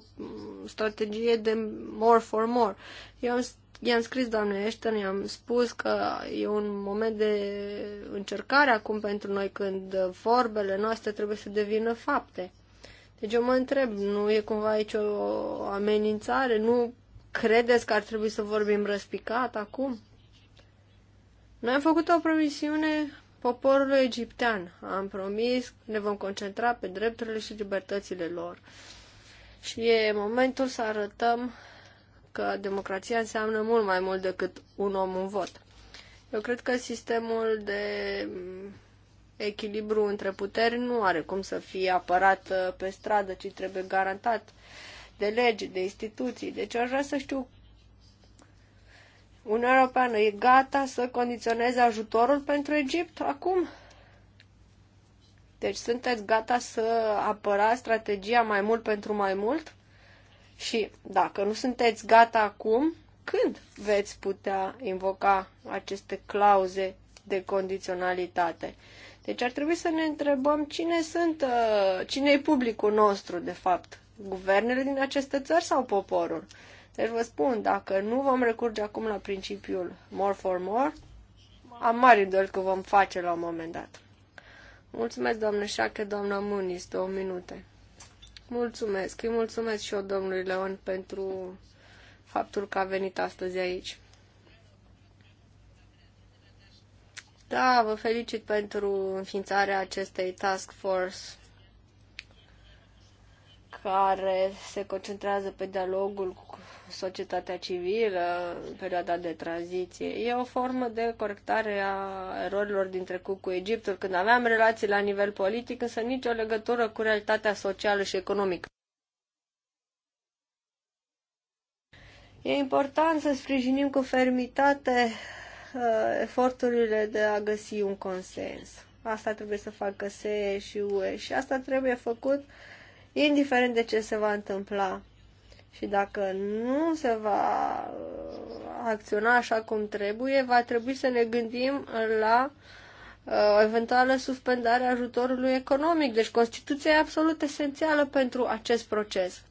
strategie de more for more. Eu i-am scris doamnei Ashton, i-am spus că e un moment de încercare acum pentru noi când vorbele noastre trebuie să devină fapte. Deci eu mă întreb, nu e cumva aici o amenințare? Nu credeți că ar trebui să vorbim răspicat acum? Noi am făcut o promisiune poporului egiptean. Am promis, ne vom concentra pe drepturile și libertățile lor. Și e momentul să arătăm că democrația înseamnă mult mai mult decât un om un vot. Eu cred că sistemul de echilibru între puteri nu are cum să fie apărat uh, pe stradă, ci trebuie garantat de legi, de instituții. Deci aș vrea să știu Uniunea Europeană e gata să condiționeze ajutorul pentru Egipt acum? Deci sunteți gata să apărați strategia mai mult pentru mai mult? Și dacă nu sunteți gata acum, când veți putea invoca aceste clauze de condiționalitate? Deci ar trebui să ne întrebăm cine sunt, uh, cine e publicul nostru, de fapt, guvernele din aceste țări sau poporul? Deci vă spun, dacă nu vom recurge acum la principiul more for more, am mari îndoieli că vom face la un moment dat. Mulțumesc, doamnă Șache, doamna Munis, două minute. Mulțumesc. Îi mulțumesc și eu domnului Leon pentru faptul că a venit astăzi aici. Da, vă felicit pentru înființarea acestei task force care se concentrează pe dialogul cu societatea civilă în perioada de tranziție. E o formă de corectare a erorilor din trecut cu Egiptul, când aveam relații la nivel politic, însă nicio legătură cu realitatea socială și economică. E important să sprijinim cu fermitate uh, eforturile de a găsi un consens. Asta trebuie să facă SE și UE și asta trebuie făcut indiferent de ce se va întâmpla și dacă nu se va uh, acționa așa cum trebuie, va trebui să ne gândim la uh, o eventuală suspendare a ajutorului economic. Deci Constituția e absolut esențială pentru acest proces.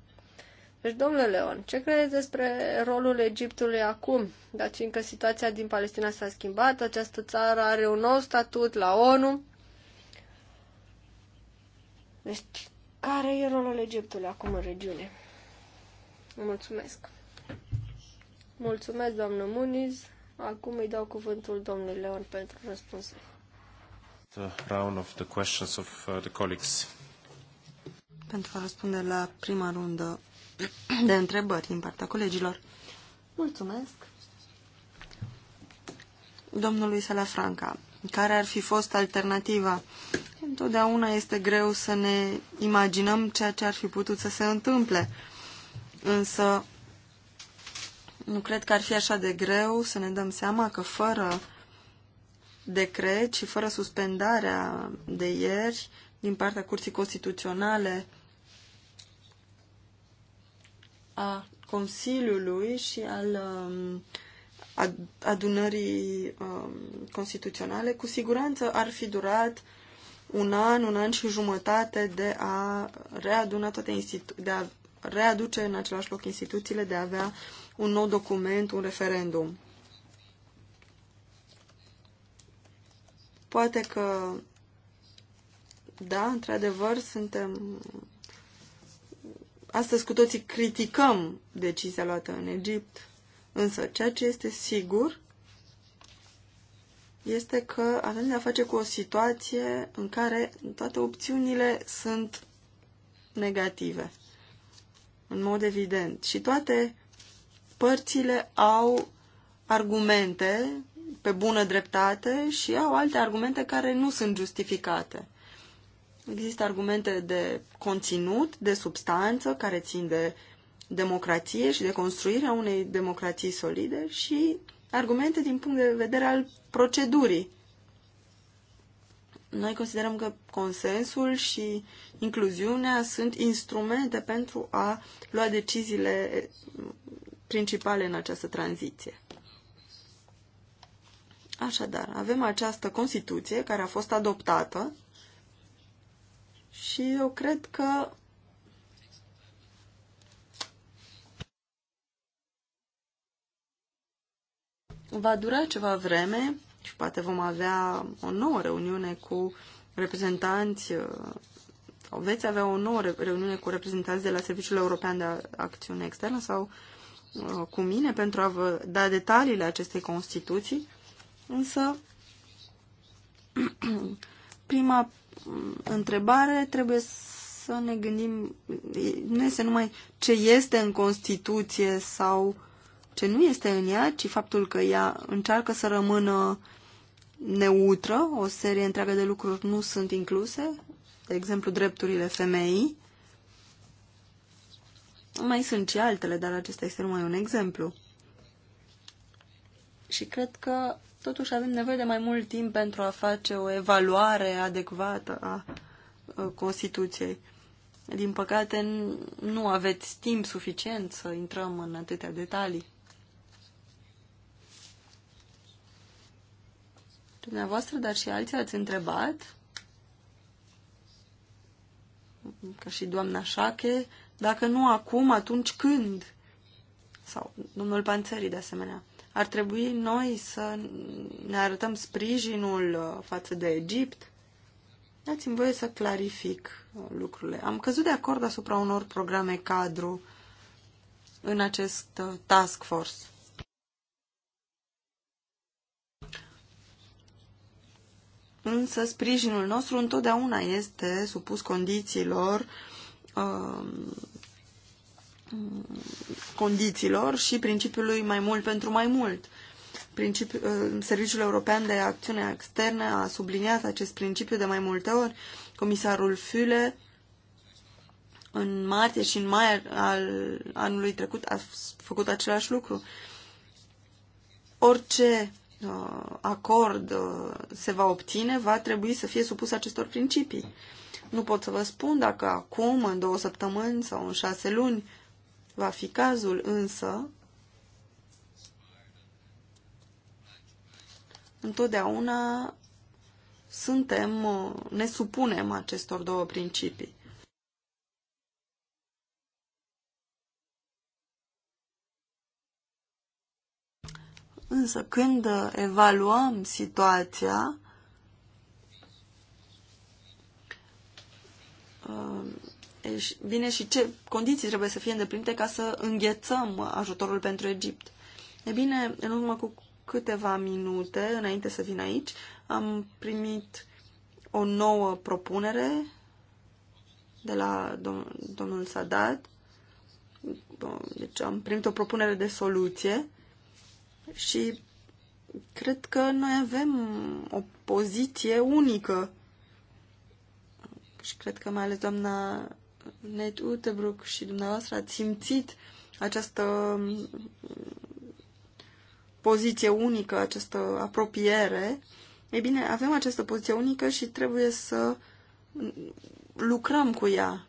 Deci, domnule Leon, ce credeți despre rolul Egiptului acum? Dacă fiindcă situația din Palestina s-a schimbat, această țară are un nou statut la ONU. Deci, care e rolul Egiptului acum în regiune? Mulțumesc. Mulțumesc, doamnă Muniz. Acum îi dau cuvântul domnului Leon pentru răspuns. The round of the questions of uh, the colleagues. Pentru a răspunde la prima rundă <clears throat> de întrebări din partea colegilor. Mulțumesc. Domnului Salafranca, care ar fi fost alternativa? Întotdeauna este greu să ne imaginăm ceea ce ar fi putut să se întâmple Însă nu cred că ar fi așa de greu să ne dăm seama că fără decret și fără suspendarea de ieri din partea Curții Constituționale a Consiliului și al um, adunării um, constituționale, cu siguranță ar fi durat un an, un an și jumătate de a readuna toate instituții. de a readuce în același loc instituțiile, de a avea un nou document, un referendum. Poate că, da, într-adevăr, suntem... Astăzi cu toții criticăm decizia luată în Egipt, însă ceea ce este sigur este că avem de a face cu o situație în care toate opțiunile sunt negative în mod evident. Și toate părțile au argumente pe bună dreptate și au alte argumente care nu sunt justificate. Există argumente de conținut, de substanță, care țin de democrație și de construirea unei democrații solide și argumente din punct de vedere al procedurii. Noi considerăm că consensul și incluziunea sunt instrumente pentru a lua deciziile principale în această tranziție. Așadar, avem această Constituție care a fost adoptată și eu cred că va dura ceva vreme și poate vom avea o nouă reuniune cu reprezentanți uh, sau veți avea o nouă reuniune cu reprezentanți de la Serviciul European de Acțiune Externă sau uh, cu mine pentru a vă da detaliile acestei Constituții, însă <clears throat> prima mm, întrebare trebuie să ne gândim, nu este numai ce este în Constituție sau ce nu este în ea, ci faptul că ea încearcă să rămână neutră, o serie întreagă de lucruri nu sunt incluse, de exemplu drepturile femeii. Mai sunt și altele, dar acesta este numai un exemplu. Și cred că totuși avem nevoie de mai mult timp pentru a face o evaluare adecvată a Constituției. Din păcate, nu aveți timp suficient să intrăm în atâtea detalii. Dumneavoastră, dar și alții ați întrebat, ca și doamna Șache, dacă nu acum, atunci când? Sau domnul Panțării, de asemenea. Ar trebui noi să ne arătăm sprijinul uh, față de Egipt? Dați-mi voie să clarific uh, lucrurile. Am căzut de acord asupra unor programe cadru în acest uh, task force. însă sprijinul nostru întotdeauna este supus condițiilor um, condițiilor și principiului mai mult pentru mai mult. Principi, uh, Serviciul European de Acțiune Externă a subliniat acest principiu de mai multe ori. Comisarul Füle în martie și în mai al anului trecut a făcut același lucru. Orice Uh, acord uh, se va obține, va trebui să fie supus acestor principii. Nu pot să vă spun dacă acum, în două săptămâni sau în șase luni, va fi cazul, însă întotdeauna suntem, uh, ne supunem acestor două principii. Însă când uh, evaluăm situația, bine uh, și ce condiții trebuie să fie îndeplinite ca să înghețăm ajutorul pentru Egipt. E bine, în urmă cu câteva minute, înainte să vin aici, am primit o nouă propunere de la dom- domnul Sadat. Deci am primit o propunere de soluție și cred că noi avem o poziție unică și cred că mai ales doamna Ned Utebruck și dumneavoastră ați simțit această mm, poziție unică, această apropiere. Ei bine, avem această poziție unică și trebuie să lucrăm cu ea.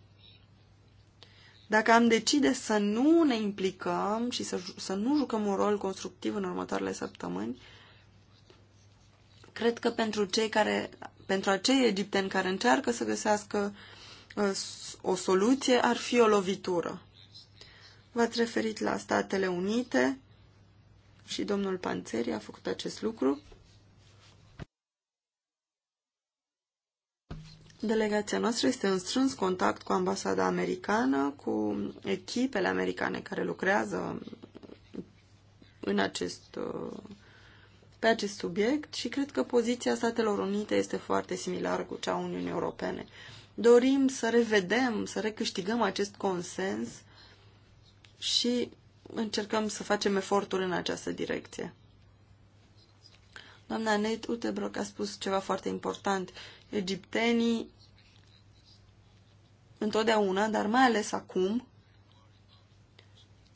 Dacă am decide să nu ne implicăm și să, să nu jucăm un rol constructiv în următoarele săptămâni, cred că pentru cei care, pentru acei egipteni care încearcă să găsească uh, o soluție, ar fi o lovitură. V-ați referit la Statele Unite și domnul Panțeri a făcut acest lucru. Delegația noastră este în strâns contact cu ambasada americană, cu echipele americane care lucrează în acest, uh, pe acest subiect și cred că poziția Statelor Unite este foarte similară cu cea a Uniunii Europene. Dorim să revedem, să recâștigăm acest consens și încercăm să facem eforturi în această direcție. Doamna Nate Utebrock a spus ceva foarte important egiptenii întotdeauna, dar mai ales acum,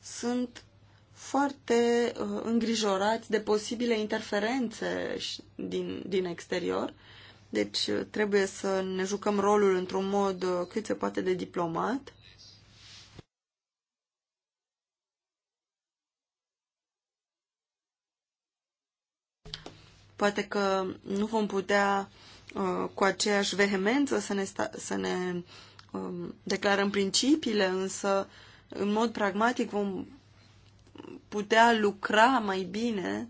sunt foarte uh, îngrijorați de posibile interferențe din, din exterior. Deci uh, trebuie să ne jucăm rolul într-un mod uh, cât se poate de diplomat. Poate că nu vom putea Uh, cu aceeași vehemență să ne, sta, să ne um, declarăm principiile, însă în mod pragmatic vom putea lucra mai bine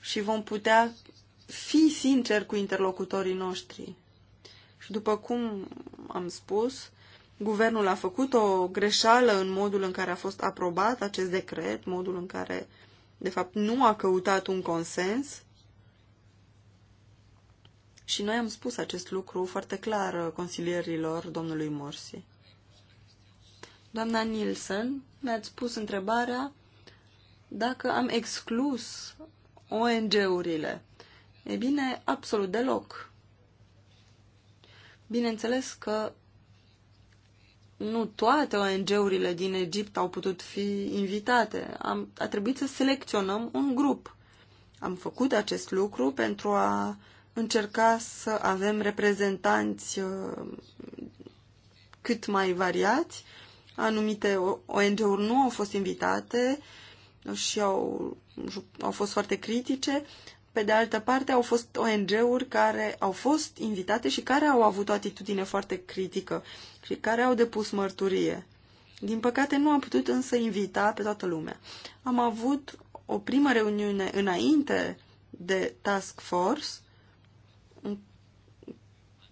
și vom putea fi sinceri cu interlocutorii noștri. Și după cum am spus, guvernul a făcut o greșeală în modul în care a fost aprobat acest decret, modul în care, de fapt, nu a căutat un consens și noi am spus acest lucru foarte clar consilierilor domnului Morsi. Doamna Nielsen, mi-ați spus întrebarea dacă am exclus ONG-urile. E bine, absolut deloc. Bineînțeles că nu toate ONG-urile din Egipt au putut fi invitate. Am, a trebuit să selecționăm un grup. Am făcut acest lucru pentru a încerca să avem reprezentanți uh, cât mai variați. Anumite ONG-uri nu au fost invitate și au, au fost foarte critice. Pe de altă parte, au fost ONG-uri care au fost invitate și care au avut o atitudine foarte critică și care au depus mărturie. Din păcate, nu am putut însă invita pe toată lumea. Am avut o primă reuniune înainte de task force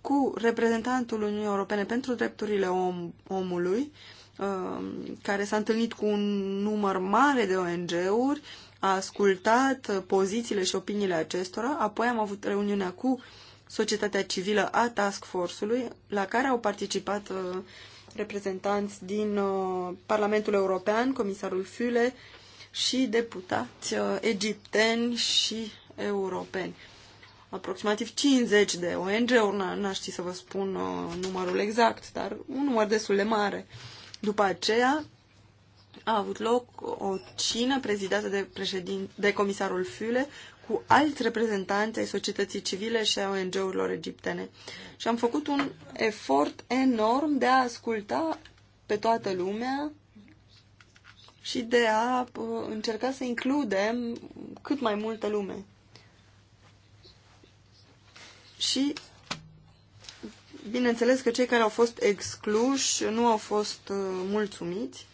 cu reprezentantul Uniunii Europene pentru drepturile om, omului, um, care s-a întâlnit cu un număr mare de ONG-uri, a ascultat uh, pozițiile și opiniile acestora, apoi am avut reuniunea cu societatea civilă a task force-ului, la care au participat uh, reprezentanți din uh, Parlamentul European, comisarul Fule și deputați egipteni și europeni aproximativ 50 de ONG-uri, n-aș ști să vă spun uh, numărul exact, dar un număr destul de mare. După aceea a avut loc o cină prezidată de, președin, de comisarul fule cu alți reprezentanți ai societății civile și a ONG-urilor egiptene. Și am făcut un efort enorm de a asculta pe toată lumea și de a uh, încerca să includem cât mai multă lume și bineînțeles că cei care au fost excluși nu au fost uh, mulțumiți,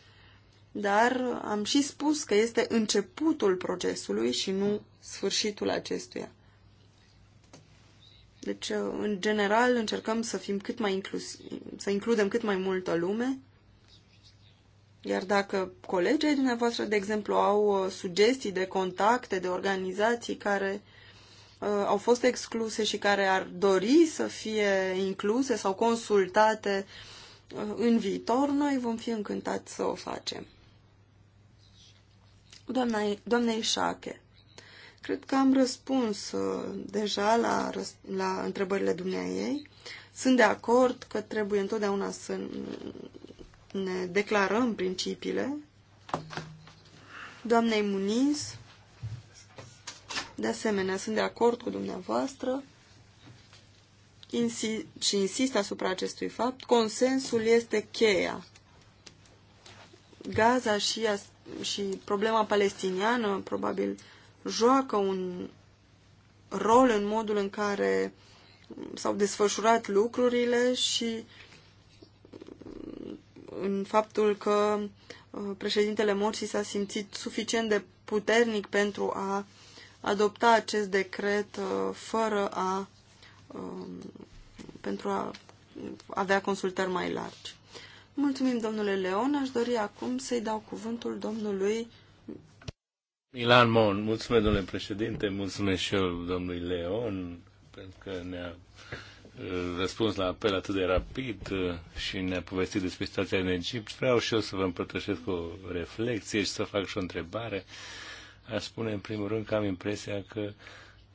dar am și spus că este începutul procesului și nu sfârșitul acestuia. Deci, uh, în general, încercăm să fim cât mai inclus, să includem cât mai multă lume. Iar dacă colegii dumneavoastră, de exemplu, au uh, sugestii de contacte, de organizații care uh, Uh, au fost excluse și care ar dori să fie incluse sau consultate uh, în viitor, noi vom fi încântați să o facem. Doamna, doamnei Șache, cred că am răspuns uh, deja la, la întrebările dumneaei. Sunt de acord că trebuie întotdeauna să ne declarăm principiile. Doamnei Muniz, de asemenea, sunt de acord cu dumneavoastră insi și insist asupra acestui fapt, consensul este cheia. Gaza și, și problema palestiniană probabil joacă un rol în modul în care s-au desfășurat lucrurile și mm, în faptul că uh, președintele Morsi s-a simțit suficient de puternic pentru a uh, adopta acest decret uh, fără a um, pentru a avea consultări mai largi. Mulțumim, domnule Leon. Aș dori acum să-i dau cuvântul domnului Milan Mon. Mulțumesc, domnule președinte. Mulțumesc și eu, domnului Leon, pentru că ne-a uh, răspuns la apel atât de rapid uh, și ne-a povestit despre situația în Egipt. Vreau și eu să vă împărtășesc o reflexie și să fac și o întrebare. Uh, aș spune în primul rând că am impresia că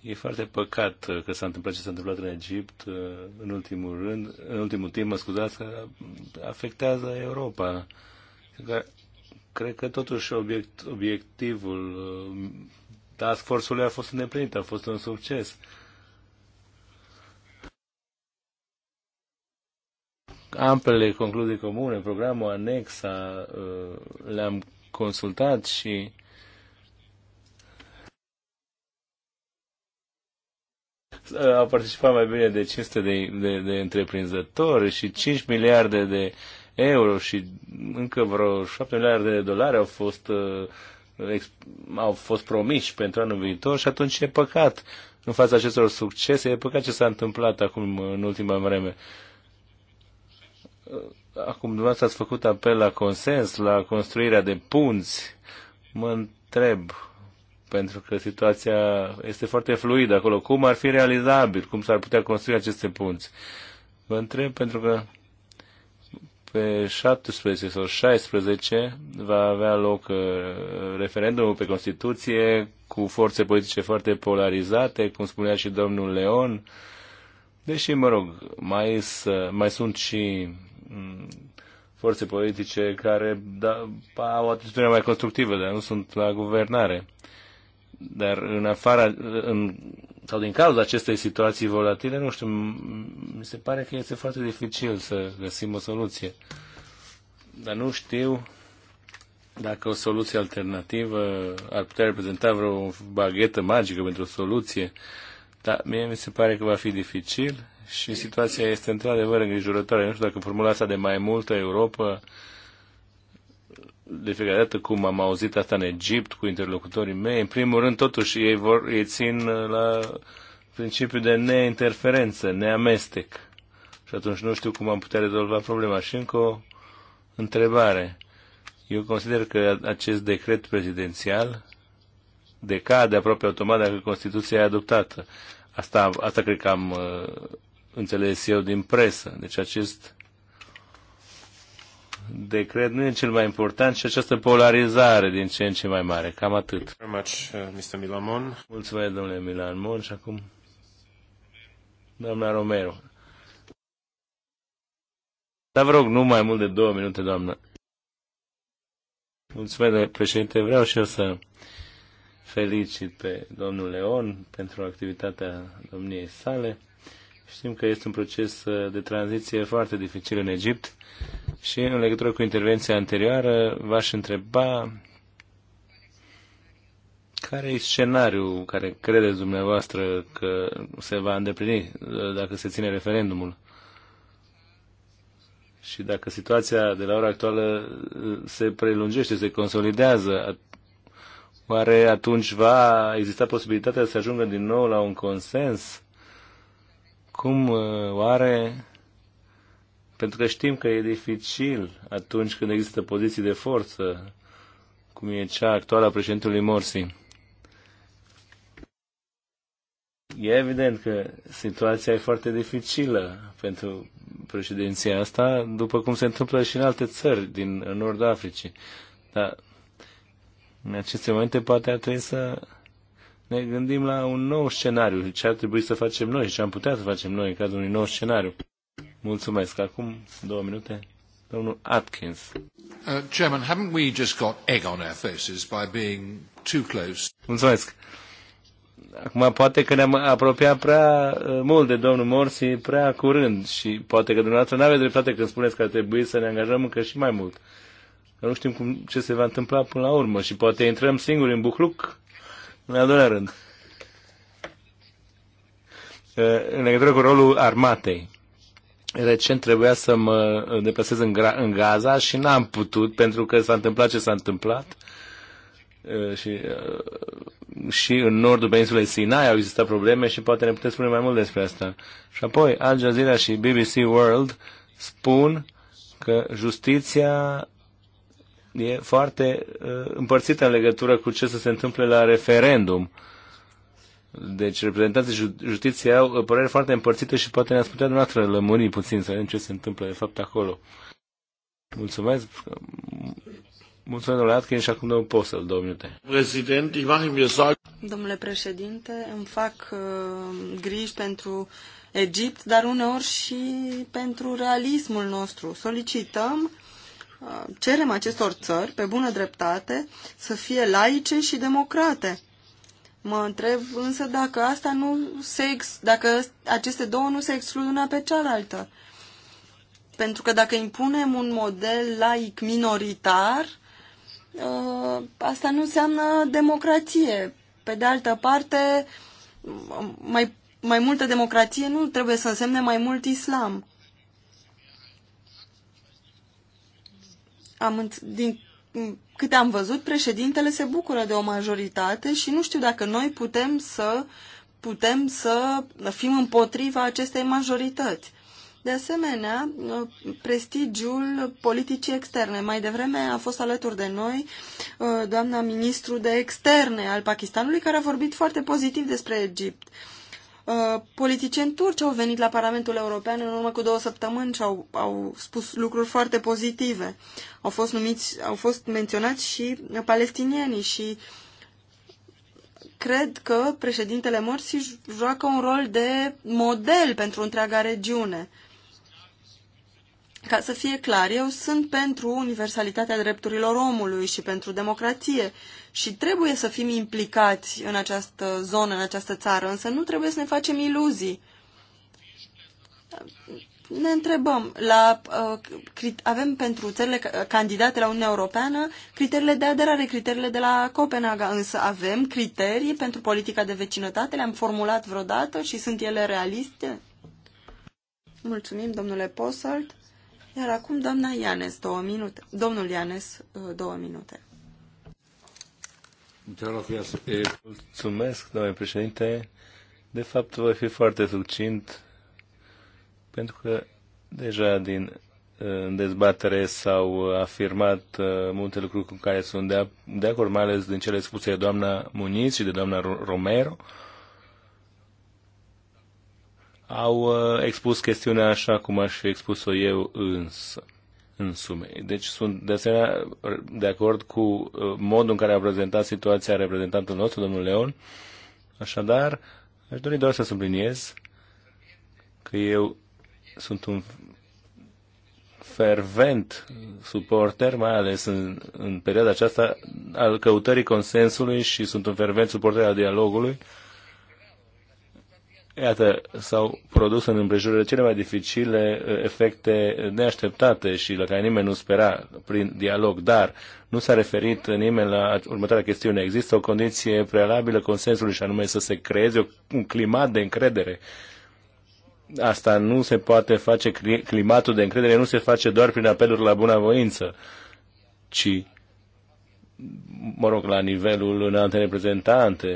e foarte păcat uh, că s-a întâmplat ce s-a întâmplat în Egipt uh, în ultimul rând, în ultimul timp, mă scuzați, că afectează Europa. cred că totuși obiect, obiectivul uh, task force-ului a fost îndeplinit, a fost un succes. Ampele concluzii comune, programul anexa, le-am consultat și au participat mai bine de 500 de, de, de întreprinzători și 5 miliarde de euro și încă vreo 7 miliarde de dolari au fost, uh, au fost promiși pentru anul viitor și atunci e păcat în fața acestor succese, e păcat ce s-a întâmplat acum în ultima vreme. Uh, acum dumneavoastră ați făcut apel la consens, la construirea de punți. Mă întreb, pentru că situația este foarte fluidă acolo. Cum ar fi realizabil? Cum s-ar putea construi aceste punți? Vă întreb pentru că pe 17 sau 16 va avea loc uh, referendumul pe Constituție cu forțe politice foarte polarizate, cum spunea și domnul Leon. Deși, mă rog, mai, mai sunt și mm, forțe politice care da, au atitudine mai constructivă, dar nu sunt la guvernare dar în afara, în, sau din cauza acestei situații volatile, nu știu, mi se pare că este foarte dificil să găsim o soluție. Dar nu știu dacă o soluție alternativă ar putea reprezenta vreo baghetă magică pentru o soluție, dar mie mi se pare că va fi dificil și situația este într-adevăr îngrijorătoare. Nu știu dacă formula asta de mai multă Europa de fiecare dată cum am auzit asta în Egipt cu interlocutorii mei, în primul rând totuși ei, vor, ei țin uh, la principiul de neinterferență, neamestec. Și atunci nu știu cum am putea rezolva problema. Și încă o întrebare. Eu consider că acest decret prezidențial decade aproape automat dacă Constituția e adoptată. Asta, asta cred că am uh, înțeles eu din presă. Deci acest cred, nu e cel mai important, și această polarizare din ce în ce mai mare. Cam atât. much, uh, Mr. Mulțumesc, domnule Milan Mon, și acum doamna Romero. Dar vă rog, nu mai mult de două minute, doamnă. Mulțumesc, domnule președinte. Vreau și eu să felicit pe domnul Leon pentru activitatea domniei sale. Știm că este un proces uh, de tranziție foarte dificil în Egipt și în legătură cu intervenția anterioară v-aș întreba care e scenariul care credeți dumneavoastră că se va îndeplini uh, dacă se ține referendumul? Și dacă situația de la ora actuală uh, se prelungește, se consolidează, oare atunci va exista posibilitatea să ajungă din nou la un consens cum uh, oare, pentru că știm că e dificil atunci când există poziții de forță, cum e cea actuală a președintelui Morsi. E evident că situația e foarte dificilă pentru președinția asta, după cum se întâmplă și în alte țări din Nord Africii. Dar în aceste momente poate ar trebui să ne gândim la un nou scenariu, ce ar trebui să facem noi și ce am putea să facem noi în cazul unui nou scenariu. Mulțumesc. Acum două minute. Domnul Atkins. Uh, Chairman, haven't we just got egg on our faces by being too close? Mulțumesc. Acum, poate că ne-am apropiat prea uh, mult de domnul Morsi, prea curând și poate că dumneavoastră nu aveți dreptate când spuneți că ar trebui să ne angajăm încă și mai mult. nu știm cum, ce se va întâmpla până la urmă și poate intrăm singuri în bucluc în al doilea rând, în legătură cu rolul armatei. Recent trebuia să mă deplasez în, în Gaza și n-am putut pentru că s-a întâmplat ce s-a întâmplat. Și, și în nordul peninsulei Sinai au existat probleme și poate ne puteți spune mai mult despre asta. Și apoi Al Jazeera și BBC World spun că justiția e foarte uh, împărțită în legătură cu ce să se întâmple la referendum. Deci reprezentanții justiției au păreri foarte împărțite și poate ne-ați putea dumneavoastră lămuri puțin să vedem ce se întâmplă de fapt acolo. Mulțumesc. Mulțumesc, domnule Atkin, și acum domnul Postel, două minute. Domnule președinte, îmi fac uh, griji pentru Egipt, dar uneori și pentru realismul nostru. Solicităm cerem acestor țări, pe bună dreptate, să fie laice și democrate. Mă întreb însă dacă asta nu se ex- dacă aceste două nu se exclud una pe cealaltă. Pentru că dacă impunem un model laic minoritar, uh, asta nu înseamnă democrație. Pe de altă parte, mai, mai multă democrație nu trebuie să însemne mai mult islam. Am, din câte am văzut, președintele se bucură de o majoritate și nu știu dacă noi putem să putem să fim împotriva acestei majorități. De asemenea, prestigiul politicii externe. Mai devreme a fost alături de noi uh, doamna ministru de externe al Pakistanului, care a vorbit foarte pozitiv despre Egipt. Uh, politicieni turci au venit la Parlamentul European în urmă cu două săptămâni și au, au spus lucruri foarte pozitive. Au fost, numiți, au fost menționați și palestinienii și cred că președintele Morsi joacă un rol de model pentru întreaga regiune. Ca să fie clar, eu sunt pentru universalitatea drepturilor omului și pentru democrație și trebuie să fim implicați în această zonă, în această țară, însă nu trebuie să ne facem iluzii. Ne întrebăm, la, uh, avem pentru țările candidate la Uniunea Europeană criteriile de aderare, criteriile de la Copenhaga, însă avem criterii pentru politica de vecinătate, le-am formulat vreodată și sunt ele realiste? Mulțumim, domnule Posselt. Iar acum doamna Ianes, două minute. Domnul Ianes, uh, două minute. Mulțumesc, domnule președinte. De fapt, voi fi foarte succint, pentru că deja din în uh, dezbatere s-au afirmat uh, multe lucruri cu care sunt de, de acord, mai ales din cele spuse de doamna Muniz și de doamna Romero. Uh, au uh, expus chestiunea așa cum aș fi expus-o eu însă însume. Deci sunt de asemenea de acord cu uh, modul în care a prezentat situația reprezentantul nostru, domnul Leon. Așadar, aș dori doar să subliniez că eu sunt un fervent suporter, mai ales în, în perioada aceasta, al căutării consensului și sunt un fervent suporter al dialogului Iată, s-au produs în împrejurile cele mai dificile uh, efecte neașteptate și la care nimeni nu spera prin dialog, dar nu s-a referit nimeni la următoarea chestiune. Există o condiție prealabilă consensului și anume să se creeze un climat de încredere. Asta nu se poate face, climatul de încredere nu se face doar prin apeluri la bunăvoință, ci mă rog, la nivelul înalte reprezentante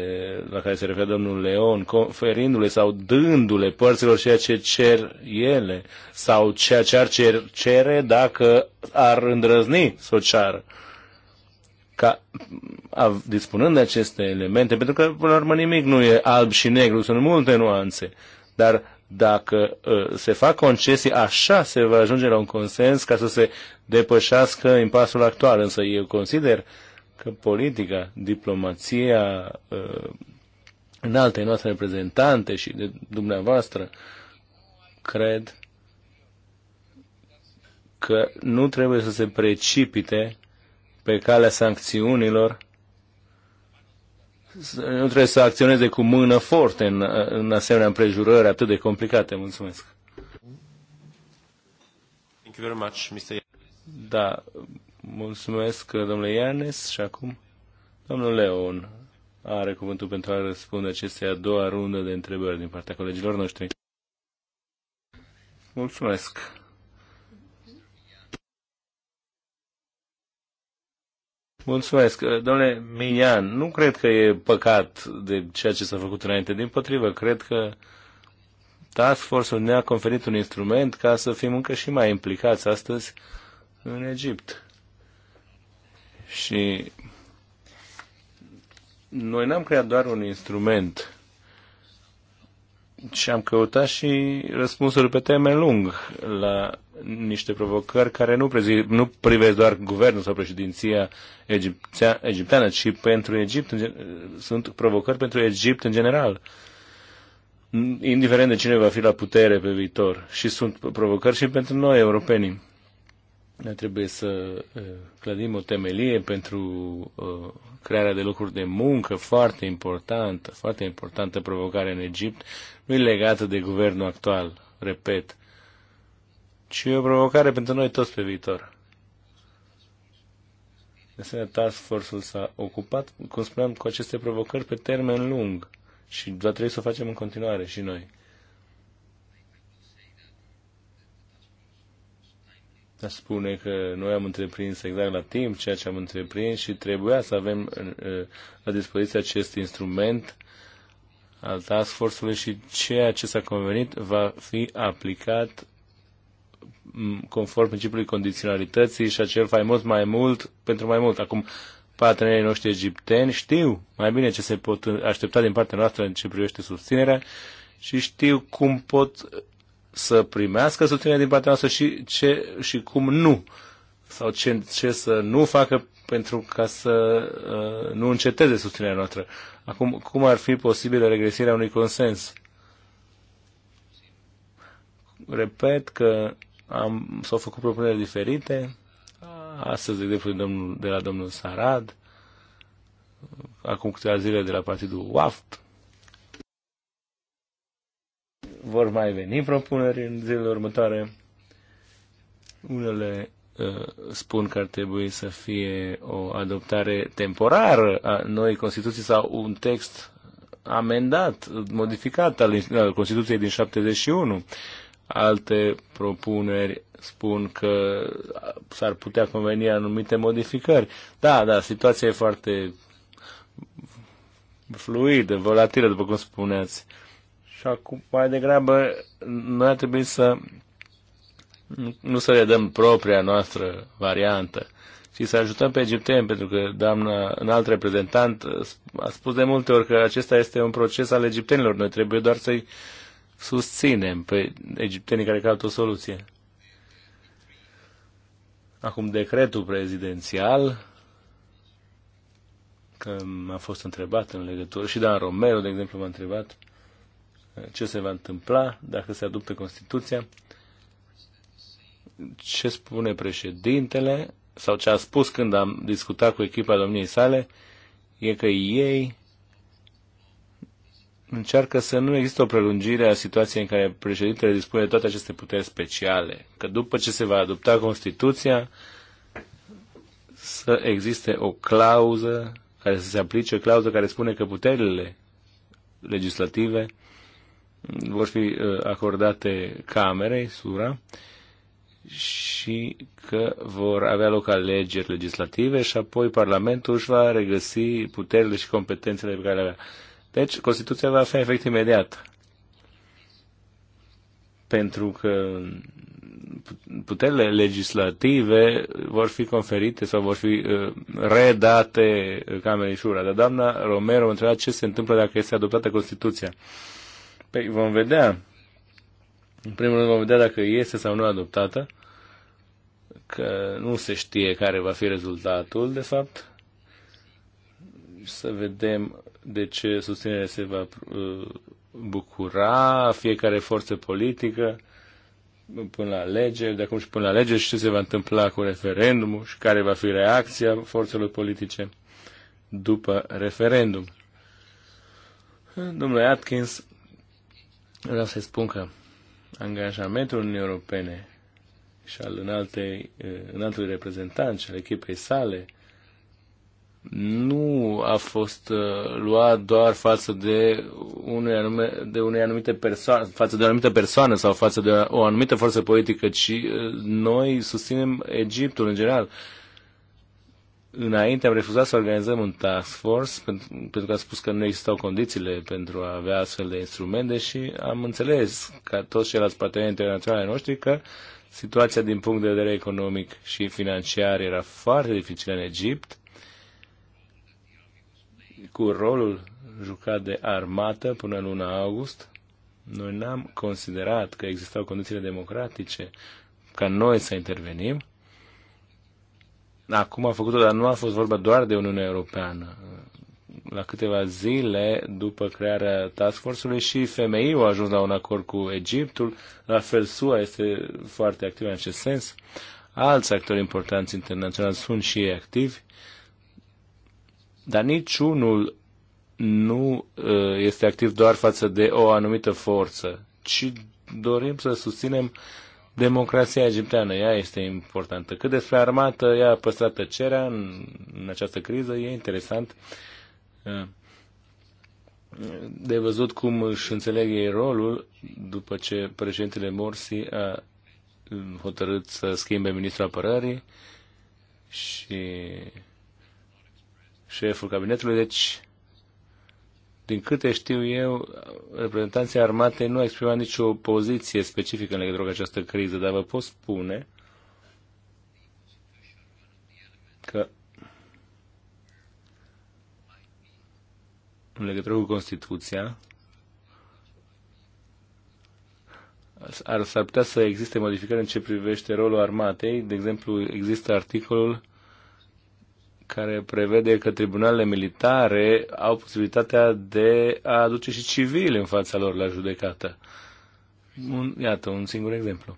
la care se referă domnul Leon, conferindu-le sau dându-le părților ceea ce cer ele sau ceea ce ar cer, cere dacă ar îndrăzni să o ceară. Ca, a, dispunând de aceste elemente, pentru că, până la urmă, nimic nu e alb și negru, sunt multe nuanțe, dar dacă uh, se fac concesii, așa se va ajunge la un consens ca să se depășească impasul actual. Însă eu consider uh, că politica, diplomația, uh, în alte noastre reprezentante și de dumneavoastră, cred că nu trebuie să se precipite pe calea sancțiunilor, nu trebuie să acționeze cu mână forte în, în asemenea împrejurări atât de complicate. Mulțumesc! Thank you very much, Mr. Da, Mulțumesc, domnule Ianes. Și acum, domnul Leon are cuvântul pentru a răspunde acestei a doua rundă de întrebări din partea colegilor noștri. Mulțumesc. Mulțumesc. Domnule Minian, nu cred că e păcat de ceea ce s-a făcut înainte. Din potrivă, cred că Task Force-ul ne-a conferit un instrument ca să fim încă și mai implicați astăzi în Egipt. Și noi n-am creat doar un instrument, ci am căutat și răspunsuri pe termen lung la niște provocări care nu, prezi, nu privesc doar guvernul sau președinția egiptea, egipteană, ci pentru Egipt, în, sunt provocări pentru Egipt în general indiferent de cine va fi la putere pe viitor. Și sunt provocări și pentru noi, europenii. Noi trebuie să clădim o temelie pentru crearea de locuri de muncă foarte importantă, foarte importantă provocare în Egipt, nu e legată de guvernul actual, repet, ci e o provocare pentru noi toți pe viitor. De asemenea, Task Force-ul s-a ocupat, cum spuneam, cu aceste provocări pe termen lung și va trebui să o facem în continuare și noi. Dar spune că noi am întreprins exact la timp ceea ce am întreprins și trebuia să avem la dispoziție acest instrument al task force și ceea ce s-a convenit va fi aplicat conform principiului condiționalității și acel faimos mai mult pentru mai mult. Acum, partenerii noștri egipteni știu mai bine ce se pot aștepta din partea noastră în ce privește susținerea și știu cum pot să primească susținere din partea noastră și, ce, și cum nu. Sau ce, ce să nu facă pentru ca să uh, nu înceteze susținerea noastră. Acum, cum ar fi posibilă regresirea unui consens? Repet că am, s-au făcut propuneri diferite. Astăzi, de exemplu, domnul, de la domnul Sarad, acum câteva zile de la partidul WAFT, vor mai veni propuneri în zilele următoare. Unele uh, spun că ar trebui să fie o adoptare temporară a noi Constituții sau un text amendat, modificat al Constituției din 71. Alte propuneri spun că s-ar putea conveni anumite modificări. Da, da, situația e foarte fluidă, volatilă, după cum spuneați. Și acum, mai degrabă, noi ar trebui să nu să le dăm propria noastră variantă, ci să ajutăm pe egipteni, pentru că doamna, un alt reprezentant a spus de multe ori că acesta este un proces al egiptenilor. Noi trebuie doar să-i susținem pe egiptenii care caută o soluție. Acum, decretul prezidențial, că m-a fost întrebat în legătură, și Dan Romero, de exemplu, m-a întrebat, ce se va întâmpla dacă se adoptă Constituția, ce spune președintele sau ce a spus când am discutat cu echipa domniei sale, e că ei încearcă să nu există o prelungire a situației în care președintele dispune de toate aceste puteri speciale, că după ce se va adopta Constituția, să existe o clauză care să se aplice, o clauză care spune că puterile legislative vor fi uh, acordate Camerei, Sura, și că vor avea loc alegeri legislative și apoi Parlamentul își va regăsi puterile și competențele pe care le avea. Deci, Constituția va avea efect imediat. Pentru că puterile legislative vor fi conferite sau vor fi uh, redate Camerei Șura. Dar doamna Romero întreba ce se întâmplă dacă este adoptată Constituția. Păi vom vedea. În primul rând vom vedea dacă este sau nu adoptată, că nu se știe care va fi rezultatul, de fapt. Să vedem de ce susținerea se va uh, bucura fiecare forță politică până la alegeri, de acum și până la alegeri și ce se va întâmpla cu referendumul și care va fi reacția forțelor politice după referendum. Domnule Atkins, Vreau să spun că angajamentul Uniunii Europene și al înaltului reprezentant și al echipei sale nu a fost luat doar față de, unei anume, de unei anumite persoane, față de o anumită persoană sau față de o anumită forță politică, ci noi susținem Egiptul în general. Înainte am refuzat să organizăm un task force pentru că a spus că nu existau condițiile pentru a avea astfel de instrumente și am înțeles ca toți ceilalți parteneri internaționale noștri că situația din punct de vedere economic și financiar era foarte dificilă în Egipt cu rolul jucat de armată până luna august, noi n-am considerat că existau condițiile democratice ca noi să intervenim Acum a făcut-o, dar nu a fost vorba doar de Uniunea Europeană. La câteva zile după crearea task force-ului și FMI au ajuns la un acord cu Egiptul, la fel SUA este foarte activă în acest sens. Alți actori importanți internaționali sunt și ei activi, dar niciunul nu uh, este activ doar față de o anumită forță, ci dorim să susținem uh, democrația egipteană, ea este importantă. Cât despre armată, ea a păstrat tăcerea în, în această criză, e interesant uh, de văzut cum își înțeleg ei rolul după ce președintele Morsi a hotărât să schimbe ministrul apărării și șeful cabinetului, deci din câte știu eu, reprezentanții armatei nu au exprimat nicio poziție specifică în legătură cu această criză, dar vă pot spune că în legătură cu Constituția, ar, s-ar putea să existe modificări în ce privește rolul armatei. De exemplu, există articolul care prevede că tribunalele militare au posibilitatea de a aduce și civili în fața lor la judecată. Un, iată, un singur exemplu.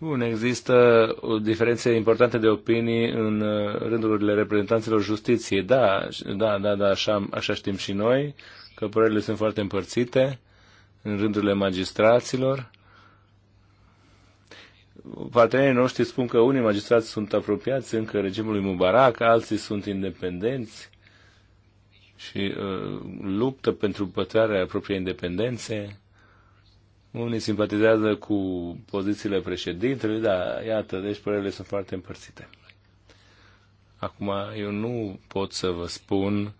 Bun, există o diferență importantă de opinii în uh, rândurile reprezentanților justiției. Da, da, da, da așa, așa știm și noi, că părerile sunt foarte împărțite în rândurile magistraților Partenerii noștri spun că unii magistrați sunt apropiați încă regimului Mubarak, alții sunt independenți și uh, luptă pentru păstrarea propriei independențe. Unii simpatizează cu pozițiile președintelui, dar iată, deci părerile sunt foarte împărțite. Acum, eu nu pot să vă spun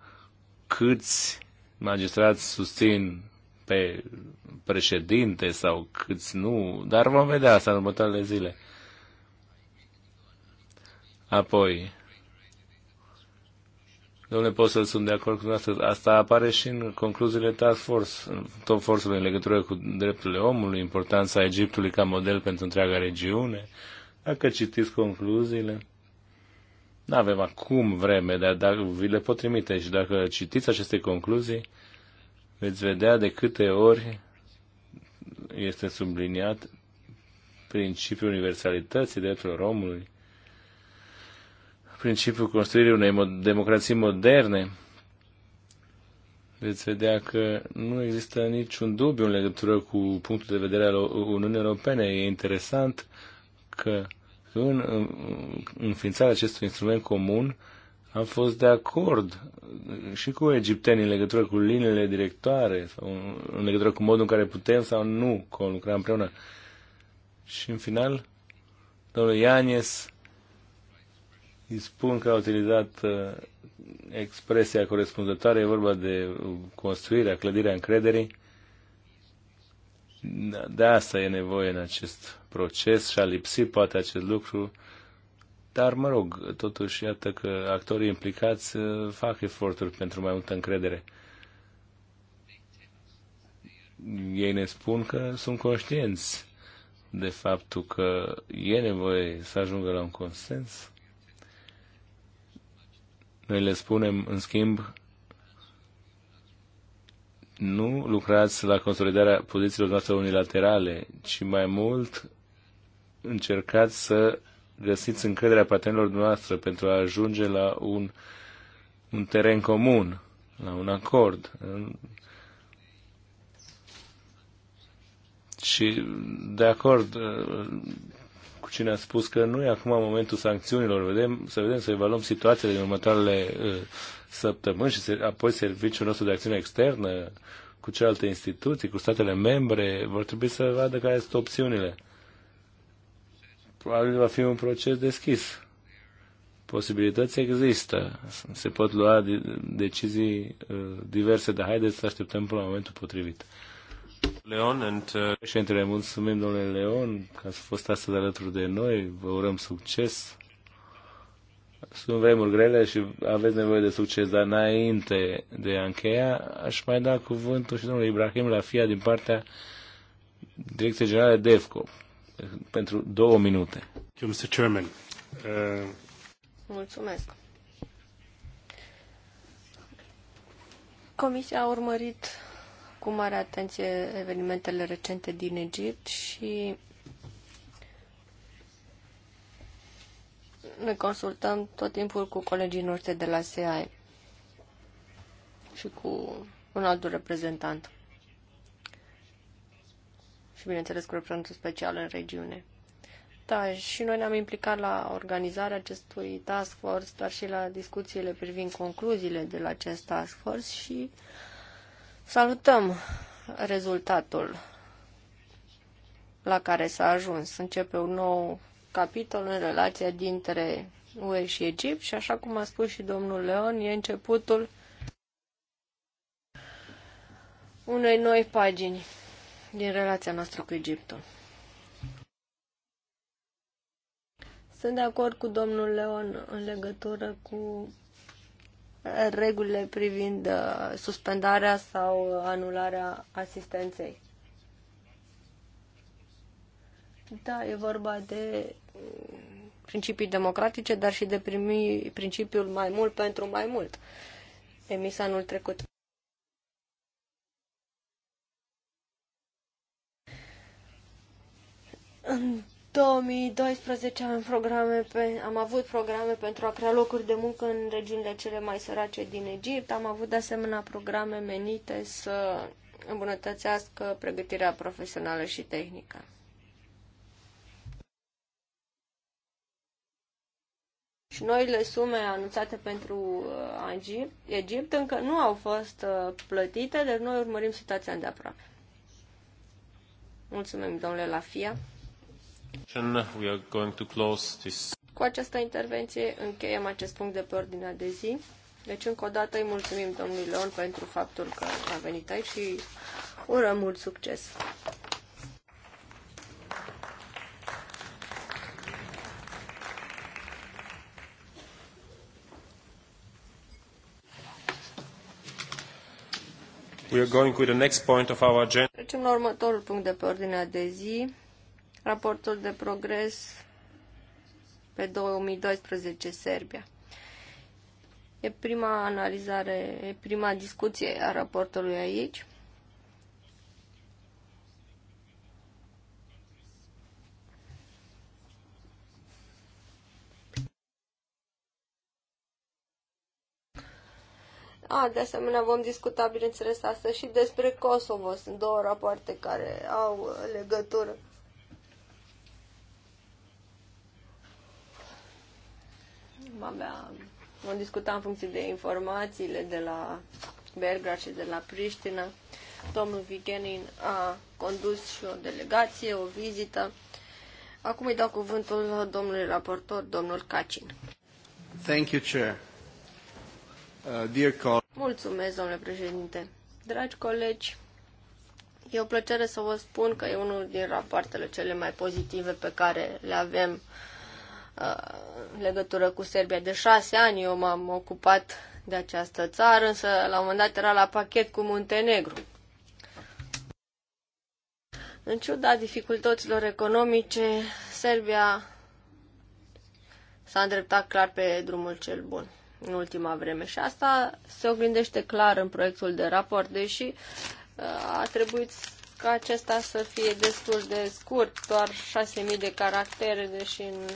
câți magistrați susțin pe președinte sau câți nu, dar vom vedea asta în următoarele zile. Apoi, domnule, pot să sunt de acord cu dumneavoastră, asta apare și în concluziile task force, top force în legătură cu drepturile omului, importanța Egiptului ca model pentru întreaga regiune. Dacă citiți concluziile, nu avem acum vreme, dar dacă vi le pot trimite și dacă citiți aceste concluzii, veți vedea de câte ori este subliniat principiul universalității drepturilor omului, principiul construirii unei democrații moderne. Veți vedea că nu există niciun dubiu în legătură cu punctul de vedere al Uniunii Europene. E interesant că în înființarea acestui instrument comun, am fost de acord și cu egiptenii în legătură cu linele directoare sau în legătură cu modul în care putem sau nu lucra împreună. Și în final, domnul Ianes îi spun că a utilizat uh, expresia corespunzătoare, e vorba de construirea, clădirea încrederii. Da, de asta e nevoie în acest proces și a lipsit poate acest lucru dar, mă rog, totuși, iată că actorii implicați uh, fac eforturi pentru mai multă încredere. Ei ne spun că sunt conștienți de faptul că e nevoie să ajungă la un consens. Noi le spunem, în schimb, nu lucrați la consolidarea pozițiilor noastre unilaterale, ci mai mult încercați să găsiți încrederea partenerilor noastre pentru a ajunge la un, un teren comun, la un acord. Și de acord cu cine a spus că nu e acum momentul sancțiunilor. Vedem, să vedem, să evaluăm situația din următoarele uh, săptămâni și apoi serviciul nostru de acțiune externă cu celelalte instituții, cu statele membre, vor trebui să vadă care sunt opțiunile probabil va fi un proces deschis. Posibilități există, se pot lua decizii uh, diverse, dar haideți să așteptăm până la momentul potrivit. Leon and, uh... Președintele, mulțumim domnule Leon că ați fost astăzi alături de noi, vă urăm succes. Sunt vremuri grele și aveți nevoie de succes, dar înainte de a încheia, aș mai da cuvântul și domnului Ibrahim la fia din partea Direcției Generale DEFCO pentru două minute. Mr. Chairman. Uh, Mulțumesc. Comisia a urmărit cu mare atenție evenimentele recente din Egipt și ne consultăm tot timpul cu colegii noștri de la SEAE și cu un alt reprezentant și, bineînțeles, cu reprezentantul special în regiune. Da, și noi ne-am implicat la organizarea acestui task force, dar și la discuțiile privind concluziile de la acest task force și salutăm rezultatul la care s-a ajuns. Începe un nou capitol în relația dintre UE și Egipt și, așa cum a spus și domnul Leon, e începutul unei noi pagini din relația noastră cu Egiptul. Sunt de acord cu domnul Leon în legătură cu regulile privind uh, suspendarea sau anularea asistenței. Da, e vorba de uh, principii democratice, dar și de primi principiul mai mult pentru mai mult, emis anul trecut. În 2012 am, programe pe, am avut programe pentru a crea locuri de muncă în regiunile cele mai sărace din Egipt. Am avut de asemenea programe menite să îmbunătățească pregătirea profesională și tehnică. Și noile sume anunțate pentru uh, Egipt încă nu au fost uh, plătite, deci noi urmărim situația îndeaproape. Mulțumim, domnule Lafia. Cu această intervenție încheiem acest punct de pe ordinea de zi. Deci, încă o dată, îi mulțumim domnului Leon pentru faptul că a venit aici și urăm mult succes! We are going with the next point of our agenda. Trecem la următorul punct de pe ordinea de zi raportul de progres pe 2012 Serbia. E prima analizare, e prima discuție a raportului aici. A, de asemenea vom discuta, bineînțeles, astăzi și despre Kosovo. Sunt două rapoarte care au legătură. avea, vom discuta în funcție de informațiile de la Belgrad și de la Priștina. Domnul Vigenin a condus și o delegație, o vizită. Acum îi dau cuvântul domnului raportor, domnul Cacin. Thank you, Chair. Uh, dear Mulțumesc, domnule președinte. Dragi colegi, e o plăcere să vă spun că e unul din rapoartele cele mai pozitive pe care le avem în legătură cu Serbia. De șase ani eu m-am ocupat de această țară, însă la un moment dat era la pachet cu Muntenegru. În ciuda dificultăților economice, Serbia s-a îndreptat clar pe drumul cel bun în ultima vreme și asta se oglindește clar în proiectul de raport, deși uh, a trebuit ca acesta să fie destul de scurt, doar 6.000 de caractere, deși în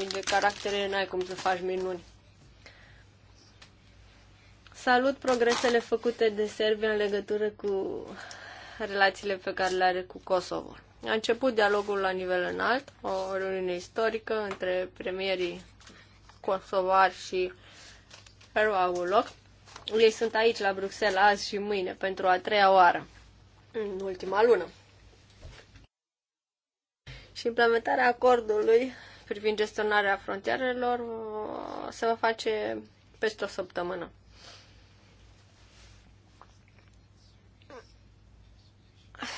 6.000 de caractere n-ai cum să faci minuni. Salut progresele făcute de Serbia în legătură cu relațiile pe care le are cu Kosovo. A început dialogul la nivel înalt, o reuniune istorică între premierii kosovari și au loc. Ei sunt aici la Bruxelles azi și mâine pentru a treia oară în ultima lună. Și implementarea acordului privind gestionarea frontierelor uh, se va face peste o săptămână.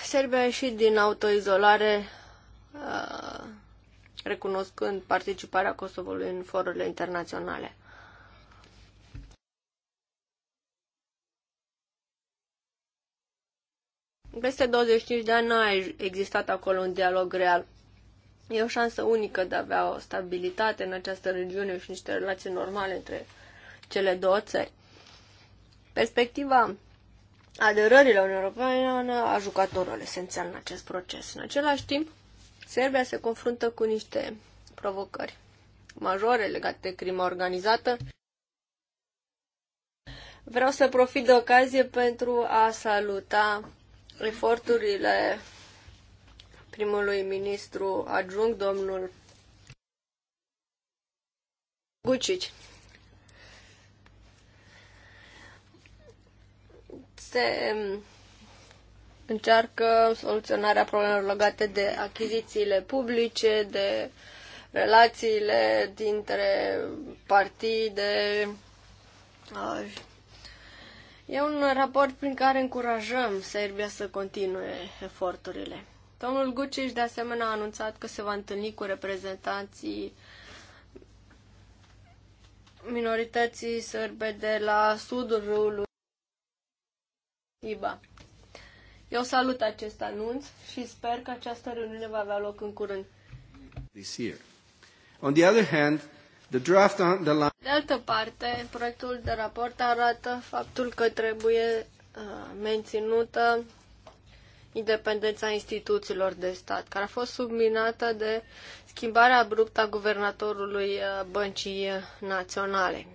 Serbia a ieșit din autoizolare uh, recunoscând participarea Kosovului în forurile internaționale. Peste 25 de ani nu a existat acolo un dialog real. E o șansă unică de a avea o stabilitate în această regiune și niște relații normale între cele două țări. Perspectiva aderării la Uniunea Europeană a jucat un rol esențial în acest proces. În același timp, Serbia se confruntă cu niște provocări majore legate de crima organizată. Vreau să profit de ocazie pentru a saluta eforturile primului ministru adjunct, domnul Gucici. Se încearcă soluționarea problemelor legate de achizițiile publice, de relațiile dintre partide, E un raport prin care încurajăm Serbia să continue eforturile. Domnul Gucic, de asemenea, a anunțat că se va întâlni cu reprezentanții minorității sârbe de la sudul râului Iba. Eu salut acest anunț și sper că această reuniune va avea loc în curând. This year. On the other hand, The draft line... De altă parte, proiectul de raport arată faptul că trebuie uh, menținută independența instituțiilor de stat, care a fost subminată de schimbarea abruptă a guvernatorului uh, băncii naționale.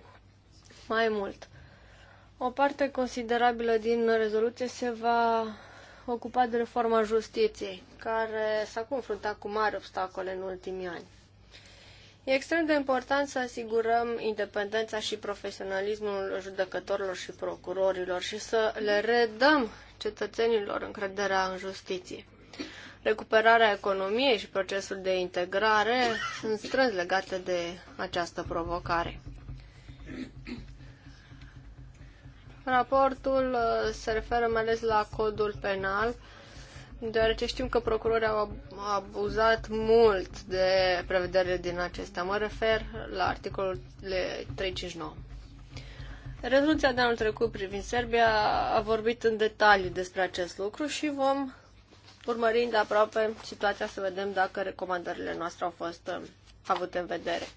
Mai mult, o parte considerabilă din rezoluție se va ocupa de reforma justiției, care s-a confruntat cu mari obstacole în ultimii ani. E extrem de important să asigurăm independența și profesionalismul judecătorilor și procurorilor și să le redăm cetățenilor încrederea în justiție. Recuperarea economiei și procesul de integrare sunt strâns legate de această provocare. Raportul uh, se referă mai ales la codul penal, deoarece știm că procurorii au abuzat mult de prevederile din acestea. Mă refer la articolul 359. Rezoluția de anul trecut privind Serbia a vorbit în detaliu despre acest lucru și vom urmări de aproape situația să vedem dacă recomandările noastre au fost um, avute în vedere.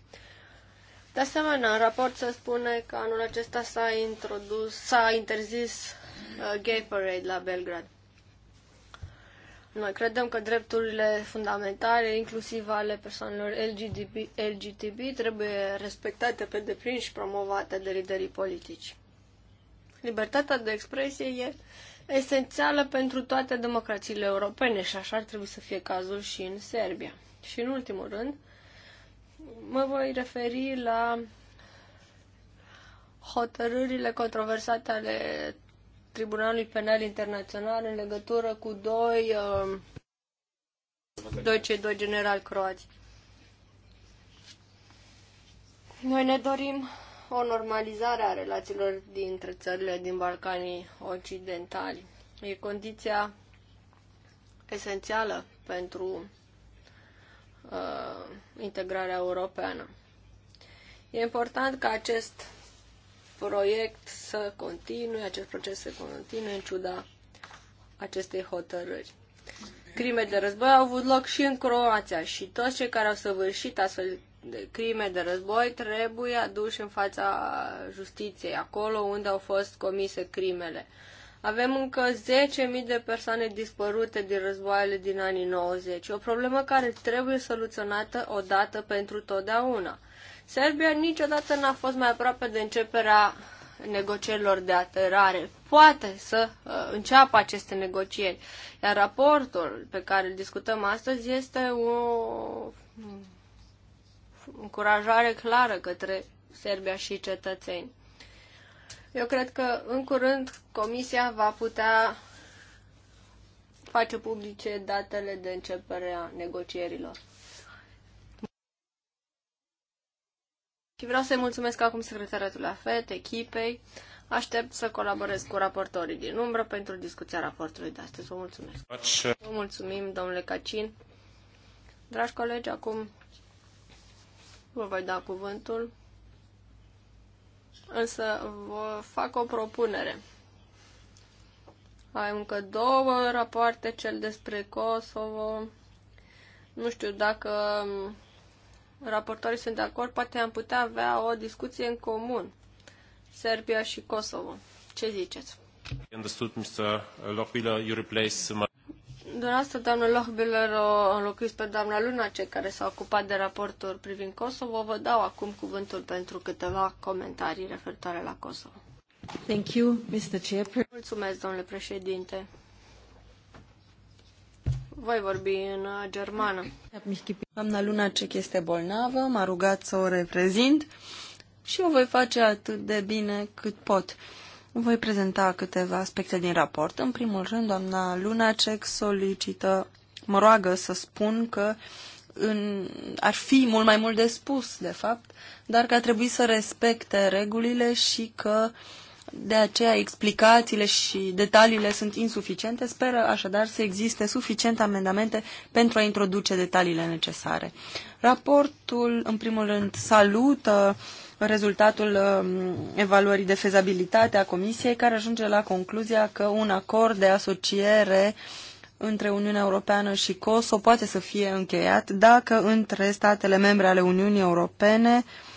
De asemenea, în raport se spune că anul acesta s-a introdus, s-a interzis uh, gay parade la Belgrad. Noi credem că drepturile fundamentale, inclusiv ale persoanelor LGTB, LGTB trebuie respectate pe deplin și promovate de liderii politici. Libertatea de expresie e esențială pentru toate democrațiile europene și așa ar trebui să fie cazul și în Serbia. Și în ultimul rând, mă voi referi la hotărârile controversate ale Tribunalului Penal Internațional în legătură cu doi, um, doi cei doi generali croați. Noi ne dorim o normalizare a relațiilor dintre țările din Balcanii Occidentali. E condiția esențială pentru uh, integrarea europeană. E important ca acest proiect să continue, acest proces să continue în ciuda acestei hotărâri. Crime de război au avut loc și în Croația și toți cei care au săvârșit astfel de crime de război trebuie aduși în fața justiției, acolo unde au fost comise crimele. Avem încă 10.000 de persoane dispărute din războaiele din anii 90, o problemă care trebuie soluționată odată pentru totdeauna. Serbia niciodată n-a fost mai aproape de începerea negocierilor de aterare. Poate să uh, înceapă aceste negocieri. Iar raportul pe care îl discutăm astăzi este o mm, încurajare clară către Serbia și cetățeni. Eu cred că în curând Comisia va putea face publice datele de începere a negocierilor. Și vreau să-i mulțumesc acum secretariatul AFET, echipei. Aștept să colaborez cu raportorii din umbră pentru discuția raportului de astăzi. Vă mulțumesc. Vă mulțumim, domnule Cacin. Dragi colegi, acum vă voi da cuvântul, însă vă fac o propunere. Ai încă două rapoarte, cel despre Kosovo. Nu știu dacă raportorii sunt de acord, poate am putea avea o discuție în comun. Serbia și Kosovo. Ce ziceți? Dumneavoastră, doamnă Lochbiller, o înlocuiți pe doamna Luna, cei care s-a ocupat de raportul privind Kosovo. Vă dau acum cuvântul pentru câteva comentarii referitoare la Kosovo. Thank you, Mr. Mulțumesc, domnule președinte. Voi vorbi în germană. Doamna ce este bolnavă, m-a rugat să o reprezint și o voi face atât de bine cât pot. Voi prezenta câteva aspecte din raport. În primul rând, doamna Lunacek solicită, mă roagă să spun că în, ar fi mult mai mult de spus, de fapt, dar că a trebuit să respecte regulile și că uh, de aceea explicațiile și detaliile sunt insuficiente. Speră așadar să existe suficiente amendamente pentru a introduce detaliile necesare. Raportul, în primul rând, salută rezultatul um, evaluării de fezabilitate a Comisiei, care ajunge la concluzia că un acord de asociere între Uniunea Europeană și Kosovo poate să fie încheiat dacă între statele membre ale Uniunii Europene uh,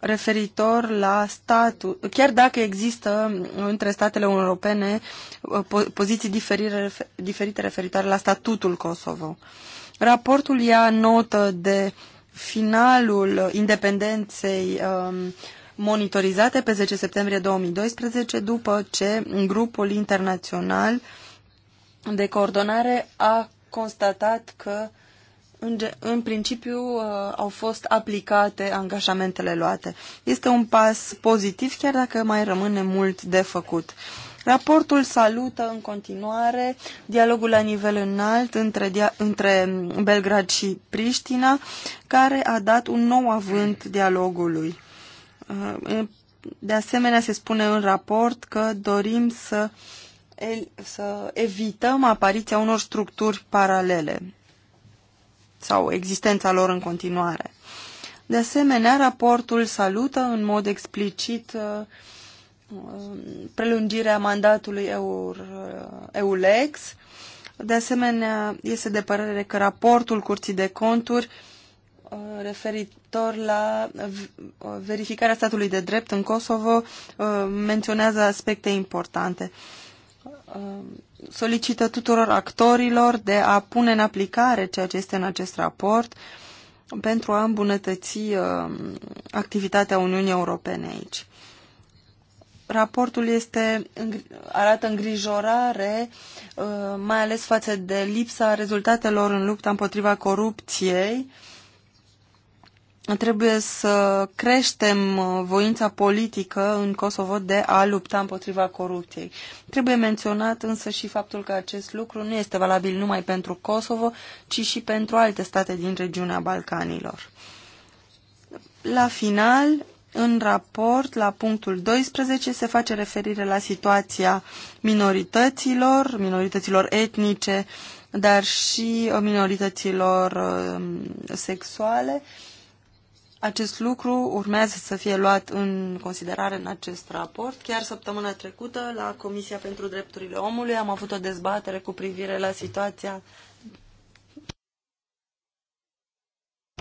referitor la statul, chiar dacă există între statele europene uh, poziții diferite, referitoare la statutul Kosovo. Raportul ia notă de finalul independenței um, monitorizate pe 10 septembrie 2012 după ce grupul internațional de coordonare a constatat că în, în principiu uh, au fost aplicate angajamentele luate. Este un pas pozitiv, chiar dacă mai rămâne mult de făcut. Raportul salută în continuare dialogul la nivel înalt între, între Belgrad și Priștina, care a dat un nou avânt dialogului. Uh, de asemenea, se spune în raport că dorim să, să evităm apariția unor structuri paralele sau existența lor în continuare. De asemenea, raportul salută în mod explicit uh, uh, prelungirea mandatului uh, EULEX. De asemenea, este de părere că raportul Curții de Conturi referitor la verificarea statului de drept în Kosovo menționează aspecte importante. Um, solicită tuturor actorilor de a pune în aplicare ceea ce este în acest raport pentru a îmbunătăți um, activitatea Uniunii Europene aici. Raportul este, arată îngrijorare, uh, mai ales față de lipsa rezultatelor în lupta împotriva corupției, trebuie să creștem uh, voința politică în Kosovo de a lupta împotriva corupției. Trebuie menționat însă și faptul că acest lucru nu este valabil numai pentru Kosovo, ci și pentru alte state din regiunea Balcanilor. La final, în raport, la punctul 12, se face referire la situația minorităților, minorităților etnice, dar și uh, minorităților uh, sexuale. Acest lucru urmează să fie luat în considerare în acest raport. Chiar săptămâna trecută, la Comisia pentru Drepturile Omului, am avut o dezbatere cu privire la situația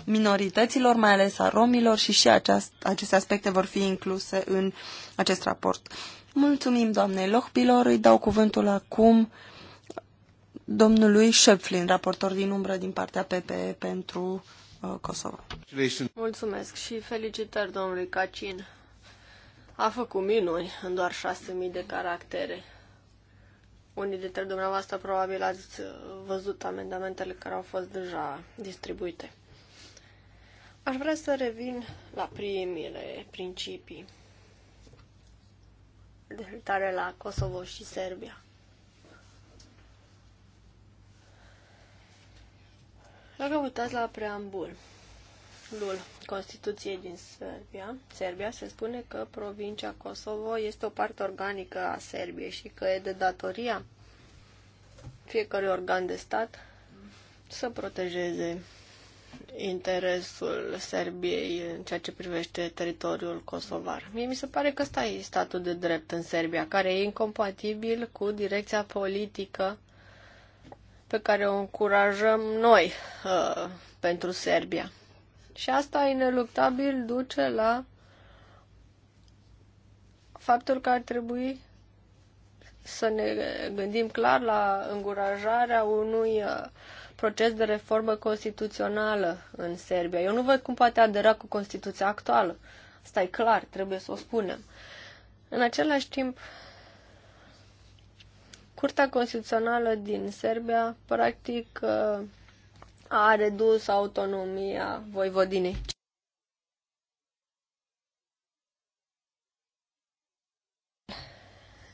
minorităților, mai ales a romilor și și aceast, aceste aspecte vor fi incluse în acest raport. Mulțumim doamnei Lohbilor, îi dau cuvântul acum domnului Șepflin, raportor din umbră din partea PPE pentru Uh, Kosovo. Mulțumesc și felicitări domnului Cacin. A făcut minuni în doar 6.000 de caractere. Unii dintre dumneavoastră probabil ați uh, văzut amendamentele care au fost deja distribuite. Aș vrea să revin la primele principii de la Kosovo și Serbia. Dacă vă uitați la preambul lul Constituției din Serbia, Serbia se spune că provincia Kosovo este o parte organică a Serbiei și că e de datoria fiecărui organ de stat să protejeze interesul Serbiei în ceea ce privește teritoriul kosovar. Mie mi se pare că ăsta e statul de drept în Serbia, care e incompatibil cu direcția politică pe care o încurajăm noi uh, pentru Serbia. Și asta ineluctabil duce la faptul că ar trebui să ne gândim clar la încurajarea unui uh, proces de reformă constituțională în Serbia. Eu nu văd cum poate adera cu Constituția actuală. Asta e clar, trebuie să o spunem. În același timp, Curtea Constituțională din Serbia, practic, uh, a redus autonomia voivodinei.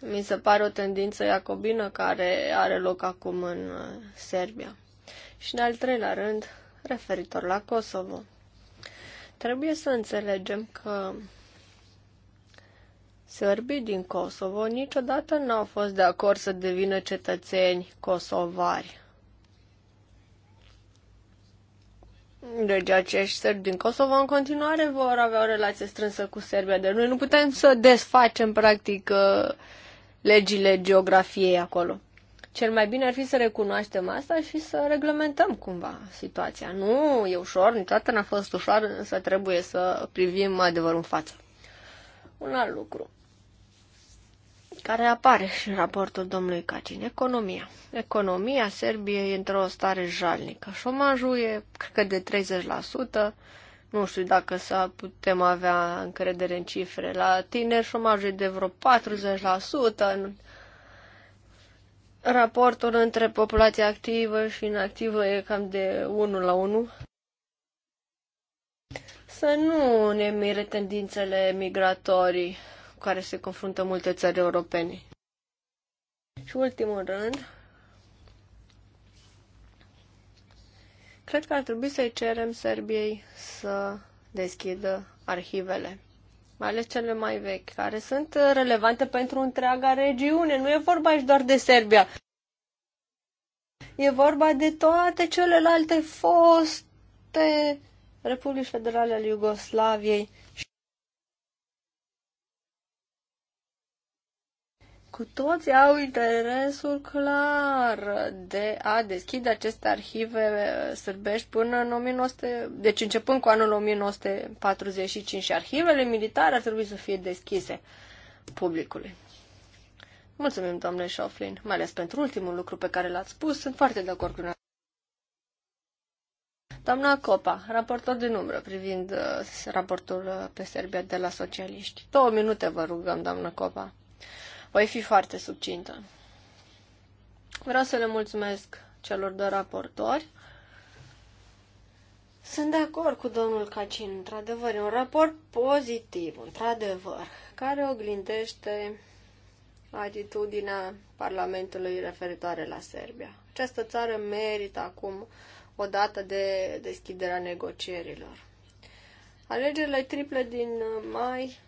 Mi se pare o tendință iacobină care are loc acum în uh, Serbia. Și în al treilea rând, referitor la Kosovo. Trebuie să înțelegem că Sârbii din Kosovo niciodată nu au fost de acord să devină cetățeni kosovari. Deci acești sârbi din Kosovo în continuare vor avea o relație strânsă cu Serbia. dar noi nu putem să desfacem practic uh, legile geografiei acolo. Cel mai bine ar fi să recunoaștem asta și să reglementăm cumva situația. Nu e ușor, niciodată n-a fost ușor, însă trebuie să privim adevărul în față. Un alt lucru care apare și în raportul domnului Cacin. Economia. Economia Serbiei e într-o stare jalnică. Șomajul e, cred că, de 30%. Nu știu dacă să putem avea încredere în cifre. La tineri șomajul e de vreo 40%. În raportul între populația activă și inactivă e cam de 1 la 1. Să nu ne mire tendințele migratorii cu care se confruntă multe țări europene. Și ultimul rând, cred că ar trebui să-i cerem Serbiei să deschidă arhivele, mai ales cele mai vechi, care sunt relevante pentru întreaga regiune. Nu e vorba aici doar de Serbia. E vorba de toate celelalte foste republici federale ale Iugoslaviei Cu toți au interesul clar de a deschide aceste arhive sârbești până în 1900, deci începând cu anul 1945 și arhivele militare ar trebui să fie deschise publicului. Mulțumim, domnule Șoflin, mai ales pentru ultimul lucru pe care l-ați spus. Sunt foarte de acord cu noi. Doamna Copa, raportor din umbră, privind uh, raportul uh, pe Serbia de la socialiști. Două minute vă rugăm, doamna Copa. Voi fi foarte subcintă. Vreau să le mulțumesc celor de raportori. Sunt de acord cu domnul Cacin, într-adevăr, e un raport pozitiv, într-adevăr, care oglindește atitudinea Parlamentului referitoare la Serbia. Această țară merită acum o dată de deschiderea negocierilor. Alegerile triple din mai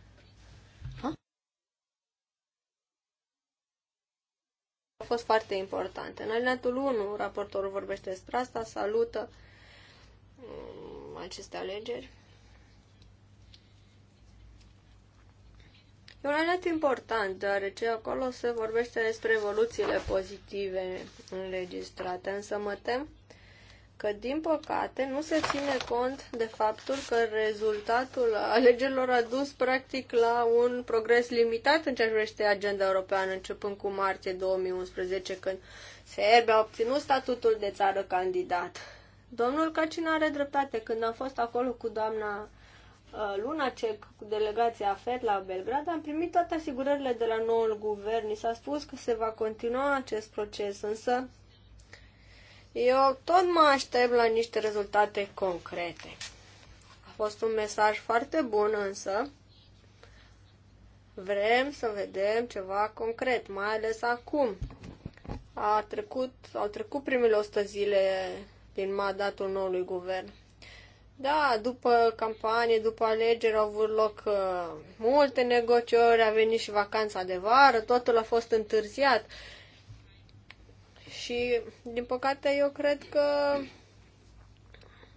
fost foarte importante. În alineatul 1, raportorul vorbește despre asta, salută um, aceste alegeri. E un alineat important, deoarece acolo se vorbește despre evoluțiile pozitive înregistrate, însă mă tem că, din păcate, nu se ține cont de faptul că rezultatul alegerilor a dus, practic, la un progres limitat în ceea ce privește agenda europeană, începând cu martie 2011, când Serbia a obținut statutul de țară candidat. Domnul Cacin are dreptate. Când am fost acolo cu doamna uh, Cec, cu delegația FED la Belgrad, am primit toate asigurările de la noul guvern. Ni s-a spus că se va continua acest proces, însă eu tot mă aștept la niște rezultate concrete. A fost un mesaj foarte bun, însă vrem să vedem ceva concret, mai ales acum. A trecut, au trecut primele 100 zile din mandatul noului guvern. Da, după campanie, după alegeri au avut loc uh, multe negociori, a venit și vacanța de vară, totul a fost întârziat. Uh, și, din păcate, eu cred că,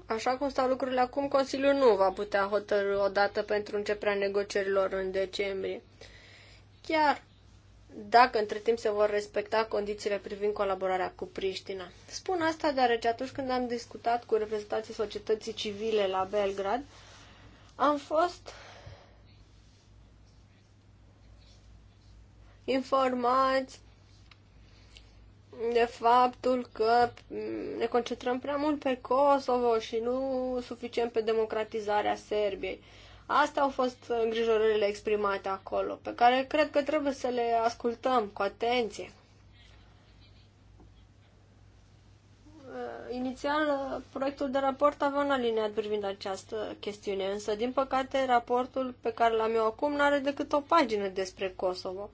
așa cum stau lucrurile acum, Consiliul nu va putea hotărâ o dată pentru începerea negocierilor în decembrie. Chiar dacă între timp se vor respecta condițiile privind colaborarea cu Priștina. Spun asta deoarece atunci când am discutat cu reprezentanții societății civile la Belgrad, am fost informați de faptul că mm, ne concentrăm prea mult pe Kosovo și nu suficient pe democratizarea Serbiei. Astea au fost îngrijorările exprimate acolo, pe care cred că trebuie să le ascultăm cu atenție. Uh, inițial, proiectul de raport avea un aliniat privind această chestiune, însă, din păcate, raportul pe care l-am eu acum nu are decât o pagină despre Kosovo.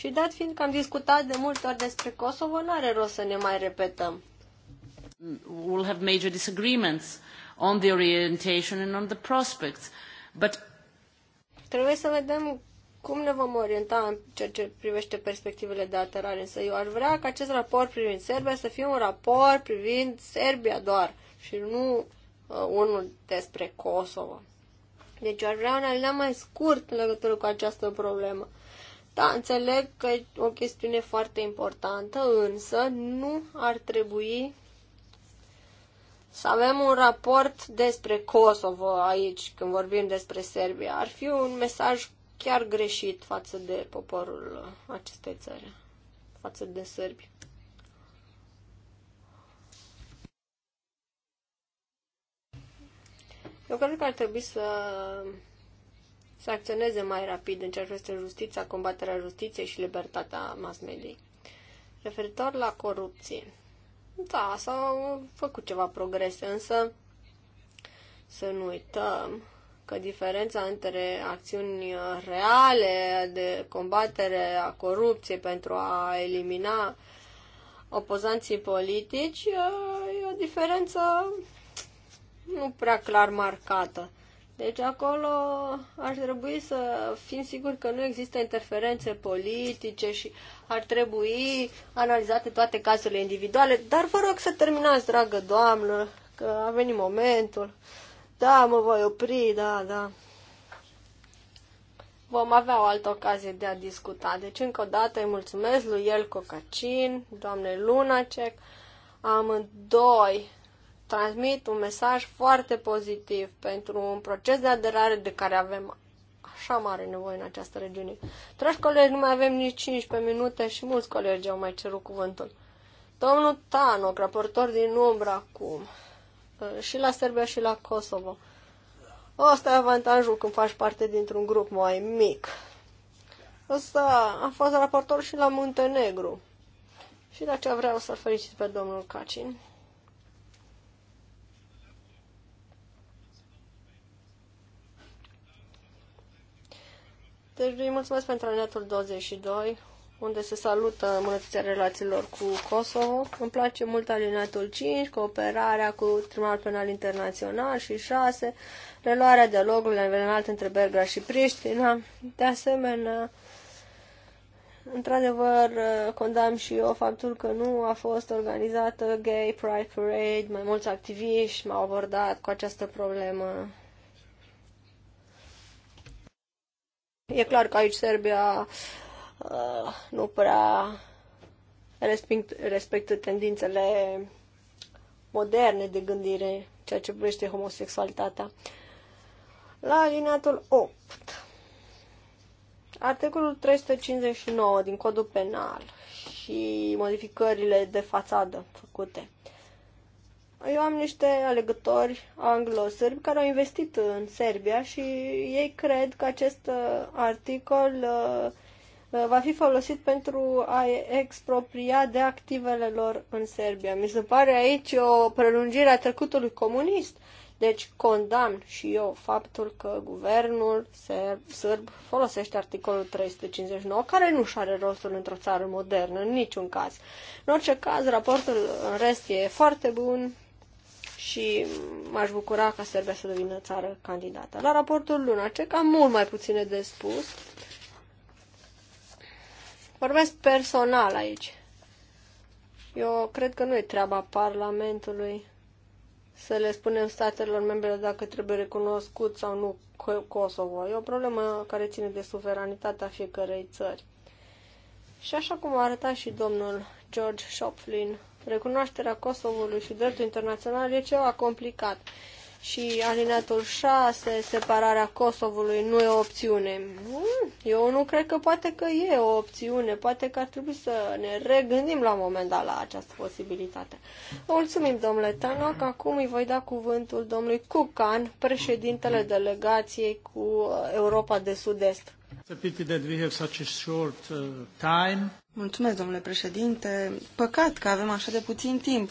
Și dat fiind că am discutat de multe ori despre Kosovo, nu are rost să ne mai repetăm. We'll have major disagreements on the orientation and on the prospects, but Trebuie să vedem cum ne vom orienta în ceea ce privește perspectivele de aterare. Însă eu ar vrea ca acest raport privind Serbia să fie un raport privind Serbia doar și nu uh, unul despre Kosovo. Deci eu ar vrea un alea mai scurt în legătură cu această problemă. Da, înțeleg că e o chestiune foarte importantă, însă nu ar trebui să avem un raport despre Kosovo aici când vorbim despre Serbia. Ar fi un mesaj chiar greșit față de poporul acestei țări, față de Serbia. Eu cred că ar trebui să să acționeze mai rapid în ceea ce este justiția, combaterea justiției și libertatea mass Referitor la corupție, da, s-au făcut ceva progrese, însă să nu uităm că diferența între acțiuni reale de combatere a corupției pentru a elimina opozanții politici e o diferență nu prea clar marcată. Deci acolo ar trebui să fim siguri că nu există interferențe politice și ar trebui analizate toate cazurile individuale, dar vă rog să terminați, dragă doamnă, că a venit momentul. Da, mă voi opri, da, da. Vom avea o altă ocazie de a discuta. Deci, încă o dată, îi mulțumesc lui El Cocacin, doamne Lunacek, amândoi transmit un mesaj foarte pozitiv pentru un proces de aderare de care avem așa mare nevoie în această regiune. Dragi colegi, nu mai avem nici 15 minute și mulți colegi au mai cerut cuvântul. Domnul Tanoc, raportor din umbră acum, uh, și la Serbia și la Kosovo. Asta e avantajul când faci parte dintr-un grup mai mic. Ăsta a fost raportor și la Muntenegru. Și de aceea vreau să-l felicit pe domnul Cacin Deci îi mulțumesc pentru netul 22, unde se salută îmbunătățirea relațiilor cu Kosovo. Îmi place mult alineatul 5, cooperarea cu Tribunal Penal Internațional și 6, reluarea dialogului la nivel înalt între Belgrad și Priștina. De asemenea, într-adevăr, condamn și eu faptul că nu a fost organizată Gay Pride Parade, mai mulți activiști m-au abordat cu această problemă E clar că aici Serbia uh, nu prea respectă tendințele moderne de gândire, ceea ce privește homosexualitatea. La alineatul 8. Articolul 359 din Codul Penal și modificările de fațadă făcute. Eu am niște alegători anglo-sârbi care au investit în Serbia și ei cred că acest uh, articol uh, uh, va fi folosit pentru a expropria de activele lor în Serbia. Mi se pare aici o prelungire a trecutului comunist. Deci condamn și eu faptul că guvernul serb, sârb folosește articolul 359, care nu și are rostul într-o țară modernă, în niciun caz. În orice caz, raportul în rest e foarte bun, și m-aș bucura ca Serbia să devină țară candidată. La raportul Lunacek am mult mai puține de spus. Vorbesc personal aici. Eu cred că nu e treaba Parlamentului să le spunem statelor membre dacă trebuie recunoscut sau nu Kosovo. E o problemă care ține de suveranitatea fiecărei țări. Și așa cum a arătat și domnul George Shoplin, Recunoașterea Kosovului și dreptul internațional e ceva complicat. Și alineatul 6, separarea Kosovului, nu e o opțiune. Eu nu cred că poate că e o opțiune. Poate că ar trebui să ne regândim la un moment dat la această posibilitate. Mulțumim, domnule Tanoc. Acum îi voi da cuvântul domnului Cucan, președintele delegației cu Europa de Sud-Est. Mulțumesc, domnule președinte. Păcat că avem așa de puțin timp.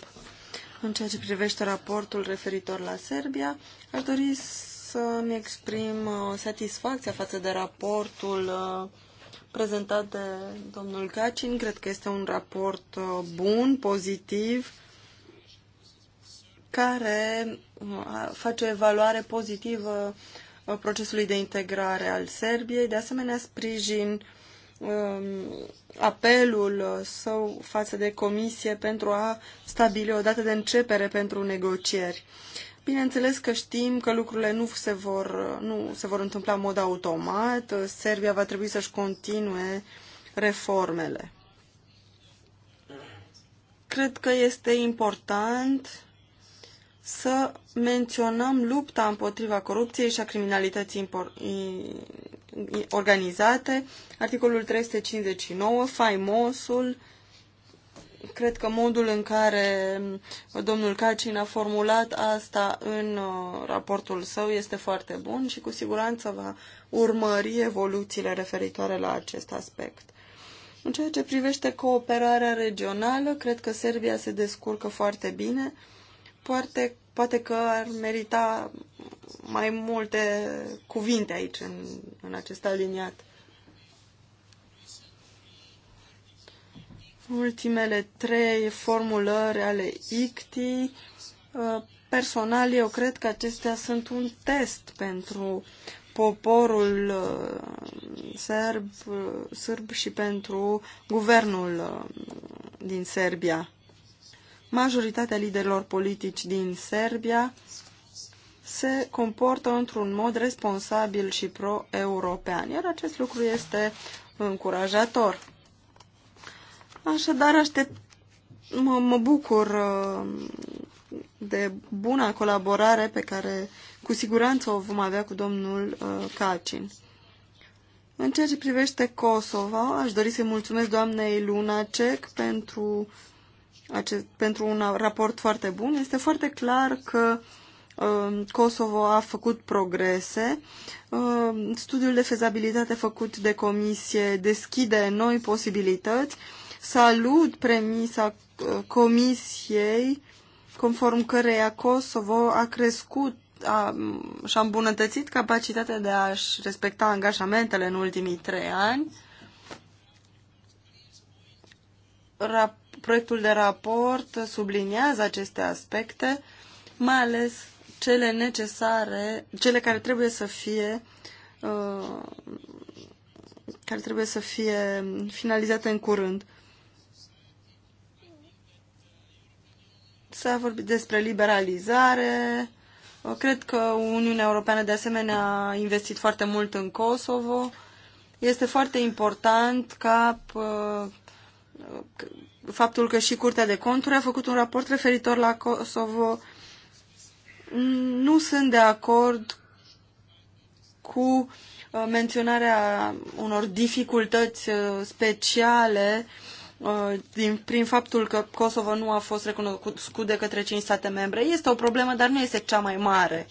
În ceea ce privește raportul referitor la Serbia, aș dori să-mi exprim uh, satisfacția față de raportul uh, prezentat de domnul Gacin. Cred că este un raport uh, bun, pozitiv, care face evaluare pozitivă Uh, procesului de integrare al Serbiei, de asemenea sprijin um, apelul uh, său față de comisie pentru a stabili o dată de începere pentru negocieri. Bineînțeles că știm că lucrurile nu se vor, uh, nu se vor întâmpla în mod automat. Serbia va trebui să-și continue reformele. Cred că este important să menționăm lupta împotriva corupției și a criminalității organizate, articolul 359, faimosul, cred că modul în care domnul Cacin a formulat asta în uh, raportul său este foarte bun și cu siguranță va urmări evoluțiile referitoare la acest aspect. În ceea ce privește cooperarea regională, cred că Serbia se descurcă foarte bine Poate, poate că ar merita mai multe cuvinte aici, în, în acest aliniat. Ultimele trei formulări ale ICTI. Uh, personal, eu cred că acestea sunt un test pentru poporul uh, serb, uh, sârb și pentru guvernul din Serbia majoritatea liderilor politici din Serbia se comportă într-un mod responsabil și pro-european, iar acest lucru este încurajator. Așadar, aștept, mă, mă bucur uh, de buna colaborare pe care cu siguranță o vom avea cu domnul uh, Cacin. În ceea ce privește Kosova, aș dori să-i mulțumesc doamnei Lunacek pentru uh, acest, pentru un raport foarte bun. Este foarte clar că uh, Kosovo a făcut progrese. Uh, studiul de fezabilitate făcut de comisie deschide noi posibilități. Salut premisa uh, comisiei conform căreia Kosovo a crescut a, și-a îmbunătățit capacitatea de a-și respecta angajamentele în ultimii trei ani. Rap Proiectul de raport subliniază aceste aspecte, mai ales cele necesare, cele care trebuie să fie uh, care trebuie să fie finalizate în curând. S-a vorbit despre liberalizare. Uh, cred că Uniunea Europeană de asemenea a investit foarte mult în Kosovo. Este foarte important ca uh, faptul că și Curtea de Conturi a făcut un raport referitor la Kosovo. Nu sunt de acord cu uh, menționarea unor dificultăți uh, speciale uh, din, prin faptul că Kosovo nu a fost recunoscut de către cinci state membre. Este o problemă, dar nu este cea mai mare.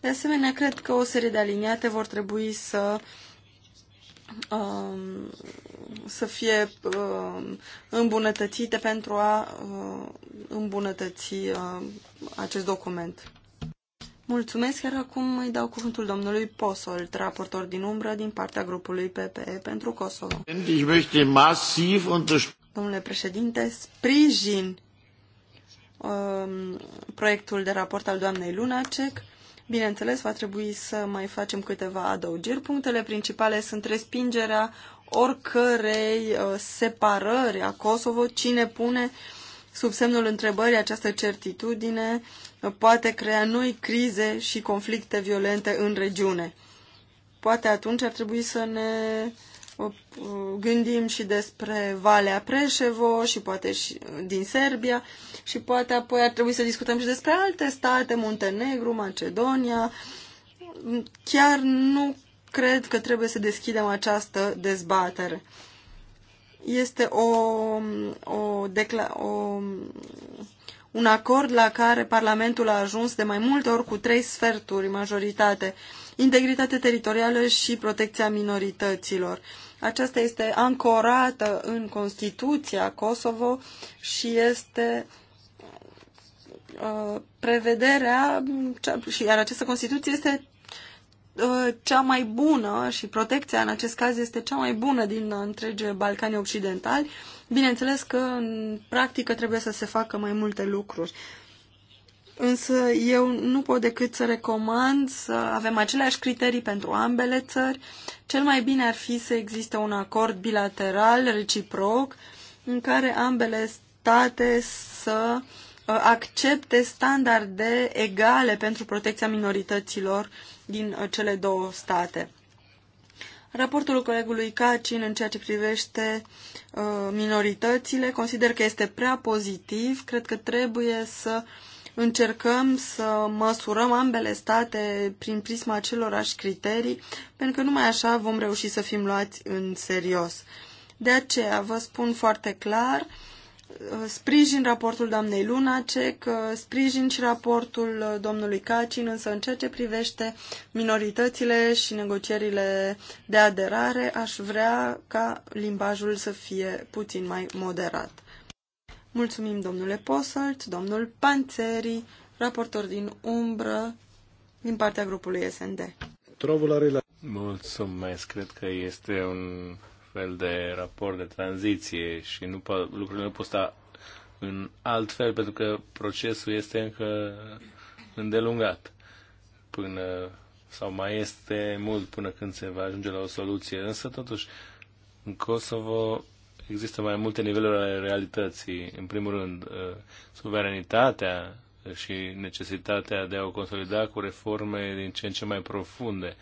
De asemenea, cred că o serie de aliniate vor trebui să uh, Um, să fie um, îmbunătățite pentru a uh, îmbunătăți um, acest document. Mulțumesc, iar acum îi dau cuvântul domnului Posol, raportor din umbră din partea grupului PPE pentru Kosovo. Domnule președinte, sprijin um, proiectul de raport al doamnei Lunacek Bineînțeles, va trebui să mai facem câteva adăugiri. Punctele principale sunt respingerea oricărei uh, separări a Kosovo, cine pune sub semnul întrebării această certitudine uh, poate crea noi crize și conflicte violente în regiune. Poate atunci ar trebui să ne uh, gândim și despre Valea Preșevo și poate și din Serbia și poate apoi ar trebui să discutăm și despre alte state, Muntenegru, Macedonia. Chiar nu cred că trebuie să deschidem această dezbatere. Este o, o, decla- o un acord la care Parlamentul a ajuns de mai multe ori cu trei sferturi majoritate, integritate teritorială și protecția minorităților. Aceasta este ancorată în Constituția Kosovo și este Uh, prevederea, și iar această Constituție este uh, cea mai bună și protecția în acest caz este cea mai bună din întregi Balcanii Occidentali. Bineînțeles că în practică trebuie să se facă mai multe lucruri. Însă eu nu pot decât să recomand să avem aceleași criterii pentru ambele țări. Cel mai bine ar fi să existe un acord bilateral, reciproc, în care ambele state să uh, Uh, accepte standarde egale pentru protecția minorităților din uh, cele două state. Raportul colegului Cacin în ceea ce privește uh, minoritățile consider că este prea pozitiv. Cred că trebuie să încercăm să măsurăm ambele state prin prisma acelorași criterii, pentru că numai așa vom reuși să fim luați în serios. De aceea vă spun foarte clar, uh, Uh, sprijin raportul doamnei Lunacek, uh, sprijin și raportul uh, domnului Cacin, însă în ceea ce privește minoritățile și negocierile de aderare, aș vrea ca limbajul să fie puțin mai moderat. Mulțumim domnule Posolt, domnul Panțeri, raportor din umbră din partea grupului SND. Mulțumesc, cred că este un fel de raport de tranziție și nu po- lucrurile nu pot sta în alt fel, pentru că procesul este încă îndelungat până sau mai este mult până când se va ajunge la o soluție. Însă, totuși, în Kosovo există mai multe niveluri ale realității. În primul rând, uh, suveranitatea și necesitatea de a o consolida cu reforme din ce în ce mai profunde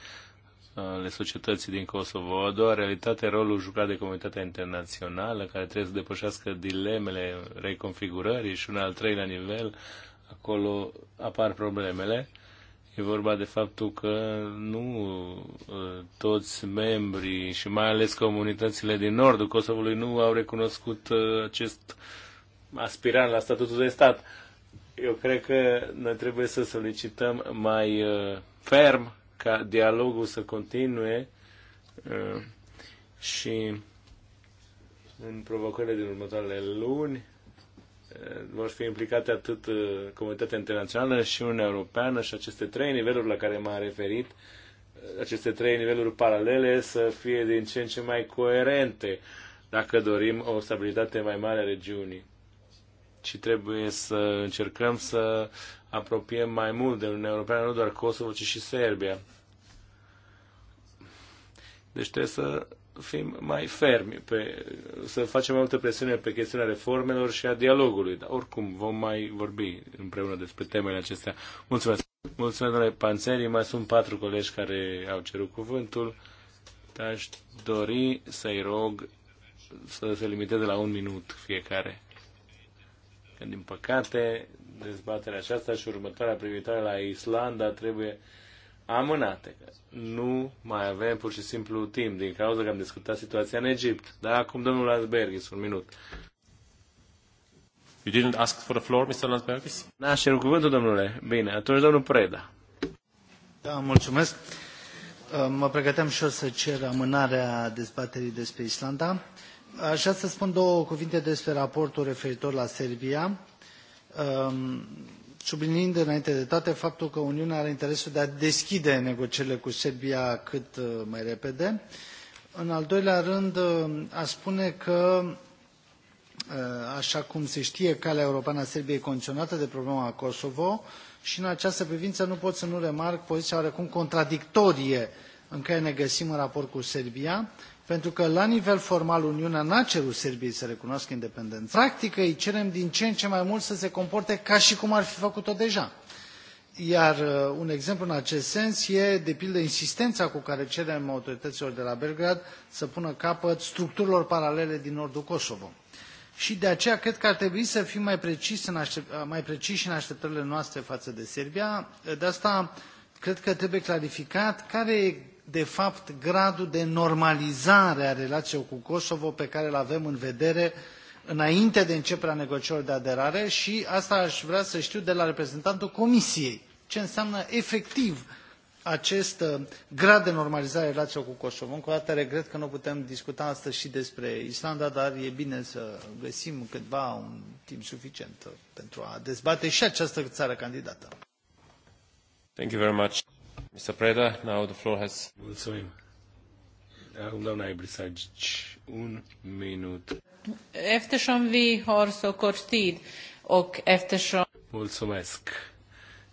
ale societății din Kosovo, a doua realitate, rolul jucat de comunitatea internațională, care trebuie să depășească dilemele reconfigurării și un al treilea nivel, acolo apar problemele. E vorba de faptul că nu ă, toți membrii și mai ales comunitățile din nordul Kosovului nu au recunoscut ă, acest aspirant la statutul de stat. Eu cred că noi trebuie să solicităm mai ă, ferm ca dialogul să continue uh, și în provocările din următoarele luni uh, vor fi implicate atât uh, comunitatea internațională și Uniunea Europeană și aceste trei niveluri la care m-am referit, aceste trei niveluri paralele să fie din ce în ce mai coerente dacă dorim o stabilitate mai mare a regiunii. Și trebuie să încercăm să apropiem mai mult de Uniunea Europeană, nu doar Kosovo, ci și Serbia. Deci trebuie să fim mai fermi, pe, să facem mai multă presiune pe chestiunea reformelor și a dialogului. Dar oricum vom mai vorbi împreună despre temele acestea. Mulțumesc! Mulțumesc, domnule Panțeri. Mai sunt patru colegi care au cerut cuvântul. Dar aș dori să-i rog să se limiteze la un minut fiecare. Că, din păcate, dezbaterea aceasta și următoarea privitoare la Islanda trebuie amânate. Nu mai avem pur și simplu timp din cauza că am discutat situația în Egipt. Dar acum domnul Lansbergis, un minut. You didn't ask for the floor, Mr. Lansbergis? Da, și cuvântul, domnule. Bine, atunci domnul Preda. Da, mulțumesc. Uh, mă pregăteam și eu să cer amânarea dezbaterii despre Islanda. Așa să spun două cuvinte despre raportul referitor la Serbia Um, subliniind înainte de toate faptul că Uniunea are interesul de a deschide negocierile cu Serbia cât uh, mai repede. În al doilea rând, uh, a spune că, uh, așa cum se știe, calea europeană a Serbiei e condiționată de problema Kosovo și în această privință nu pot să nu remarc poziția oarecum contradictorie în care ne găsim în raport cu Serbia, pentru că la nivel formal Uniunea n-a cerut Serbiei să recunoască independența. Practică îi cerem din ce în ce mai mult să se comporte ca și cum ar fi făcut-o deja. Iar uh, un exemplu în acest sens e, de pildă, insistența cu care cerem autorităților de la Belgrad să pună capăt structurilor paralele din nordul Kosovo. Și de aceea cred că ar trebui să fim mai preciși în, aștept, uh, mai preciși în așteptările noastre față de Serbia. De asta cred că trebuie clarificat care e de fapt, gradul de normalizare a relațiilor cu Kosovo pe care îl avem în vedere înainte de începerea negocierilor de aderare și asta aș vrea să știu de la reprezentantul Comisiei. Ce înseamnă efectiv acest uh, grad de normalizare a relațiilor cu Kosovo. Încă o dată regret că nu putem discuta astăzi și despre Islanda, dar e bine să găsim cândva un timp suficient uh, pentru a dezbate și această țară candidată. Thank you very much. Mr. Preda, now the floor has... Mulțumim. Acum doamna Ibrisagici, un minut. Eftersom vi har så kort tid och eftersom... Mulțumesc.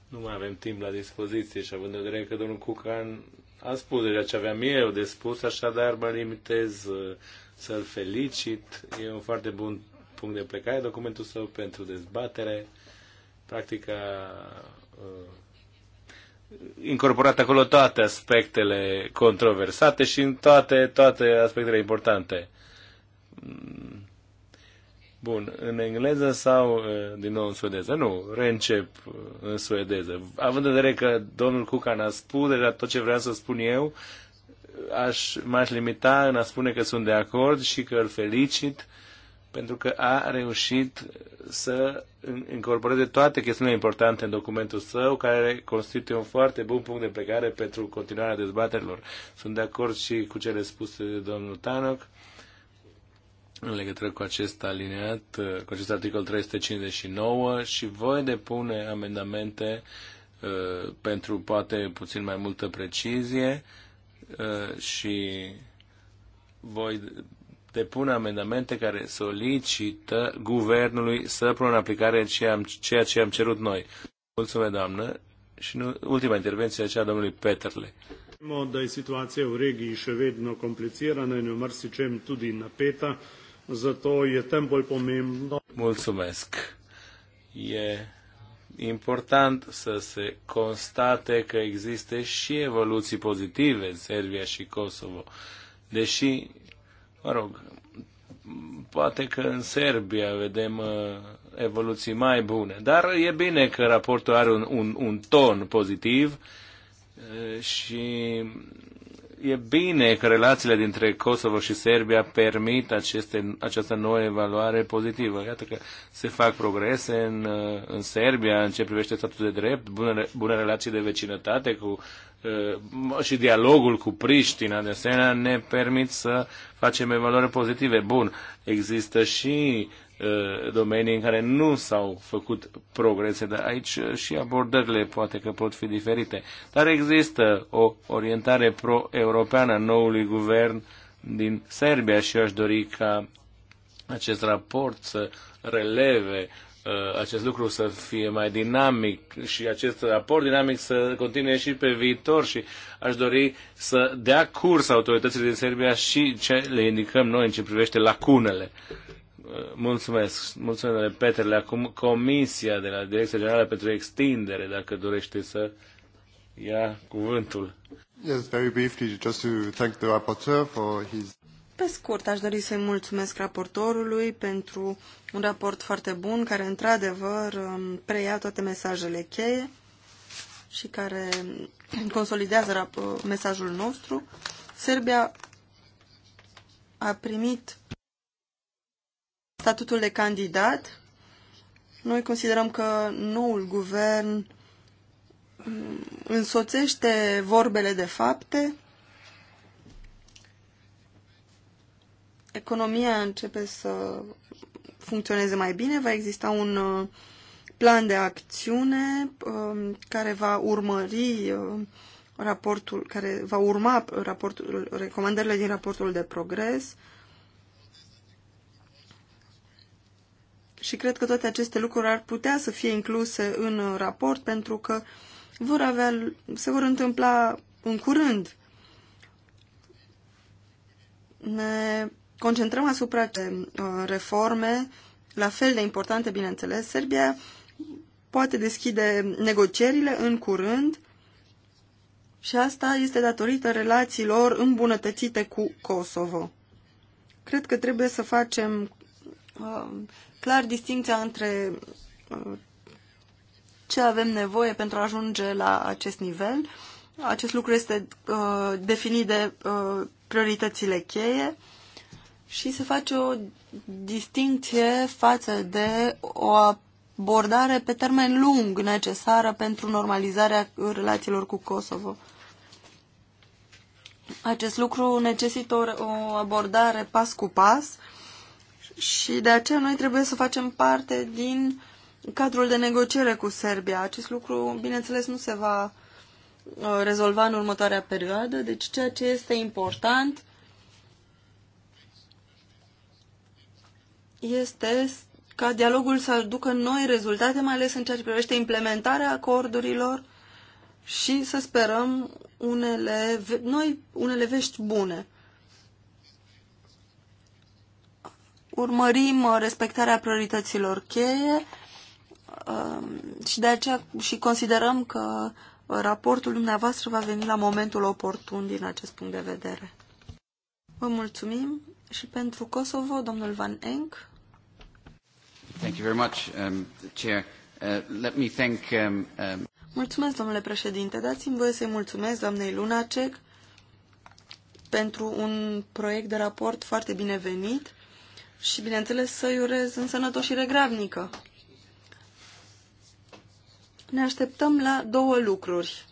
Nu mai avem timp la dispoziție și având în vedere că domnul Cucan a spus deja ce aveam eu de spus, așadar mă limitez uh, să-l felicit. E un foarte bun punct de plecare documentul său pentru dezbatere. Practica uh, incorporat acolo toate aspectele controversate și în toate, toate aspectele importante. Bun, în engleză sau uh, din nou în suedeză? Nu, reîncep uh, în suedeză. Având în vedere că domnul Cucan a spus deja tot ce vreau să spun eu, aș, m-aș limita în a spune că sunt de acord și că îl felicit pentru că a reușit să incorporeze toate chestiunile importante în documentul său, care constituie un foarte bun punct de plecare pentru continuarea dezbaterilor. Sunt de acord și cu cele spuse de domnul Tanoc în legătură cu acest alineat, uh, cu acest articol 359 și voi depune amendamente uh, pentru poate puțin mai multă precizie uh, și voi depune amendamente care solicită guvernului să pună în aplicare ceea ce am cerut noi. Mulțumesc, doamnă. Și nu, ultima intervenție, aceea a domnului Peterle. Vemo, da je situacija v regiji še vedno komplicirana in v marsičem tudi napeta, zato je tem bolj pomembno. Mulțumesc. E important să se constate că există și evoluții pozitive în Serbia și Kosovo, deși Mă rog, poate că în Serbia vedem uh, evoluții mai bune, dar e bine că raportul are un, un, un ton pozitiv uh, și e bine că relațiile dintre Kosovo și Serbia permit aceste, această nouă evaluare pozitivă. Iată că se fac progrese în, uh, în Serbia în ce privește statul de drept, bune, bune relații de vecinătate cu Uh, și dialogul cu Priștina, de asemenea, ne permit să facem evaluări pozitive. Bun, există și uh, domenii în care nu s-au făcut progrese, dar aici uh, și abordările poate că pot fi diferite. Dar există o orientare pro-europeană a noului guvern din Serbia și eu aș dori ca acest raport să releve Uh, acest lucru să fie mai dinamic și acest raport dinamic să continue și pe viitor și aș dori să dea curs autoritățile din Serbia și ce le indicăm noi în ce privește lacunele. Uh, mulțumesc, mulțumesc, domnule Petrele. Acum Comisia de la Direcția Generală pentru Extindere, dacă dorește să ia cuvântul. Yes, very briefly, just to thank the rapporteur for his... Pe scurt, aș dori să-i mulțumesc raportorului pentru un raport foarte bun, care într-adevăr um, preia toate mesajele cheie și care consolidează mesajul nostru. Serbia a primit statutul de candidat. Noi considerăm că noul guvern um, însoțește vorbele de fapte economia începe să funcționeze mai bine, va exista un uh, plan de acțiune um, care va urmări uh, raportul, care va urma raportul, recomandările din raportul de progres. Și cred că toate aceste lucruri ar putea să fie incluse în uh, raport pentru că vor avea, se vor întâmpla în curând. Ne concentrăm asupra de uh, reforme, la fel de importante, bineînțeles. Serbia poate deschide negocierile în curând și asta este datorită relațiilor îmbunătățite cu Kosovo. Cred că trebuie să facem uh, clar distinția între uh, ce avem nevoie pentru a ajunge la acest nivel. Acest lucru este uh, definit de uh, prioritățile cheie și se faci o distinție față de o abordare pe termen lung necesară pentru normalizarea relațiilor cu Kosovo. Acest lucru necesită o, o abordare pas cu pas și de aceea noi trebuie să facem parte din cadrul de negociere cu Serbia. Acest lucru, bineînțeles, nu se va uh, rezolva în următoarea perioadă, deci ceea ce este important este ca dialogul să aducă noi rezultate, mai ales în ceea ce privește implementarea acordurilor și să sperăm unele, noi, unele vești bune. Urmărim uh, respectarea priorităților cheie um, și de aceea și considerăm că uh, raportul dumneavoastră va veni la momentul oportun din acest punct de vedere. Vă mulțumim și pentru Kosovo, domnul Van Enck. Thank you very much, um, Chair. Uh, let me thank, um, um... Mulțumesc, domnule președinte. Dați-mi voie să-i mulțumesc doamnei Lunacek pentru un proiect de raport foarte binevenit și, bineînțeles, să-i urez însănătoșire grabnică. Ne așteptăm la două lucruri.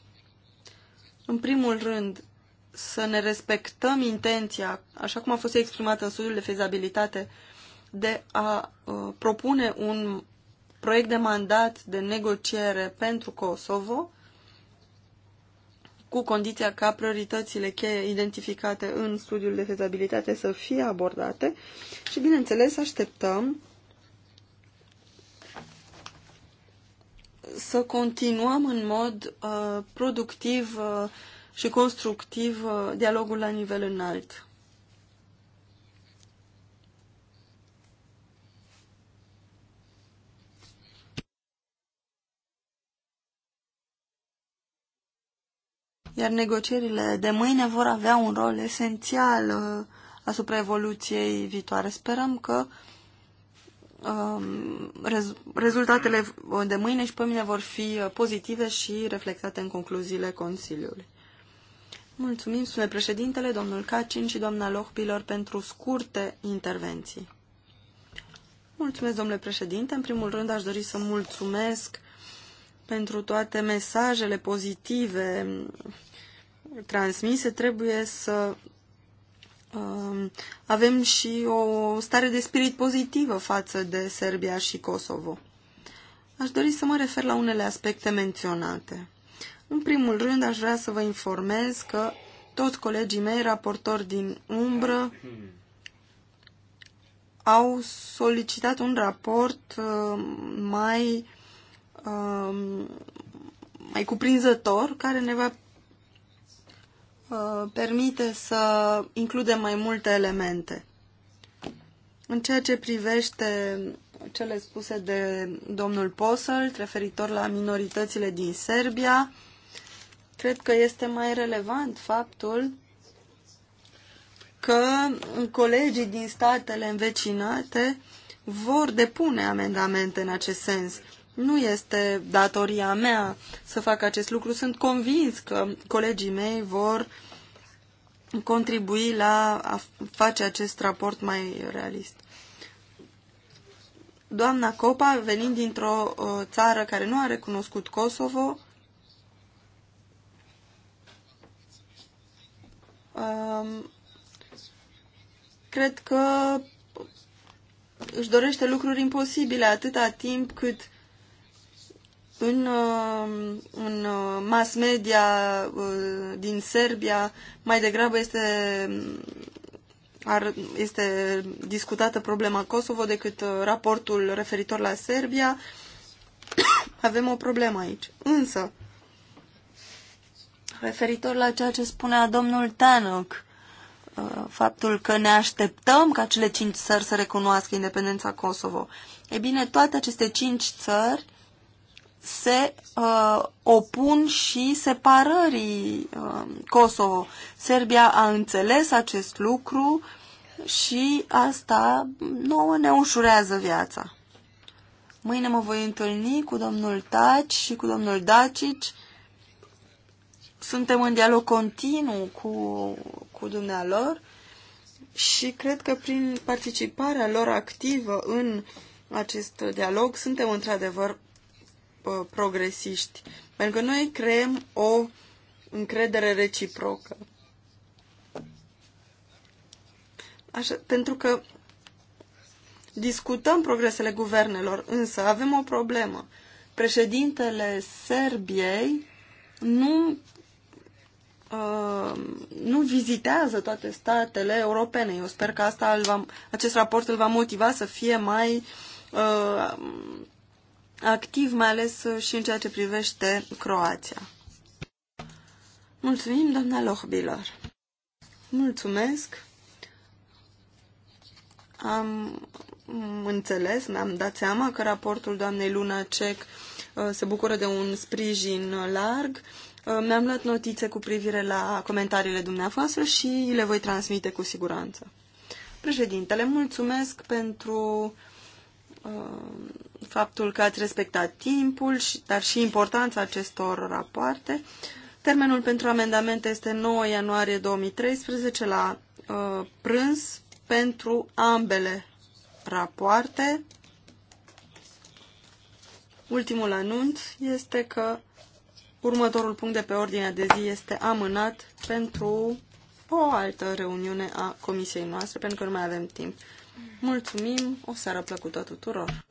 În primul rând, să ne respectăm intenția, așa cum a fost exprimată în studiul de fezabilitate de a uh, propune un proiect de mandat de negociere pentru Kosovo, cu condiția ca prioritățile cheie identificate în studiul de fezabilitate să fie abordate și, bineînțeles, așteptăm să continuăm în mod uh, productiv uh, și constructiv uh, dialogul la nivel înalt. Iar negocierile de mâine vor avea un rol esențial uh, asupra evoluției viitoare. Sperăm că um, rezultatele de mâine și pe mine vor fi uh, pozitive și reflectate în concluziile Consiliului. Mulțumim, sunt președintele, domnul Cacin și doamna Lohpilor pentru scurte intervenții. Mulțumesc, domnule președinte. În primul rând aș dori să mulțumesc pentru toate mesajele pozitive transmise, trebuie să uh, avem și o stare de spirit pozitivă față de Serbia și Kosovo. Aș dori să mă refer la unele aspecte menționate. În primul rând, aș vrea să vă informez că toți colegii mei, raportori din umbră, au solicitat un raport uh, mai Um, mai cuprinzător care ne va uh, permite să includem mai multe elemente. În ceea ce privește cele spuse de domnul Posel referitor la minoritățile din Serbia, cred că este mai relevant faptul că colegii din statele învecinate vor depune amendamente în acest sens. Nu este datoria mea să fac acest lucru. Sunt convins că colegii mei vor contribui la a face acest raport mai realist. Doamna Copa, venind dintr-o uh, țară care nu a recunoscut Kosovo, um, cred că își dorește lucruri imposibile atâta timp cât în, uh, în uh, mass media uh, din Serbia mai degrabă este, ar, este discutată problema Kosovo decât raportul referitor la Serbia. <coughs> Avem o problemă aici. Însă, referitor la ceea ce spunea domnul Tanok, faptul că ne așteptăm ca cele cinci țări să recunoască independența Kosovo. E bine, toate aceste cinci țări se uh, opun și separării uh, Kosovo. Serbia a înțeles acest lucru și asta nouă ne ușurează viața. Mâine mă voi întâlni cu domnul Taci și cu domnul Dacici. Suntem în dialog continuu cu, cu dumnealor și cred că prin participarea lor activă în acest dialog suntem într-adevăr Uh, progresiști, pentru că noi creăm o încredere reciprocă. Așa, pentru că discutăm progresele guvernelor, însă avem o problemă. Președintele Serbiei nu, uh, nu vizitează toate statele europene. Eu sper că asta îl va, acest raport îl va motiva să fie mai uh, activ, mai ales uh, și în ceea ce privește Croația. Mulțumim, doamna Lohbilor. Mulțumesc. Am înțeles, mi-am dat seama că raportul doamnei Luna Cec uh, se bucură de un sprijin larg. Uh, mi-am luat notițe cu privire la comentariile dumneavoastră și le voi transmite cu siguranță. Președintele, mulțumesc pentru uh, faptul că ați respectat timpul, dar și importanța acestor rapoarte. Termenul pentru amendamente este 9 ianuarie 2013 la uh, prânz pentru ambele rapoarte. Ultimul anunț este că următorul punct de pe ordinea de zi este amânat pentru o altă reuniune a comisiei noastre, pentru că nu mai avem timp. Mulțumim, o seară plăcută tuturor!